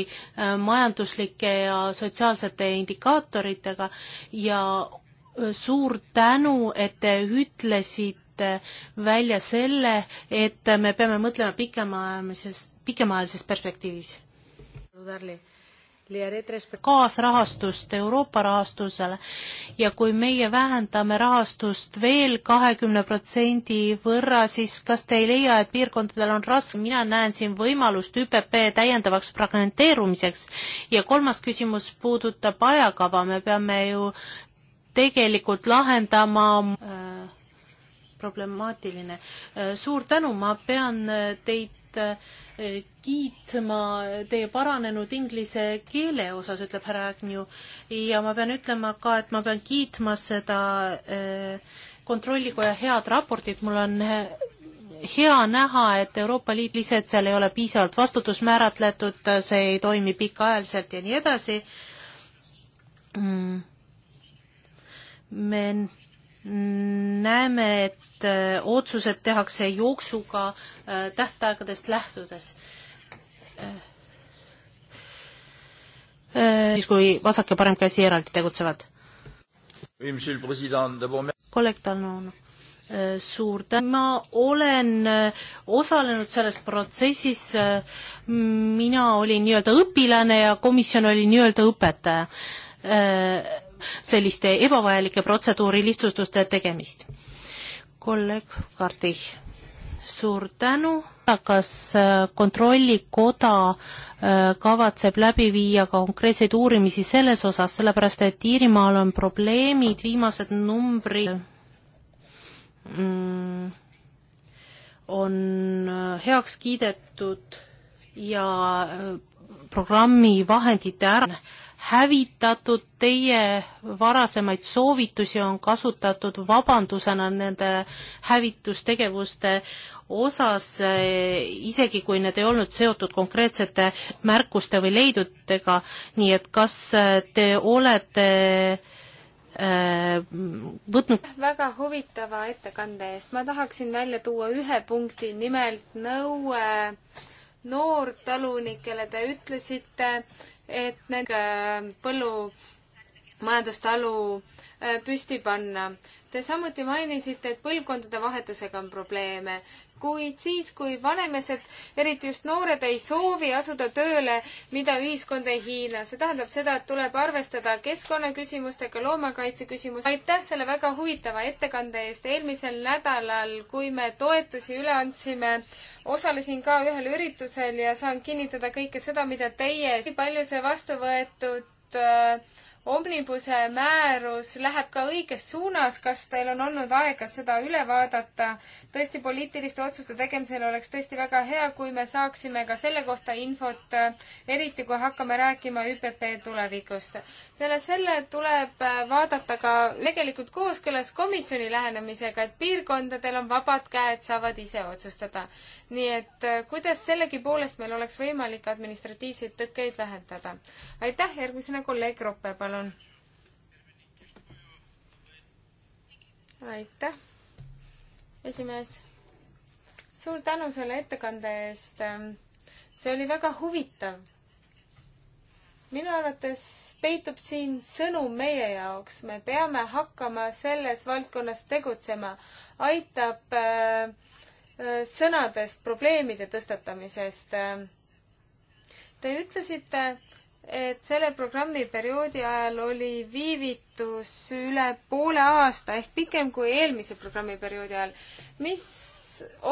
majanduslike ja sotsiaalsete indikaatoritega ja suur tänu, et te ütlesite välja selle, et me peame mõtlema pikemaajalises, pikemaajalises perspektiivis kaasrahastust Euroopa rahastusele ja kui meie vähendame rahastust veel kahekümne protsendi võrra, siis kas te ei leia, et piirkondadel on raske, mina näen siin võimalust ÜPP täiendavaks fragmenteerumiseks ja kolmas küsimus puudutab ajakava, me peame ju tegelikult lahendama äh, problemaatiline äh,. suur tänu, ma pean äh, teid äh, kiitma teie paranenud inglise keele osas, ütleb härra Agnew. ja ma pean ütlema ka, et ma pean kiitma seda eh, kontrollikoja head raportit, mul on eh, hea näha, et Euroopa Liit lihtsalt seal ei ole piisavalt vastutus määratletud, see ei toimi pikaajaliselt ja nii edasi. Mm. me näeme, et äh, otsused tehakse jooksuga äh, tähtaegadest lähtudes. Äh, siis, kui vasak ja parem käsi eraldi tegutsevad. kolleeg Talnon suur tänu, ma olen osalenud selles protsessis, mina olin nii-öelda õpilane ja komisjon oli nii-öelda õpetaja selliste ebavajalike protseduuri lihtsustuste tegemist. kolleeg Kardi, suur tänu. kas äh, Kontrollikoda äh, kavatseb läbi viia ka konkreetseid uurimisi selles osas, sellepärast et Iirimaal on probleemid, viimased numbrid mm, on äh, heaks kiidetud ja programmi vahendite ära hävitatud, teie varasemaid soovitusi on kasutatud vabandusena nende hävitustegevuste osas, eh, isegi kui need ei olnud seotud konkreetsete märkuste või leidudega, nii et kas eh, te olete eh, võtnud väga huvitava ettekande eest. ma tahaksin välja tuua ühe punkti, nimelt nõue noortalunikele. Te ütlesite, et nende äh, põllumajandustalu äh, püsti panna. Te samuti mainisite, et põlvkondade vahetusega on probleeme kuid siis, kui vanemesed, eriti just noored, ei soovi asuda tööle, mida ühiskond ei hiina. see tähendab seda, et tuleb arvestada keskkonnaküsimustega, loomakaitse küsimustega. aitäh selle väga huvitava ettekande eest. eelmisel nädalal, kui me toetusi üle andsime, osalesin ka ühel üritusel ja saan kinnitada kõike seda, mida teie, palju see vastu võetud äh, omnibuse määrus läheb ka õiges suunas, kas teil on olnud aega seda üle vaadata? tõesti, poliitiliste otsuste tegemisel oleks tõesti väga hea, kui me saaksime ka selle kohta infot, eriti kui hakkame rääkima ÜPP tulevikust peale selle tuleb äh, vaadata ka tegelikult kooskõlas komisjoni lähenemisega, et piirkondadel on vabad käed, saavad ise otsustada. nii et äh, kuidas sellegipoolest meil oleks võimalik administratiivseid tõkkeid vähendada. aitäh, järgmisena kolleeg Roppe, palun. aitäh, esimees. suur tänu selle ettekande eest. see oli väga huvitav minu arvates peitub siin sõnum meie jaoks, me peame hakkama selles valdkonnas tegutsema, aitab äh, äh, sõnadest probleemide tõstatamisest. Te ütlesite, et selle programmi perioodi ajal oli viivitus üle poole aasta ehk pikem kui eelmise programmi perioodi ajal. mis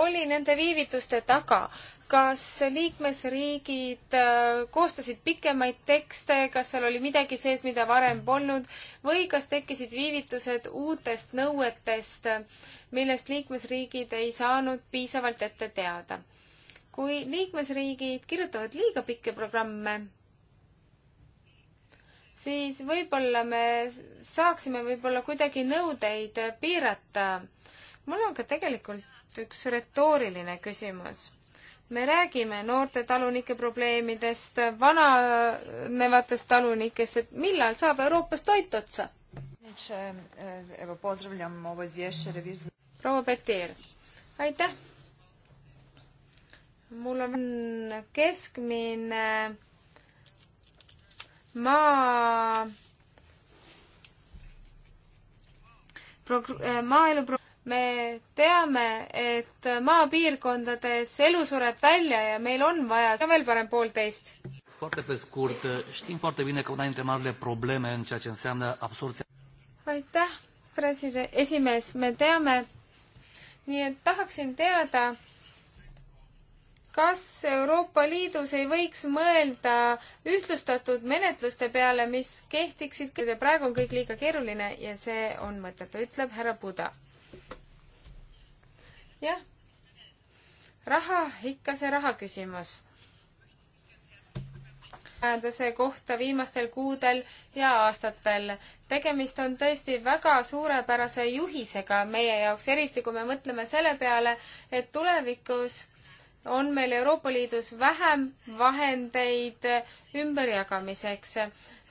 oli nende viivituste taga? kas liikmesriigid äh, koostasid pikemaid tekste, kas seal oli midagi sees, mida varem polnud või kas tekkisid viivitused uutest nõuetest, millest liikmesriigid ei saanud piisavalt ette teada? kui liikmesriigid kirjutavad liiga pikki programme, siis võib-olla me saaksime võib-olla kuidagi nõudeid piirata. mul on ka tegelikult üks retooriline küsimus me räägime noorte talunike probleemidest, vananevatest talunikest, et millal saab Euroopas toit otsa? proua Petir, aitäh! mul on keskmine maa pro-, maaelu pro-, me teame, et maapiirkondades elu sureb välja ja meil on vaja on veel parem poolteist. Foarte pe scurt, știm foarte bine că una dintre marile probleme în ceea ce înseamnă absorția. Aitäh, president, esimees, me teame. Nii et tahaksin teada, kas Euroopa Liidus ei võiks mõelda ühtlustatud menetluste peale, mis kehtiksid, praegu on kõik liiga keeruline ja see on mõttetu, ütleb härra Buda jah, raha, ikka see raha küsimus. majanduse kohta viimastel kuudel ja aastatel. tegemist on tõesti väga suurepärase juhisega meie jaoks, eriti kui me mõtleme selle peale, et tulevikus on meil Euroopa Liidus vähem vahendeid ümberjagamiseks.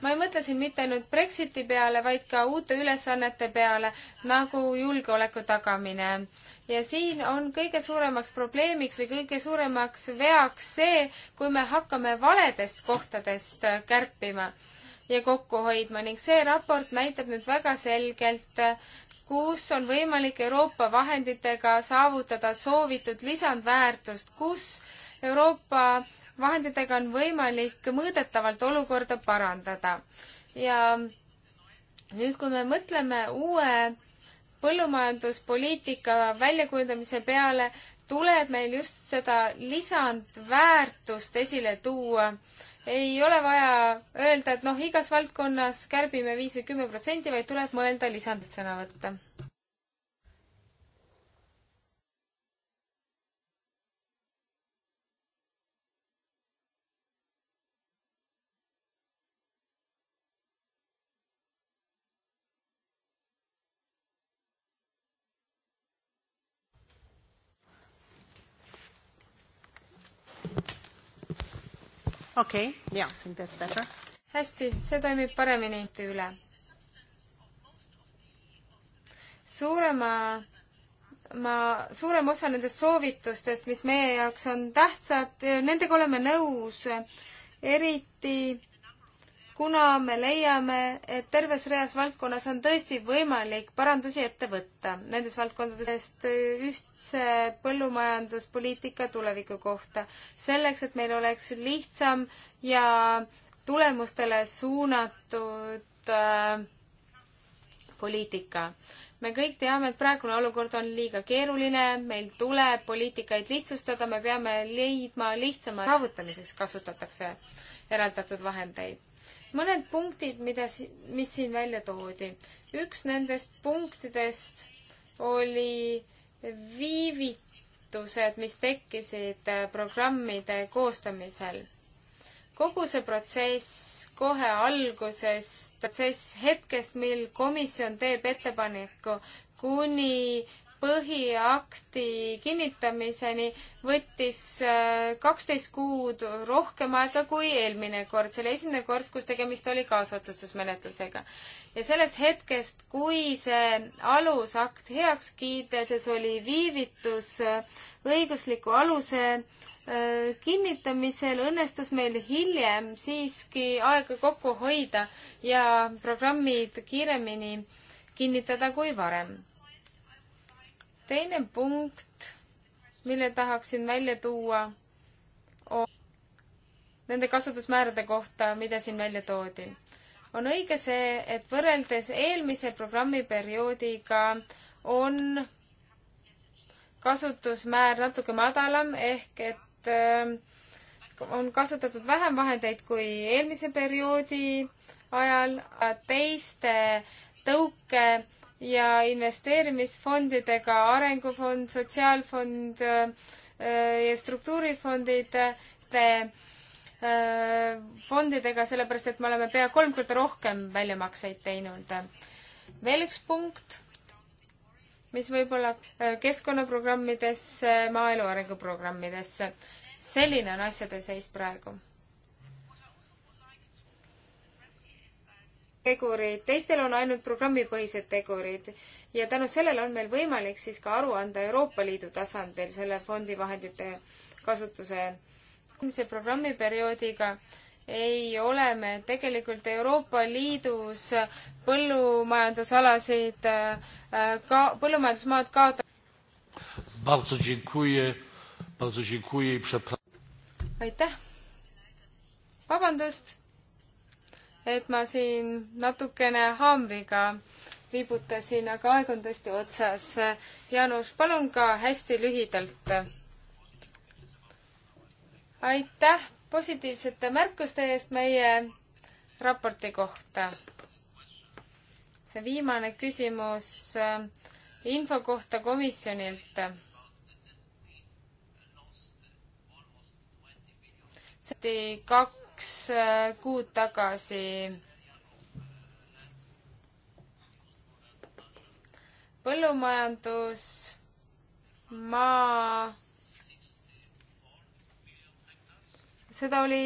ma ei mõtle siin mitte ainult Brexiti peale, vaid ka uute ülesannete peale, nagu julgeoleku tagamine. ja siin on kõige suuremaks probleemiks või kõige suuremaks veaks see, kui me hakkame valedest kohtadest kärpima ja kokku hoidma ning see raport näitab nüüd väga selgelt, kus on võimalik Euroopa vahenditega saavutada soovitud lisandväärtust, kus Euroopa vahenditega on võimalik mõõdetavalt olukorda parandada. ja nüüd, kui me mõtleme uue põllumajanduspoliitika väljakujundamise peale, tuleb meil just seda lisandväärtust esile tuua ei ole vaja öelda, et noh, igas valdkonnas kärbime viis või kümme protsenti, vaid tuleb mõelda lisandit sõna võtta. okei okay., jaa, I think that's better. hästi, see toimib paremini üle. suurema, ma, suurem osa nendest soovitustest, mis meie jaoks on tähtsad, nendega oleme nõus, eriti kuna me leiame, et terves reas valdkonnas on tõesti võimalik parandusi ette võtta nendes valdkondades ühtse põllumajanduspoliitika tuleviku kohta, selleks et meil oleks lihtsam ja tulemustele suunatud äh, poliitika. me kõik teame, et praegune olukord on liiga keeruline, meil tuleb poliitikaid lihtsustada, me peame leidma lihtsama saavutamiseks kasutatakse eraldatud vahendeid mõned punktid, mida, mis siin välja toodi. üks nendest punktidest oli viivitused, mis tekkisid äh, programmide koostamisel. kogu see protsess kohe alguses, protsess hetkest, mil komisjon teeb ettepaneku, kuni põhiakti kinnitamiseni võttis äh, kaksteist kuud rohkem aega kui eelmine kord. see oli esimene kord, kus tegemist oli kaasotsustusmenetlusega. ja sellest hetkest, kui see alusakt heaks kiidetes oli viivitus äh, õigusliku aluse äh, kinnitamisel õnnestus meil hiljem siiski aega kokku hoida ja programmid kiiremini kinnitada kui varem teine punkt, mille tahaksin välja tuua, on nende kasutusmäärade kohta, mida siin välja toodi. on õige see, et võrreldes eelmise programmiperioodiga on kasutusmäär natuke madalam, ehk et äh, on kasutatud vähem vahendeid kui eelmise perioodi ajal teiste tõuke ja investeerimisfondidega, Arengufond, Sotsiaalfond äh, ja struktuurifondid, äh, fondidega, sellepärast et me oleme pea kolm korda rohkem väljamakseid teinud. veel üks punkt, mis võib olla äh, keskkonnaprogrammidesse, maaelu arenguprogrammidesse. selline on asjade seis praegu tegurid, teistel on ainult programmipõhised tegurid ja tänu sellele on meil võimalik siis ka aru anda Euroopa Liidu tasandil selle fondi vahendite kasutuse. see programmiperioodiga ei ole me tegelikult Euroopa Liidus põllumajandusalasid äh, ka, põllumajandusmaad kaotanud. aitäh! vabandust! et ma siin natukene haamriga viibutasin, aga aeg on tõesti otsas. Jaanus, palun ka hästi lühidalt. aitäh positiivsete märkuste eest meie raporti kohta. see viimane küsimus äh, info kohta komisjonilt. kaks kaks äh, kuud tagasi põllumajandus, maa, seda oli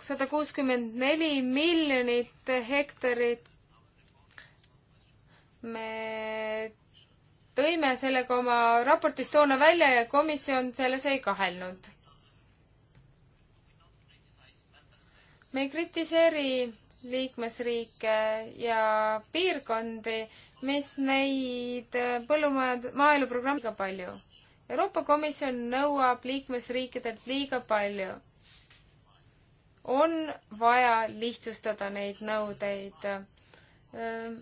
sada kuuskümmend neli miljonit hektarit. me tõime sellega oma raportis toona välja ja komisjon selles ei kahelnud me ei kritiseeri liikmesriike ja piirkondi, mis neid põllumajand-, maaeluprogrammi liiga palju. Euroopa Komisjon nõuab liikmesriikidelt liiga palju. on vaja lihtsustada neid nõudeid ähm,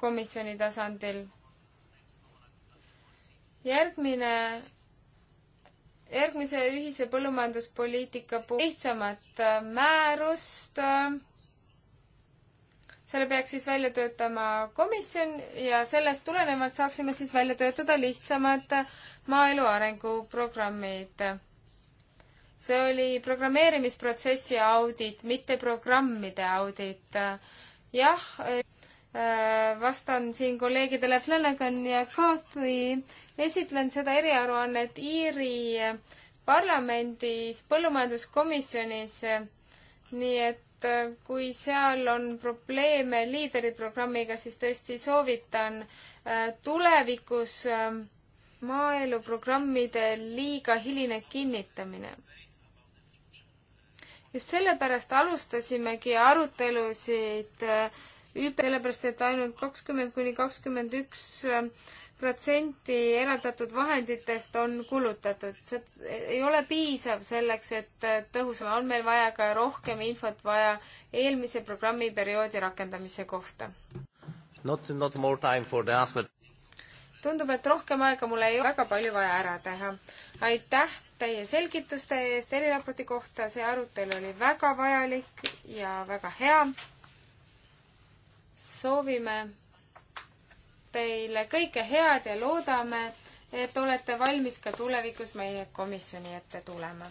komisjoni tasandil. järgmine järgmise ühise põllumajanduspoliitika puhul lihtsamat äh, määrust. Äh, selle peaks siis välja töötama komisjon ja sellest tulenevalt saaksime siis välja töötada lihtsamad äh, maaelu arenguprogrammid. see oli programmeerimisprotsessi audit, mitte programmide audit. jah Äh, vastan siin kolleegidele Flanagan ja Cathy, esitlen seda eriaruannet Iiri parlamendis põllumajanduskomisjonis. nii et äh, kui seal on probleeme liideriprogrammiga, siis tõesti soovitan äh, tulevikus maaeluprogrammide liiga hiline kinnitamine. just sellepärast alustasimegi arutelusid äh, ÜB, sellepärast et ainult kakskümmend kuni kakskümmend üks äh, protsenti eraldatud vahenditest on kulutatud. see ei ole piisav selleks, et äh, tõhusam on meil vaja ka rohkem infot vaja eelmise programmiperioodi rakendamise kohta. Not, not more time for the answer. tundub, et rohkem aega mul ei ole väga palju vaja ära teha. aitäh teie selgituste eest eriraporti kohta, see arutelu oli väga vajalik ja väga hea soovime teile kõike head ja loodame, et olete valmis ka tulevikus meie komisjoni ette tulema.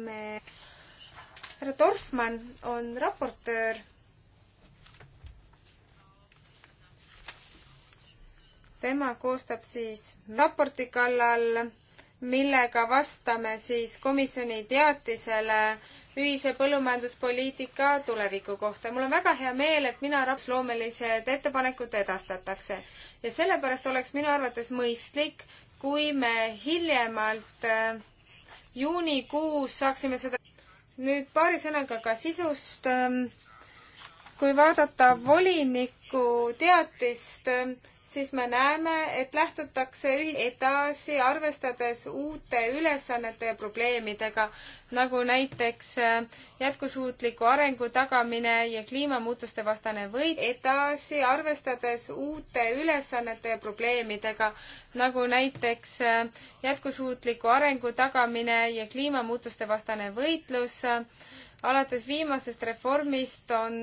me, härra Dorfmann on raportöör tema koostab siis raporti kallal, millega vastame siis komisjoni teatisele ühise põllumajanduspoliitika tuleviku kohta. mul on väga hea meel, et mina rapsloomelised ettepanekud edastatakse ja sellepärast oleks minu arvates mõistlik, kui me hiljemalt äh, juunikuus saaksime seda nüüd paari sõnaga ka sisust. Ähm, kui vaadata voliniku teatist, siis me näeme, et lähtutakse edasi, arvestades uute ülesannete ja probleemidega, nagu näiteks äh, jätkusuutliku arengu tagamine ja kliimamuutuste vastane võit, edasi, arvestades uute ülesannete ja probleemidega, nagu näiteks äh, jätkusuutliku arengu tagamine ja kliimamuutuste vastane võitlus äh, alates viimasest reformist on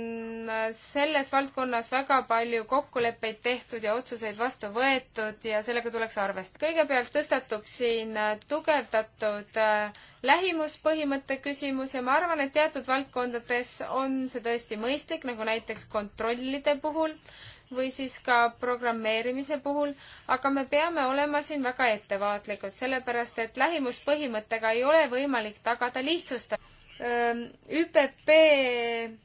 selles valdkonnas väga palju kokkuleppeid tehtud ja otsuseid vastu võetud ja sellega tuleks arvestada. kõigepealt tõstatub siin äh, tugevdatud äh, lähimuspõhimõtte küsimus ja ma arvan, et teatud valdkondades on see tõesti mõistlik, nagu näiteks kontrollide puhul või siis ka programmeerimise puhul, aga me peame olema siin väga ettevaatlikud, sellepärast et lähimuspõhimõttega ei ole võimalik tagada lihtsustamist ÜPP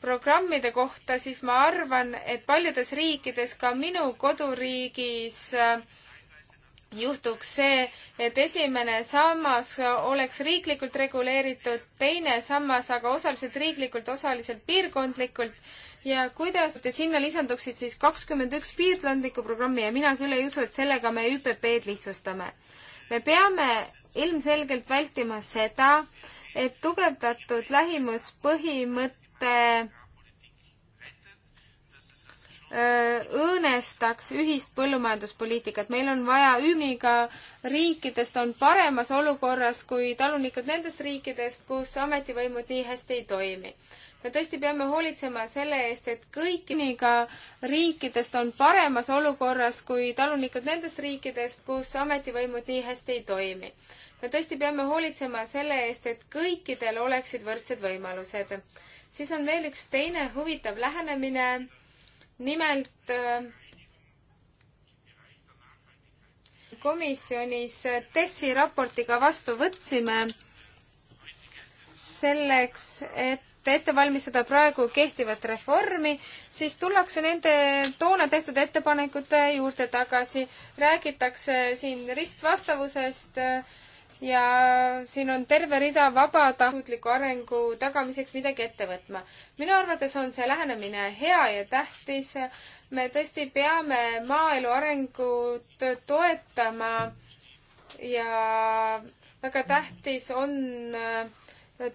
programmide kohta, siis ma arvan, et paljudes riikides, ka minu koduriigis juhtuks see, et esimene sammas oleks riiklikult reguleeritud, teine sammas aga osaliselt riiklikult, osaliselt piirkondlikult ja kuidas te sinna lisanduksid siis kakskümmend üks piirkondlikku programmi ja mina küll ei usu, et sellega me ÜPP-d lihtsustame. me peame ilmselgelt vältima seda, et tugevdatud lähimuspõhimõte õõnestaks ühist põllumajanduspoliitikat. meil on vaja ümiga riikidest on paremas olukorras kui talunikud nendest riikidest, kus ametivõimud nii hästi ei toimi. me tõesti peame hoolitsema selle eest, et kõik ümiga riikidest on paremas olukorras kui talunikud nendest riikidest, kus ametivõimud nii hästi ei toimi me tõesti peame hoolitsema selle eest, et kõikidel oleksid võrdsed võimalused. siis on veel üks teine huvitav lähenemine, nimelt äh, komisjonis TESi raportiga vastu võtsime selleks, et ette valmistada praegu kehtivat reformi, siis tullakse nende toona tehtud ettepanekute juurde tagasi, räägitakse siin ristvastavusest äh, ja siin on terve rida vabatahtliku arengu tagamiseks midagi ette võtma. minu arvates on see lähenemine hea ja tähtis. me tõesti peame maaelu arengut toetama ja väga tähtis on äh,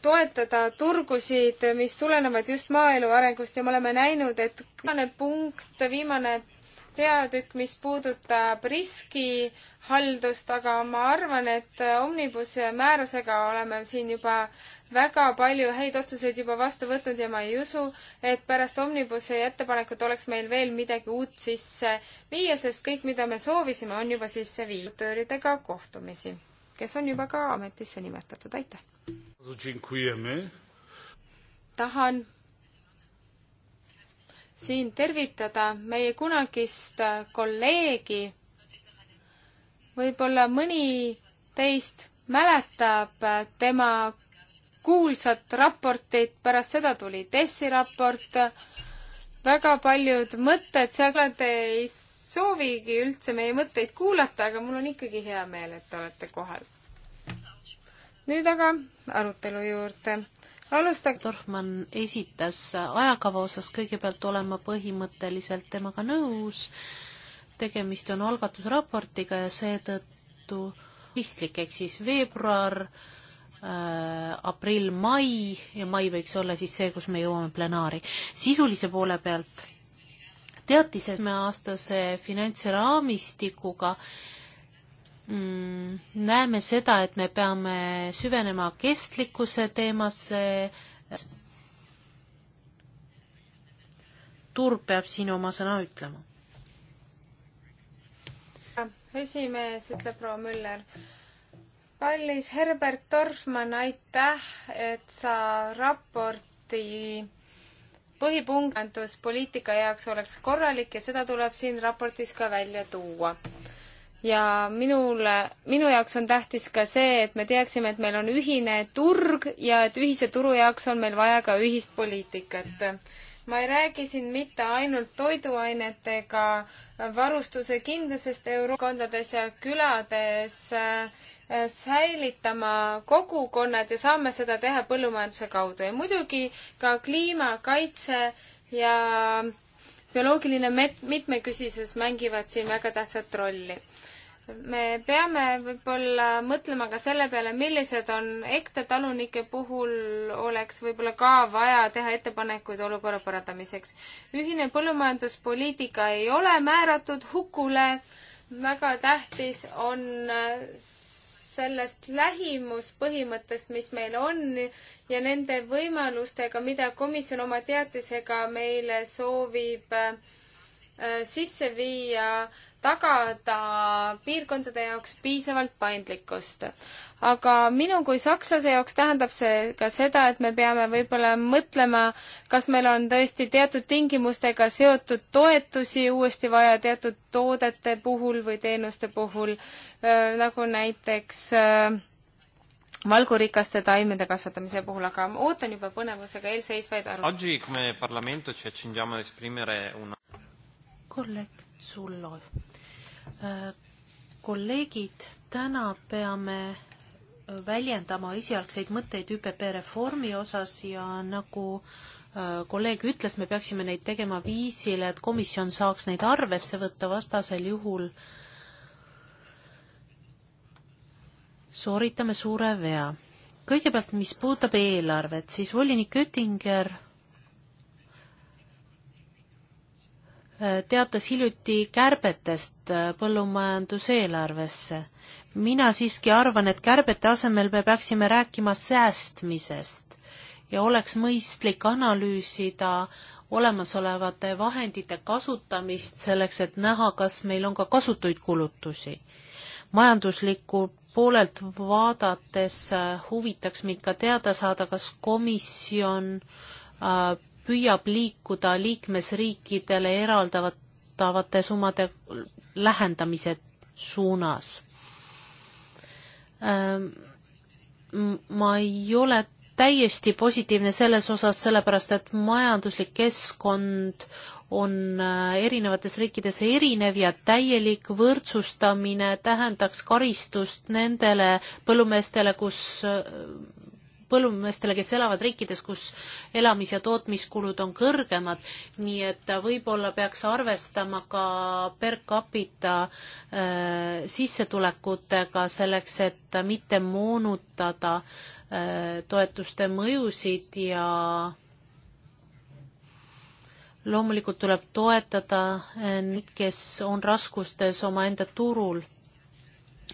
toetada turgusid, mis tulenevad just maaelu arengust ja me oleme näinud, et viimane punkt, viimane peatükk, mis puudutab riskihaldust, aga ma arvan, et Omnibus määrusega oleme siin juba väga palju häid otsuseid juba vastu võtnud ja ma ei usu, et pärast Omnibusi ettepanekut oleks meil veel midagi uut sisse viia, sest kõik, mida me soovisime, on juba sisse viidud. tööridega kohtumisi, kes on juba ka ametisse nimetatud, aitäh! tahan siin tervitada meie kunagist kolleegi. võib-olla mõni teist mäletab tema kuulsat raportit, pärast seda tuli DESi raport, väga paljud mõtted, seal te ei soovigi üldse meie mõtteid kuulata, aga mul on ikkagi hea meel, et te olete kohal. nüüd aga arutelu juurde alustan, Dorfmann esitas ajakava osas, kõigepealt olen ma põhimõtteliselt temaga nõus, tegemist on algatusraportiga ja seetõttu mõistlik, ehk siis veebruar äh,, aprill, mai ja mai võiks olla siis see, kus me jõuame plenaari. sisulise poole pealt teatises aastase finantsraamistikuga äh, Mm, näeme seda, et me peame süvenema kestlikkuse teemasse. turg peab siin oma sõna ütlema. esimees ütleb proua Müller. kallis Herbert Dorfmann, aitäh, et sa raporti põhipunkt majanduspoliitika jaoks oleks korralik ja seda tuleb siin raportis ka välja tuua ja minule, minu jaoks on tähtis ka see, et me teaksime, et meil on ühine turg ja et ühise turu jaoks on meil vaja ka ühist poliitikat. ma ei räägi siin mitte ainult toiduainetega varustuse kindlusest eurokondades ja külades äh, säilitama kogukonnad ja saame seda teha põllumajanduse kaudu ja muidugi ka kliimakaitse ja bioloogiline met-, mitmekesisus mängivad siin väga tähtsat rolli me peame võib-olla mõtlema ka selle peale, millised on ekte talunike puhul oleks võib-olla ka vaja teha ettepanekuid olukorra parandamiseks. ühine põllumajanduspoliitika ei ole määratud hukule, väga tähtis on sellest lähimuspõhimõttest, mis meil on ja nende võimalustega, mida komisjon oma teatisega meile soovib äh, sisse viia äh, tagada piirkondade jaoks piisavalt paindlikkust. aga minu kui sakslase jaoks tähendab see ka seda, et me peame võib-olla mõtlema, kas meil on tõesti teatud tingimustega seotud toetusi uuesti vaja teatud toodete puhul või teenuste puhul, nagu näiteks valgurikaste taimede kasvatamise puhul, aga ma ootan juba põnevusega eelseisvaid arvamusi. kolleeg Zullo kolleegid, täna peame väljendama esialgseid mõtteid ÜPP reformi osas ja nagu äh, kolleeg ütles, me peaksime neid tegema viisil, et komisjon saaks neid arvesse võtta, vastasel juhul sooritame suure vea. kõigepealt, mis puudutab eelarvet, siis volinik Oettinger Äh, teatas hiljuti kärbetest äh, põllumajanduseelarvesse. mina siiski arvan, et kärbete asemel me peaksime rääkima säästmisest ja oleks mõistlik analüüsida olemasolevate vahendite kasutamist selleks, et näha, kas meil on ka kasutuid kulutusi. majandusliku poolelt vaadates äh, huvitaks mind ka teada saada, kas komisjon äh, püüab liikuda liikmesriikidele eraldatavate summade lähendamise suunas. Ähm, ma ei ole täiesti positiivne selles osas, sellepärast et majanduslik keskkond on äh, erinevates riikides erinev ja täielik võrdsustamine tähendaks karistust nendele põllumeestele, kus äh, põllumeestele, kes elavad riikides, kus elamis- ja tootmiskulud on kõrgemad, nii et võib-olla peaks arvestama ka per capita äh, sissetulekutega selleks, et mitte moonutada äh, toetuste mõjusid ja loomulikult tuleb toetada äh, neid äh,, kes on raskustes omaenda turul.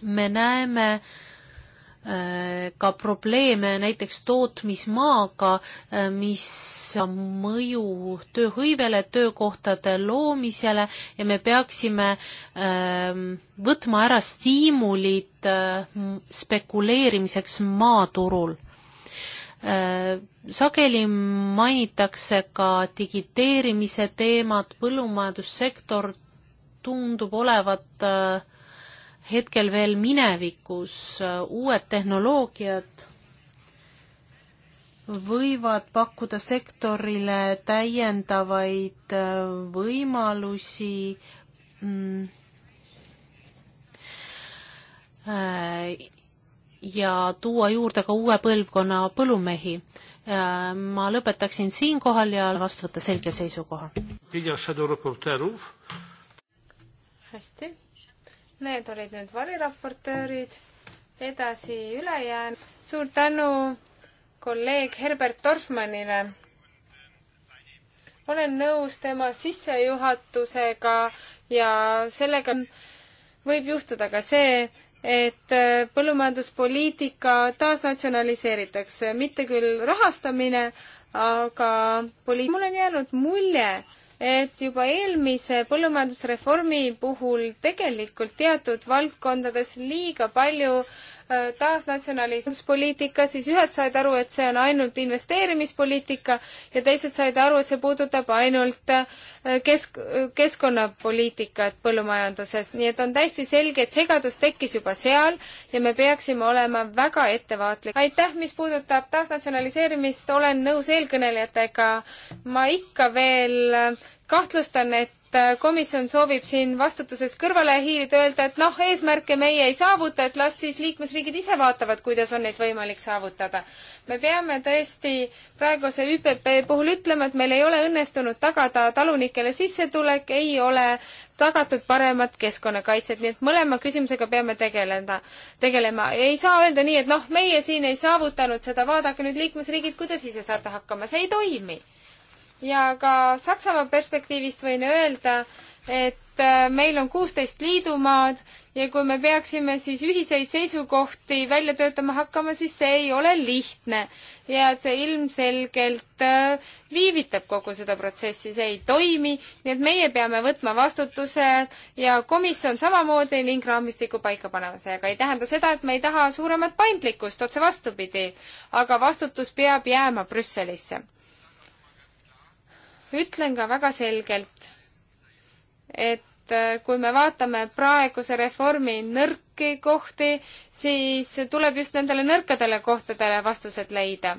me näeme äh, Äh, ka probleeme näiteks tootmismaaga, äh, mis mõju tööhõivele, töökohtade loomisele ja me peaksime ähm, võtma ära stiimulid äh, spekuleerimiseks maaturul. sageli mainitakse ka digiteerimise teemat, põllumajandussektor tundub olevat äh, hetkel veel minevikus, äh, uued tehnoloogiad võivad pakkuda sektorile täiendavaid äh, võimalusi mm, äh, ja tuua juurde ka uue põlvkonna põllumehi. ma lõpetaksin siinkohal ja vastu võtta selge seisukoha. hästi Need olid nüüd variraportöörid, edasi ülejäänud. suur tänu kolleeg Herbert Dorfmannile. olen nõus tema sissejuhatusega ja sellega võib juhtuda ka see, et põllumajanduspoliitika taasnatsionaliseeritakse, mitte küll rahastamine, aga poli-, mul on jäänud mulje, et juba eelmise põllumajandusreformi puhul tegelikult teatud valdkondades liiga palju taasnatsionalismuspoliitika, siis ühed said aru, et see on ainult investeerimispoliitika ja teised said aru, et see puudutab ainult äh, kesk, keskkonnapoliitikat põllumajanduses. nii et on täiesti selge, et segadus tekkis juba seal ja me peaksime olema väga ettevaatlik. aitäh, mis puudutab taasnatsionaliseerimist, olen nõus eelkõnelejatega. ma ikka veel äh, kahtlustan, et Äh, komisjon soovib siin vastutusest kõrvale hiilida, öelda, et noh, eesmärke meie ei saavuta, et las siis liikmesriigid ise vaatavad, kuidas on neid võimalik saavutada. me peame tõesti praeguse ÜPP puhul ütlema, et meil ei ole õnnestunud tagada talunikele sissetulek, ei ole tagatud paremat keskkonnakaitset, nii et mõlema küsimusega peame tegeleda, tegelema. ei saa öelda nii, et noh, meie siin ei saavutanud seda, vaadake nüüd liikmesriigid, kuidas ise saate hakkama, see ei toimi ja ka Saksamaa perspektiivist võin öelda, et äh, meil on kuusteist liidumaad ja kui me peaksime siis ühiseid seisukohti välja töötama hakkama, siis see ei ole lihtne. ja et see ilmselgelt äh, viivitab kogu seda protsessi, see ei toimi, nii et meie peame võtma vastutuse ja komisjon samamoodi ning raamistiku paika panema. see aga ei tähenda seda, et me ei taha suuremat paindlikkust, otse vastupidi, aga vastutus peab jääma Brüsselisse ütlen ka väga selgelt, et äh, kui me vaatame praeguse reformi nõrki kohti, siis tuleb just nendele nõrkadele kohtadele vastused leida.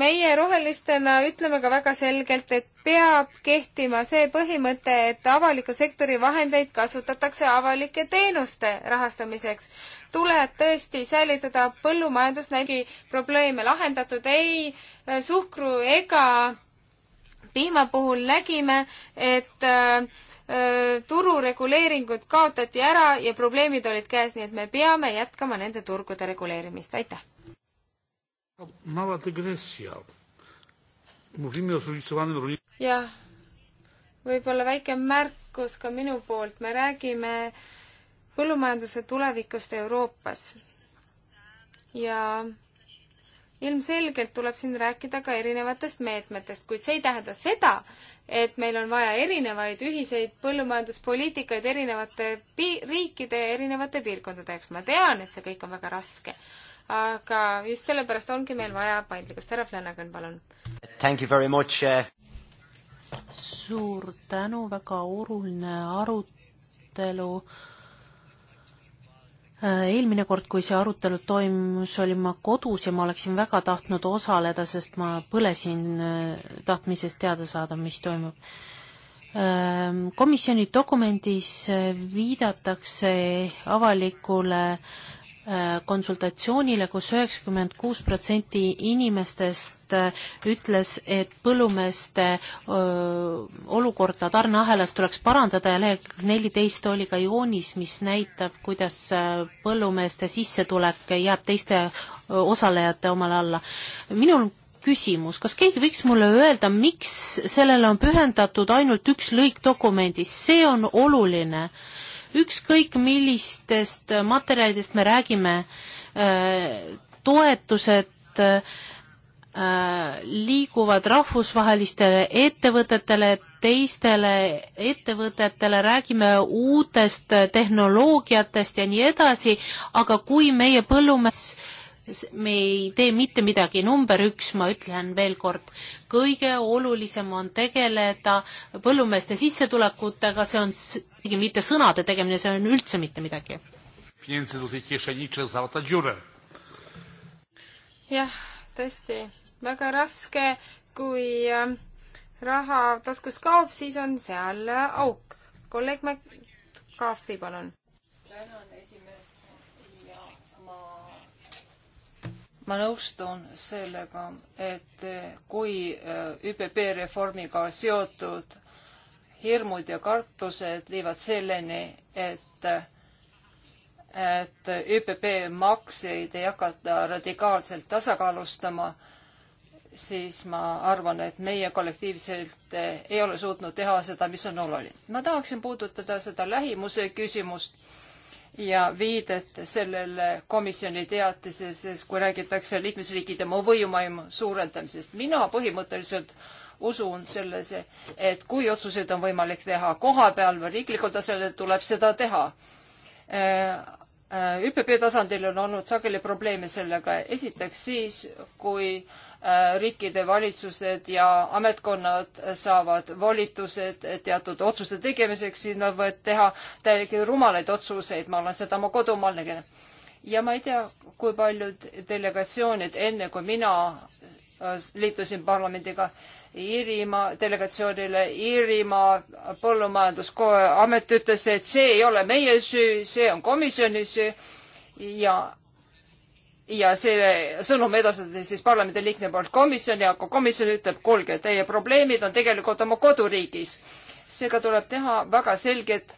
meie rohelistena ütleme ka väga selgelt, et peab kehtima see põhimõte, et avaliku sektori vahendeid kasutatakse avalike teenuste rahastamiseks. tuleb tõesti säilitada põllumajandusnägi probleeme lahendatud ei äh, suhkru ega piima puhul nägime, et äh, äh, turureguleeringud kaotati ära ja probleemid olid käes, nii et me peame jätkama nende turgude reguleerimist, aitäh. jah, võib-olla väike märkus ka minu poolt, me räägime põllumajanduse tulevikust Euroopas ja ilmselgelt tuleb siin rääkida ka erinevatest meetmetest, kuid see ei tähenda seda, et meil on vaja erinevaid ühiseid põllumajanduspoliitikaid erinevate pi-, riikide ja erinevate piirkondade jaoks. ma tean, et see kõik on väga raske. aga just sellepärast ongi meil vaja paindlikkust. härra Flanagan, palun. Thank you very much uh.... suur tänu, väga oluline arutelu Äh, eelmine kord, kui see arutelu toimus, olin ma kodus ja ma oleksin väga tahtnud osaleda, sest ma põlesin äh, tahtmisest teada saada, mis toimub. Ähm, komisjoni dokumendis äh, viidatakse avalikule Äh, konsultatsioonile kus, kus üheksakümmend kuus protsenti inimestest äh, ütles, et põllumeeste äh, olukorda tarneahelas tuleks parandada ja lehekülg neliteist oli ka joonis, mis näitab, kuidas põllumeeste sissetulek jääb teiste osalejate omale alla. minul küsimus, kas keegi võiks mulle öelda, miks sellele on pühendatud ainult üks lõik dokumendis, see on oluline ükskõik millistest materjalidest me räägime, äh, toetused äh, liiguvad rahvusvahelistele ettevõtetele, teistele ettevõtetele, räägime uutest tehnoloogiatest ja nii edasi, aga kui meie põllumees me ei tee mitte midagi, number üks, ma ütlen veel kord, kõige olulisem on tegeleda põllumeeste sissetulekutega, see on pigem mitte sõnade tegemine, see on üldse mitte midagi. jah, tõesti, väga raske, kui äh, raha taskust kaob, siis on seal äh, auk. kolleeg McCarthy, palun. tänan, esimees ja ma ma nõustun sellega, et äh, kui ÜPP reformiga seotud hirmud ja kartused viivad selleni, et et ÜPP makseid ei hakata radikaalselt tasakaalustama, siis ma arvan, et meie kollektiivselt ei ole suutnud teha seda, mis on oluline. ma tahaksin puudutada seda lähimuse küsimust ja viidet sellele komisjoni teatises, kui räägitakse liikmesriikide mõjuvõimu suurendamisest. mina põhimõtteliselt usun sellesse, et kui otsuseid on võimalik teha koha peal või riiklikul tasandil, tuleb seda teha äh, Äh, ÜPP tasandil on olnud sageli probleeme sellega. esiteks siis, kui äh, riikide valitsused ja ametkonnad saavad volitused teatud otsuste tegemiseks, siis nad võivad teha täielikult rumalaid otsuseid, ma olen seda oma kodumaal näinud. ja ma ei tea, kui paljud delegatsioonid, enne kui mina äh, liitusin parlamendiga, Iirimaa delegatsioonile, Iirimaa põllumajandusamet ütles, et see ei ole meie süü, see on komisjoni süü ja, ja see sõnum edastati siis parlamendi liikme poolt komisjoni, aga komisjon ütleb, kuulge, teie probleemid on tegelikult oma koduriigis. seega tuleb teha väga selget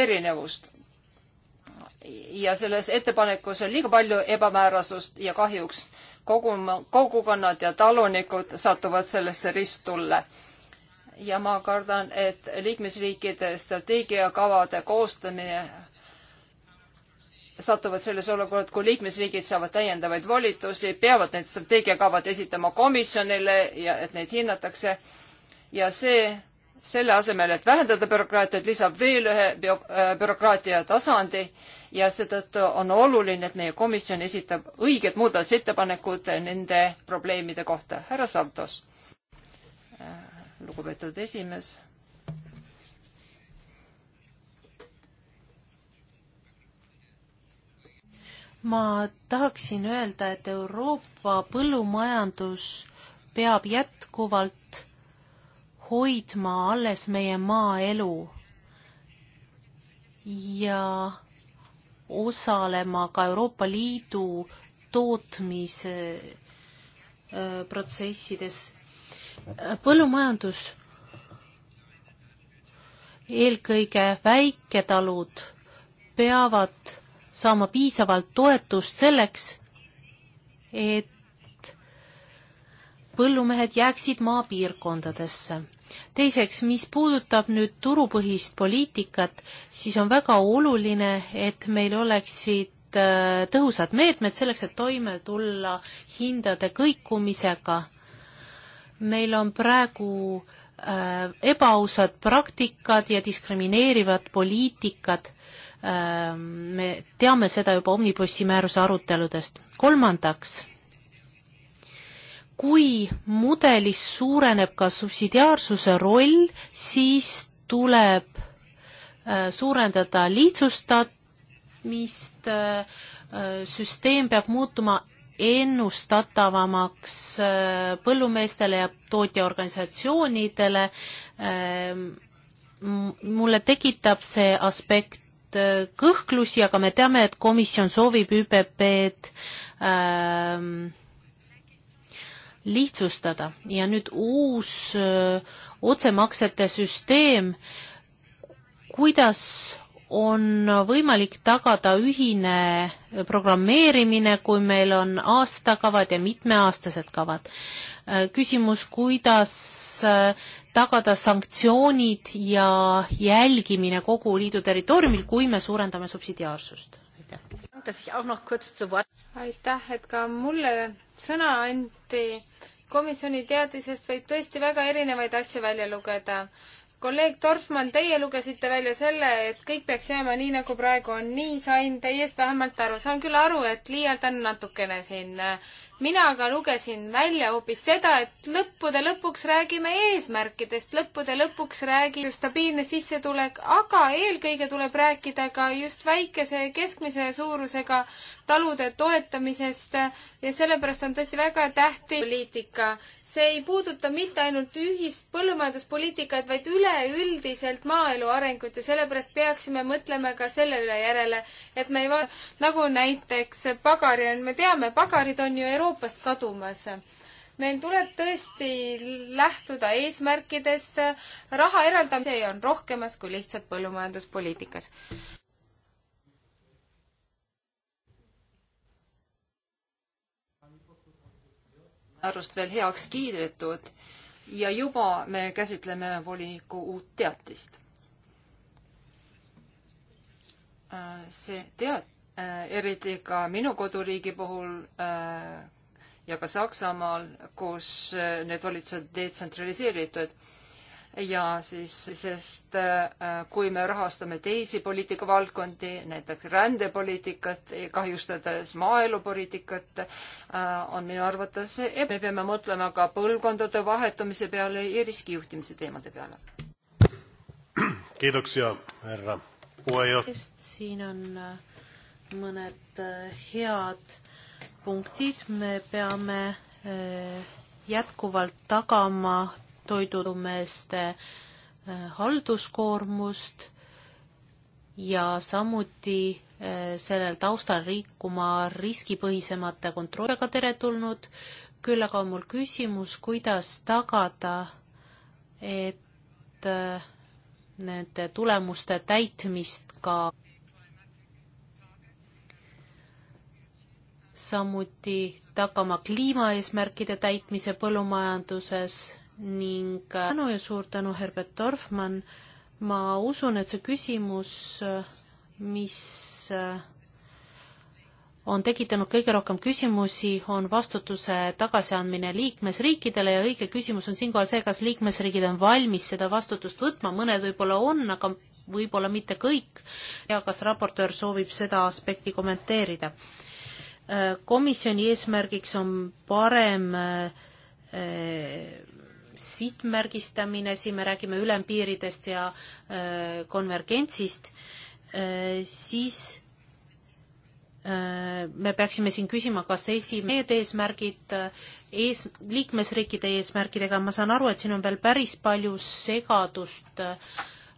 erinevust. ja selles ettepanekus on liiga palju ebamäärasust ja kahjuks koguma, kogukonnad ja talunikud satuvad sellesse risttulle. ja ma kardan, et liikmesriikide strateegiakavade koostamine satuvad selles olukorras, kui liikmesriigid saavad täiendavaid volitusi, peavad need strateegiakavad esitama komisjonile ja et neid hinnatakse ja see selle asemel, et vähendada bürokraatiat, lisab veel ühe bio, äh, bürokraatia tasandi ja seetõttu on oluline, et meie komisjon esitab õiged muudatusettepanekud nende probleemide kohta. härra Santos. Äh, lugupeetud esimees. ma tahaksin öelda, et Euroopa põllumajandus peab jätkuvalt hoidma alles meie maaelu ja osalema ka Euroopa Liidu tootmise äh, protsessides. põllumajandus, eelkõige väiketalud, peavad saama piisavalt toetust selleks, et põllumehed jääksid maapiirkondadesse teiseks, mis puudutab nüüd turupõhist poliitikat, siis on väga oluline, et meil oleksid äh, tõhusad meetmed selleks, et toime tulla hindade kõikumisega. meil on praegu äh, ebaausad praktikad ja diskrimineerivad poliitikad äh,. me teame seda juba omnibussi määruse aruteludest. kolmandaks kui mudelis suureneb ka subsidiaarsuse roll, siis tuleb äh, suurendada lihtsustamist, äh, äh, süsteem peab muutuma ennustatavamaks põllumeestele ja tootjaorganisatsioonidele. Ähm, mulle tekitab see aspekt kõhklusi, aga me teame, et komisjon soovib ÜPP-d ähm, lihtsustada ja nüüd uus öö, äh, otsemaksete süsteem, kuidas on võimalik tagada ühine äh, programmeerimine, kui meil on aastakavad ja mitmeaastased kavad. Äh, küsimus, kuidas tagada sanktsioonid ja jälgimine kogu liidu territooriumil, kui me suurendame subsidiaarsust? aitäh, et ka mulle sõna anti. komisjoni teadisest võib tõesti väga erinevaid asju välja lugeda kolleeg Dorfmann, teie lugesite välja selle, et kõik peaks jääma nii, nagu praegu on. nii sain teiest vähemalt aru. saan küll aru, et liialdan natukene siin. mina aga lugesin välja hoopis seda, et lõppude lõpuks räägime eesmärkidest, lõppude lõpuks räägib stabiilne sissetulek, aga eelkõige tuleb rääkida ka just väikese ja keskmise suurusega talude toetamisest ja sellepärast on tõesti väga tähtis poliitika see ei puuduta mitte ainult ühist põllumajanduspoliitikat, vaid üleüldiselt maaelu arengut ja sellepärast peaksime mõtlema ka selle üle järele, et me ei va-, nagu näiteks pagari on, me teame, pagarid on ju Euroopast kadumas meil tuleb tõesti lähtuda eesmärkidest, raha eraldamise on rohkemas kui lihtsalt põllumajanduspoliitikas. määrust veel heaks kiidetud ja juba me käsitleme voliniku uut teatist. see teat-, eriti ka minu koduriigi puhul äh, ja ka Saksamaal, kus äh, need valitsused detsentraliseeritud ja siis, sest äh, kui me rahastame teisi poliitikavaldkondi, näiteks rändepoliitikat, kahjustades maaelupoliitikat, äh, on minu arvates, et me peame mõtlema ka põlvkondade vahetumise peale ja riskijuhtimise teemade peale. kiitoksia, härra puhejuht. siin on äh, mõned head punktid, me peame jätkuvalt tagama toidumeeste äh, halduskoormust ja samuti äh, sellel taustal liikuma riskipõhisemate kontrolliga teretulnud, küll aga on mul küsimus, kuidas tagada, et äh, nende tulemuste täitmist ka samuti tagama kliimaeesmärkide täitmise põllumajanduses ning äh, tänu ja suur tänu, Herbert Dorfmann. ma usun, et see küsimus, äh, mis äh, on tekitanud kõige rohkem küsimusi, on vastutuse tagasiandmine liikmesriikidele ja õige küsimus on siinkohal see, kas liikmesriigid on valmis seda vastutust võtma, mõned võib-olla on, aga võib-olla mitte kõik ja kas raportöör soovib seda aspekti kommenteerida. komisjoni eesmärgiks on parem äh, sihtmärgistamine, siin me räägime ülempiiridest ja äh, konvergentsist, äh, siis äh, me peaksime siin küsima, kas esimesed eesmärgid ees, liikmesriikide eesmärkidega, ma saan aru, et siin on veel päris palju segadust äh,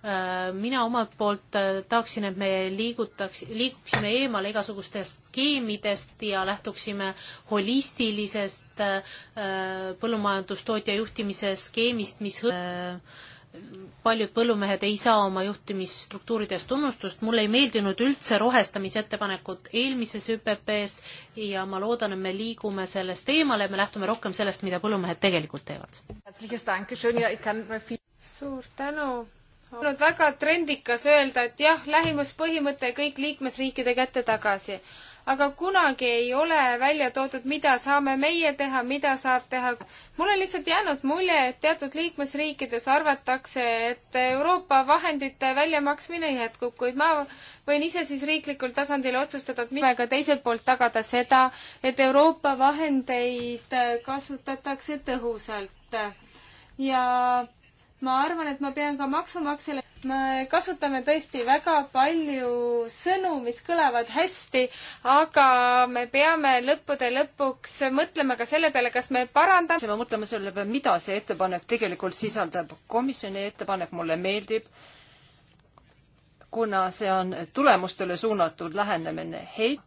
Äh, mina omalt poolt äh, tahaksin, et me liigutaks, liiguksime eemale igasugustest skeemidest ja lähtuksime holistilisest äh, põllumajandustootja juhtimise skeemist, mis paljud põllumehed ei saa oma juhtimisstruktuuridest tunnustust. mulle ei meeldinud üldse rohestamisettepanekud eelmises ÜPP-s ja ma loodan, et me liigume sellest eemale, me lähtume rohkem sellest, mida põllumehed tegelikult teevad. suur tänu olnud väga trendikas öelda, et jah, lähimuspõhimõte kõik liikmesriikide kätte tagasi. aga kunagi ei ole välja toodud, mida saame meie teha, mida saab teha. mul on lihtsalt jäänud mulje, et teatud liikmesriikides arvatakse, et Euroopa vahendite väljamaksmine jätkub, kuid ma võin ise siis riiklikul tasandil otsustada, et mida ka teiselt poolt tagada seda, et Euroopa vahendeid kasutatakse tõhusalt ja ma arvan, et ma pean ka maksumaksjale, me kasutame tõesti väga palju sõnu, mis kõlavad hästi, aga me peame lõppude lõpuks mõtlema ka selle peale, kas me parandame. me mõtleme selle peale, mida see ettepanek tegelikult sisaldab. komisjoni ettepanek mulle meeldib, kuna see on tulemustele suunatud lähenemine. heit-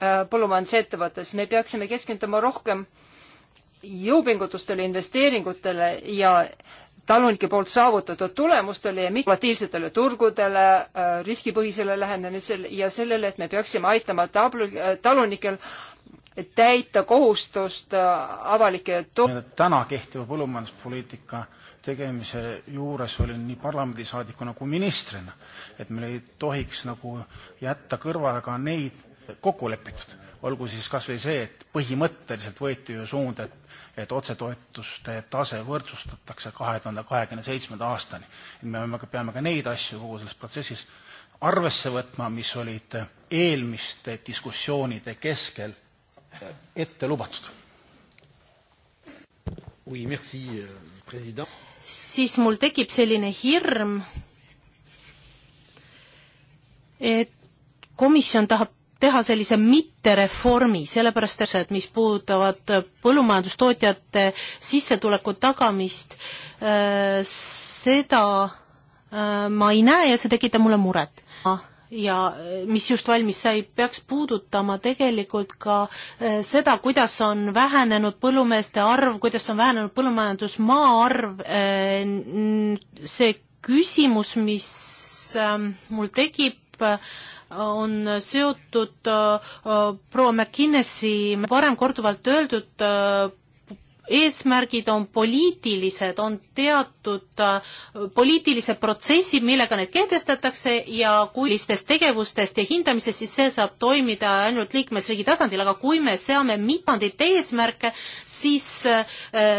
äh, põllumajandusettevõttes, me peaksime keskenduma rohkem jõupingutustele, investeeringutele ja talunike poolt saavutatud tulemustele ja mitmatiivsetele turgudele, äh, riskipõhisele lähenemisele ja sellele, et me peaksime aitama tablu, äh, talunikel täita kohustust äh, avalike täna kehtiva põllumajanduspoliitika tegemise juures olin nii parlamendisaadikuna kui ministrina, et meil ei tohiks nagu jätta kõrvaga neid kokku lepitud, olgu siis kas või see, et põhimõtteliselt võeti ju suund, et et otsetoetuste tase võrdsustatakse kahe tuhande kahekümne seitsmenda aastani. et me peame ka, peame ka neid asju kogu selles protsessis arvesse võtma, mis olid eelmiste diskussioonide keskel ette lubatud. Oui, merci, euh, president. siis mul tekib selline hirm, et komisjon tahab teha sellise mittereformi, sellepärast et mis puudutavad põllumajandustootjate sissetuleku tagamist, äh, seda äh, ma ei näe ja see tekitab mulle muret. ja mis just valmis sai, peaks puudutama tegelikult ka äh, seda, kuidas on vähenenud põllumeeste arv, kuidas on vähenenud põllumajandusmaa arv, see küsimus, mis mul tekib, on seotud äh, proua McKinnesi varem korduvalt öeldud äh, eesmärgid on poliitilised, on teatud äh, poliitilised protsessid, millega need kehtestatakse ja kuulistest tegevustest ja hindamisest, siis see saab toimida ainult liikmesriigi tasandil, aga kui me seame mitmendit eesmärke, siis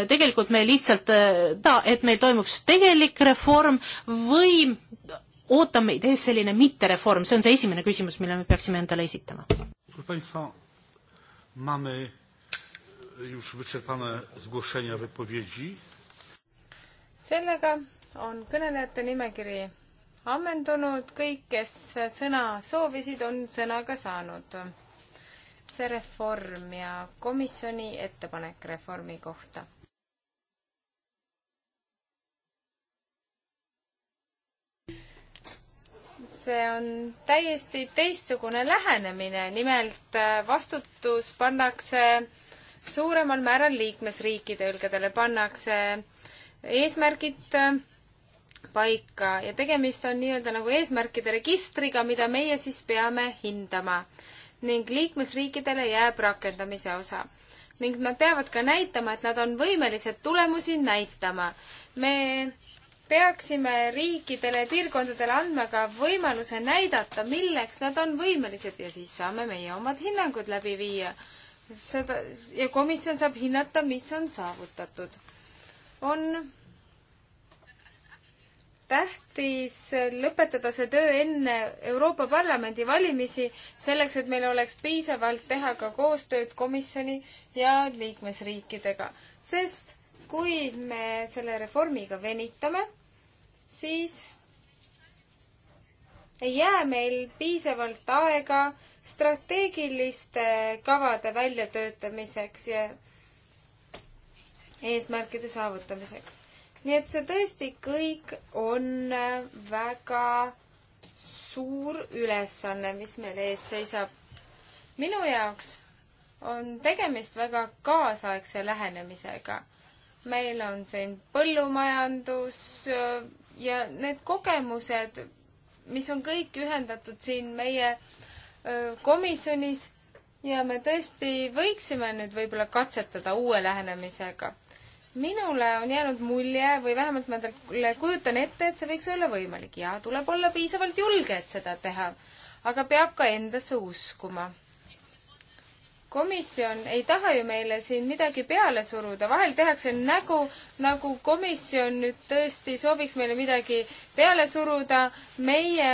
tegelikult me lihtsalt, et meil toimuks tegelik reform või ootab meid ees selline mittereform, see on see esimene küsimus, mille me peaksime endale esitama. sellega on kõnelejate nimekiri ammendunud, kõik, kes sõna soovisid, on sõna ka saanud. see reform ja komisjoni ettepanek reformi kohta see on täiesti teistsugune lähenemine, nimelt äh, vastutus pannakse suuremal määral liikmesriikide õlgadele, pannakse eesmärgid äh, paika ja tegemist on nii-öelda nagu eesmärkide registriga, mida meie siis peame hindama ning liikmesriikidele jääb rakendamise osa ning nad peavad ka näitama, et nad on võimelised tulemusi näitama. me peaksime riikidele ja piirkondadele andma ka võimaluse näidata, milleks nad on võimelised ja siis saame meie omad hinnangud läbi viia. seda ja komisjon saab hinnata, mis on saavutatud. on tähtis lõpetada see töö enne Euroopa Parlamendi valimisi, selleks et meil oleks piisavalt teha ka koostööd komisjoni ja liikmesriikidega, sest kui me selle reformiga venitame, siis ei jää meil piisavalt aega strateegiliste kavade väljatöötamiseks ja eesmärkide saavutamiseks. nii et see tõesti kõik on väga suur ülesanne, mis meil ees seisab. minu jaoks on tegemist väga kaasaegse lähenemisega meil on siin põllumajandus äh, ja need kogemused, mis on kõik ühendatud siin meie äh, komisjonis ja me tõesti võiksime nüüd võib-olla katsetada uue lähenemisega. minule on jäänud mulje või vähemalt ma talle kujutan ette, et see võiks olla võimalik ja tuleb olla piisavalt julge, et seda teha. aga peab ka endasse uskuma komisjon ei taha ju meile siin midagi peale suruda, vahel tehakse nägu, nagu komisjon nüüd tõesti sooviks meile midagi peale suruda, meie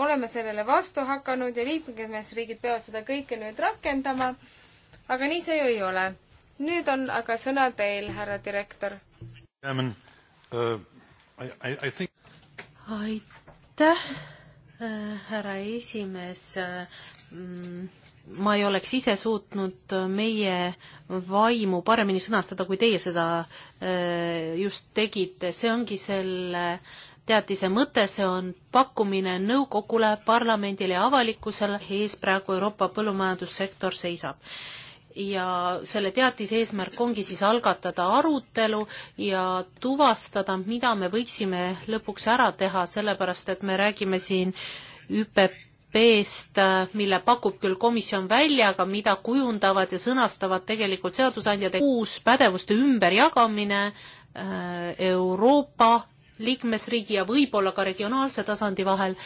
oleme sellele vastu hakanud ja liikmesriigid peavad seda kõike nüüd rakendama, aga nii see ju ei ole. nüüd on aga sõna teil, härra direktor. Uh, aitäh, uh, härra esimees uh, mm ma ei oleks ise suutnud meie vaimu paremini sõnastada, kui teie seda äh, just tegite, see ongi selle teatise mõte, see on pakkumine nõukogule, parlamendile ja avalikkusele, ees praegu Euroopa põllumajandussektor seisab. ja selle teatise eesmärk ongi siis algatada arutelu ja tuvastada, mida me võiksime lõpuks ära teha, sellepärast et me räägime siin ÜPP B-st, äh, mille pakub küll komisjon välja, aga mida kujundavad ja sõnastavad tegelikult seadusandjad, uus pädevuste ümberjagamine äh, Euroopa liikmesriigi ja võib-olla ka regionaalse tasandi vahel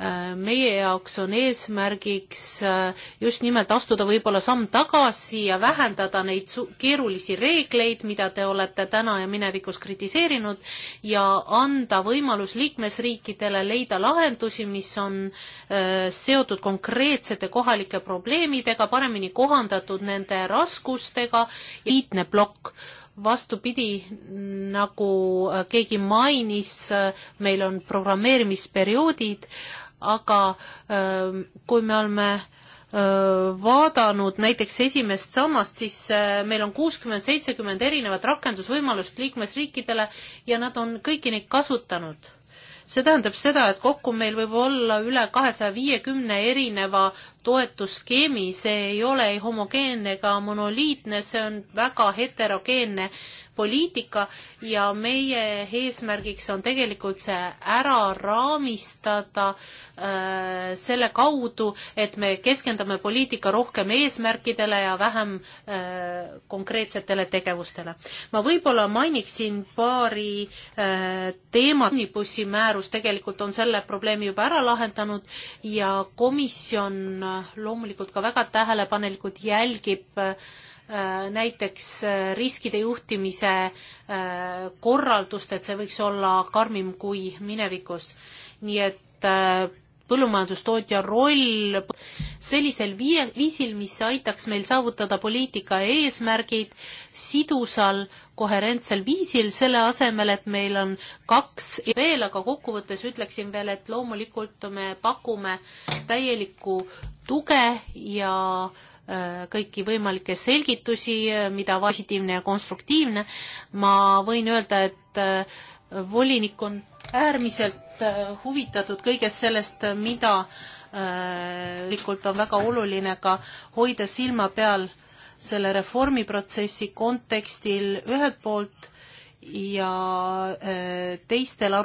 Äh, meie jaoks on eesmärgiks äh, just nimelt astuda võib-olla samm tagasi ja vähendada neid keerulisi reegleid, mida te olete täna ja minevikus kritiseerinud, ja anda võimalus liikmesriikidele leida lahendusi, mis on äh, seotud konkreetsete kohalike probleemidega, paremini kohandatud nende raskustega, liitne plokk vastupidi, nagu keegi mainis, meil on programmeerimisperioodid, aga ähm, kui me oleme äh, vaadanud näiteks esimest sammast, siis äh, meil on kuuskümmend, seitsekümmend erinevat rakendusvõimalust liikmesriikidele ja nad on kõiki neid kasutanud see tähendab seda, et kokku meil võib olla üle kahesaja viiekümne erineva toetusskeemi, see ei ole ei homogeenne ega monoliitne, see on väga heterogeenne poliitika ja meie eesmärgiks on tegelikult see ära raamistada äh, Äh, selle kaudu, et me keskendume poliitika rohkem eesmärkidele ja vähem äh, konkreetsetele tegevustele. ma võib-olla mainiksin paari äh, teemat, bussimäärus tegelikult on selle probleemi juba ära lahendanud ja komisjon loomulikult ka väga tähelepanelikult jälgib näiteks riskide juhtimise korraldust, et see võiks olla karmim kui minevikus. nii et põllumajandustootja roll sellisel viie, viisil, mis aitaks meil saavutada poliitika eesmärgid sidusal, koherentsel viisil, selle asemel, et meil on kaks veel, aga kokkuvõttes ütleksin veel, et loomulikult me pakume täielikku tuge ja äh, kõiki võimalikke selgitusi, äh, mida positiivne ja konstruktiivne. ma võin öelda, et äh, volinik on äärmiselt äh, huvitatud kõigest sellest, äh, mida tegelikult äh, on väga oluline ka hoida silma peal selle reformiprotsessi kontekstil ühelt poolt ja teistel aru-,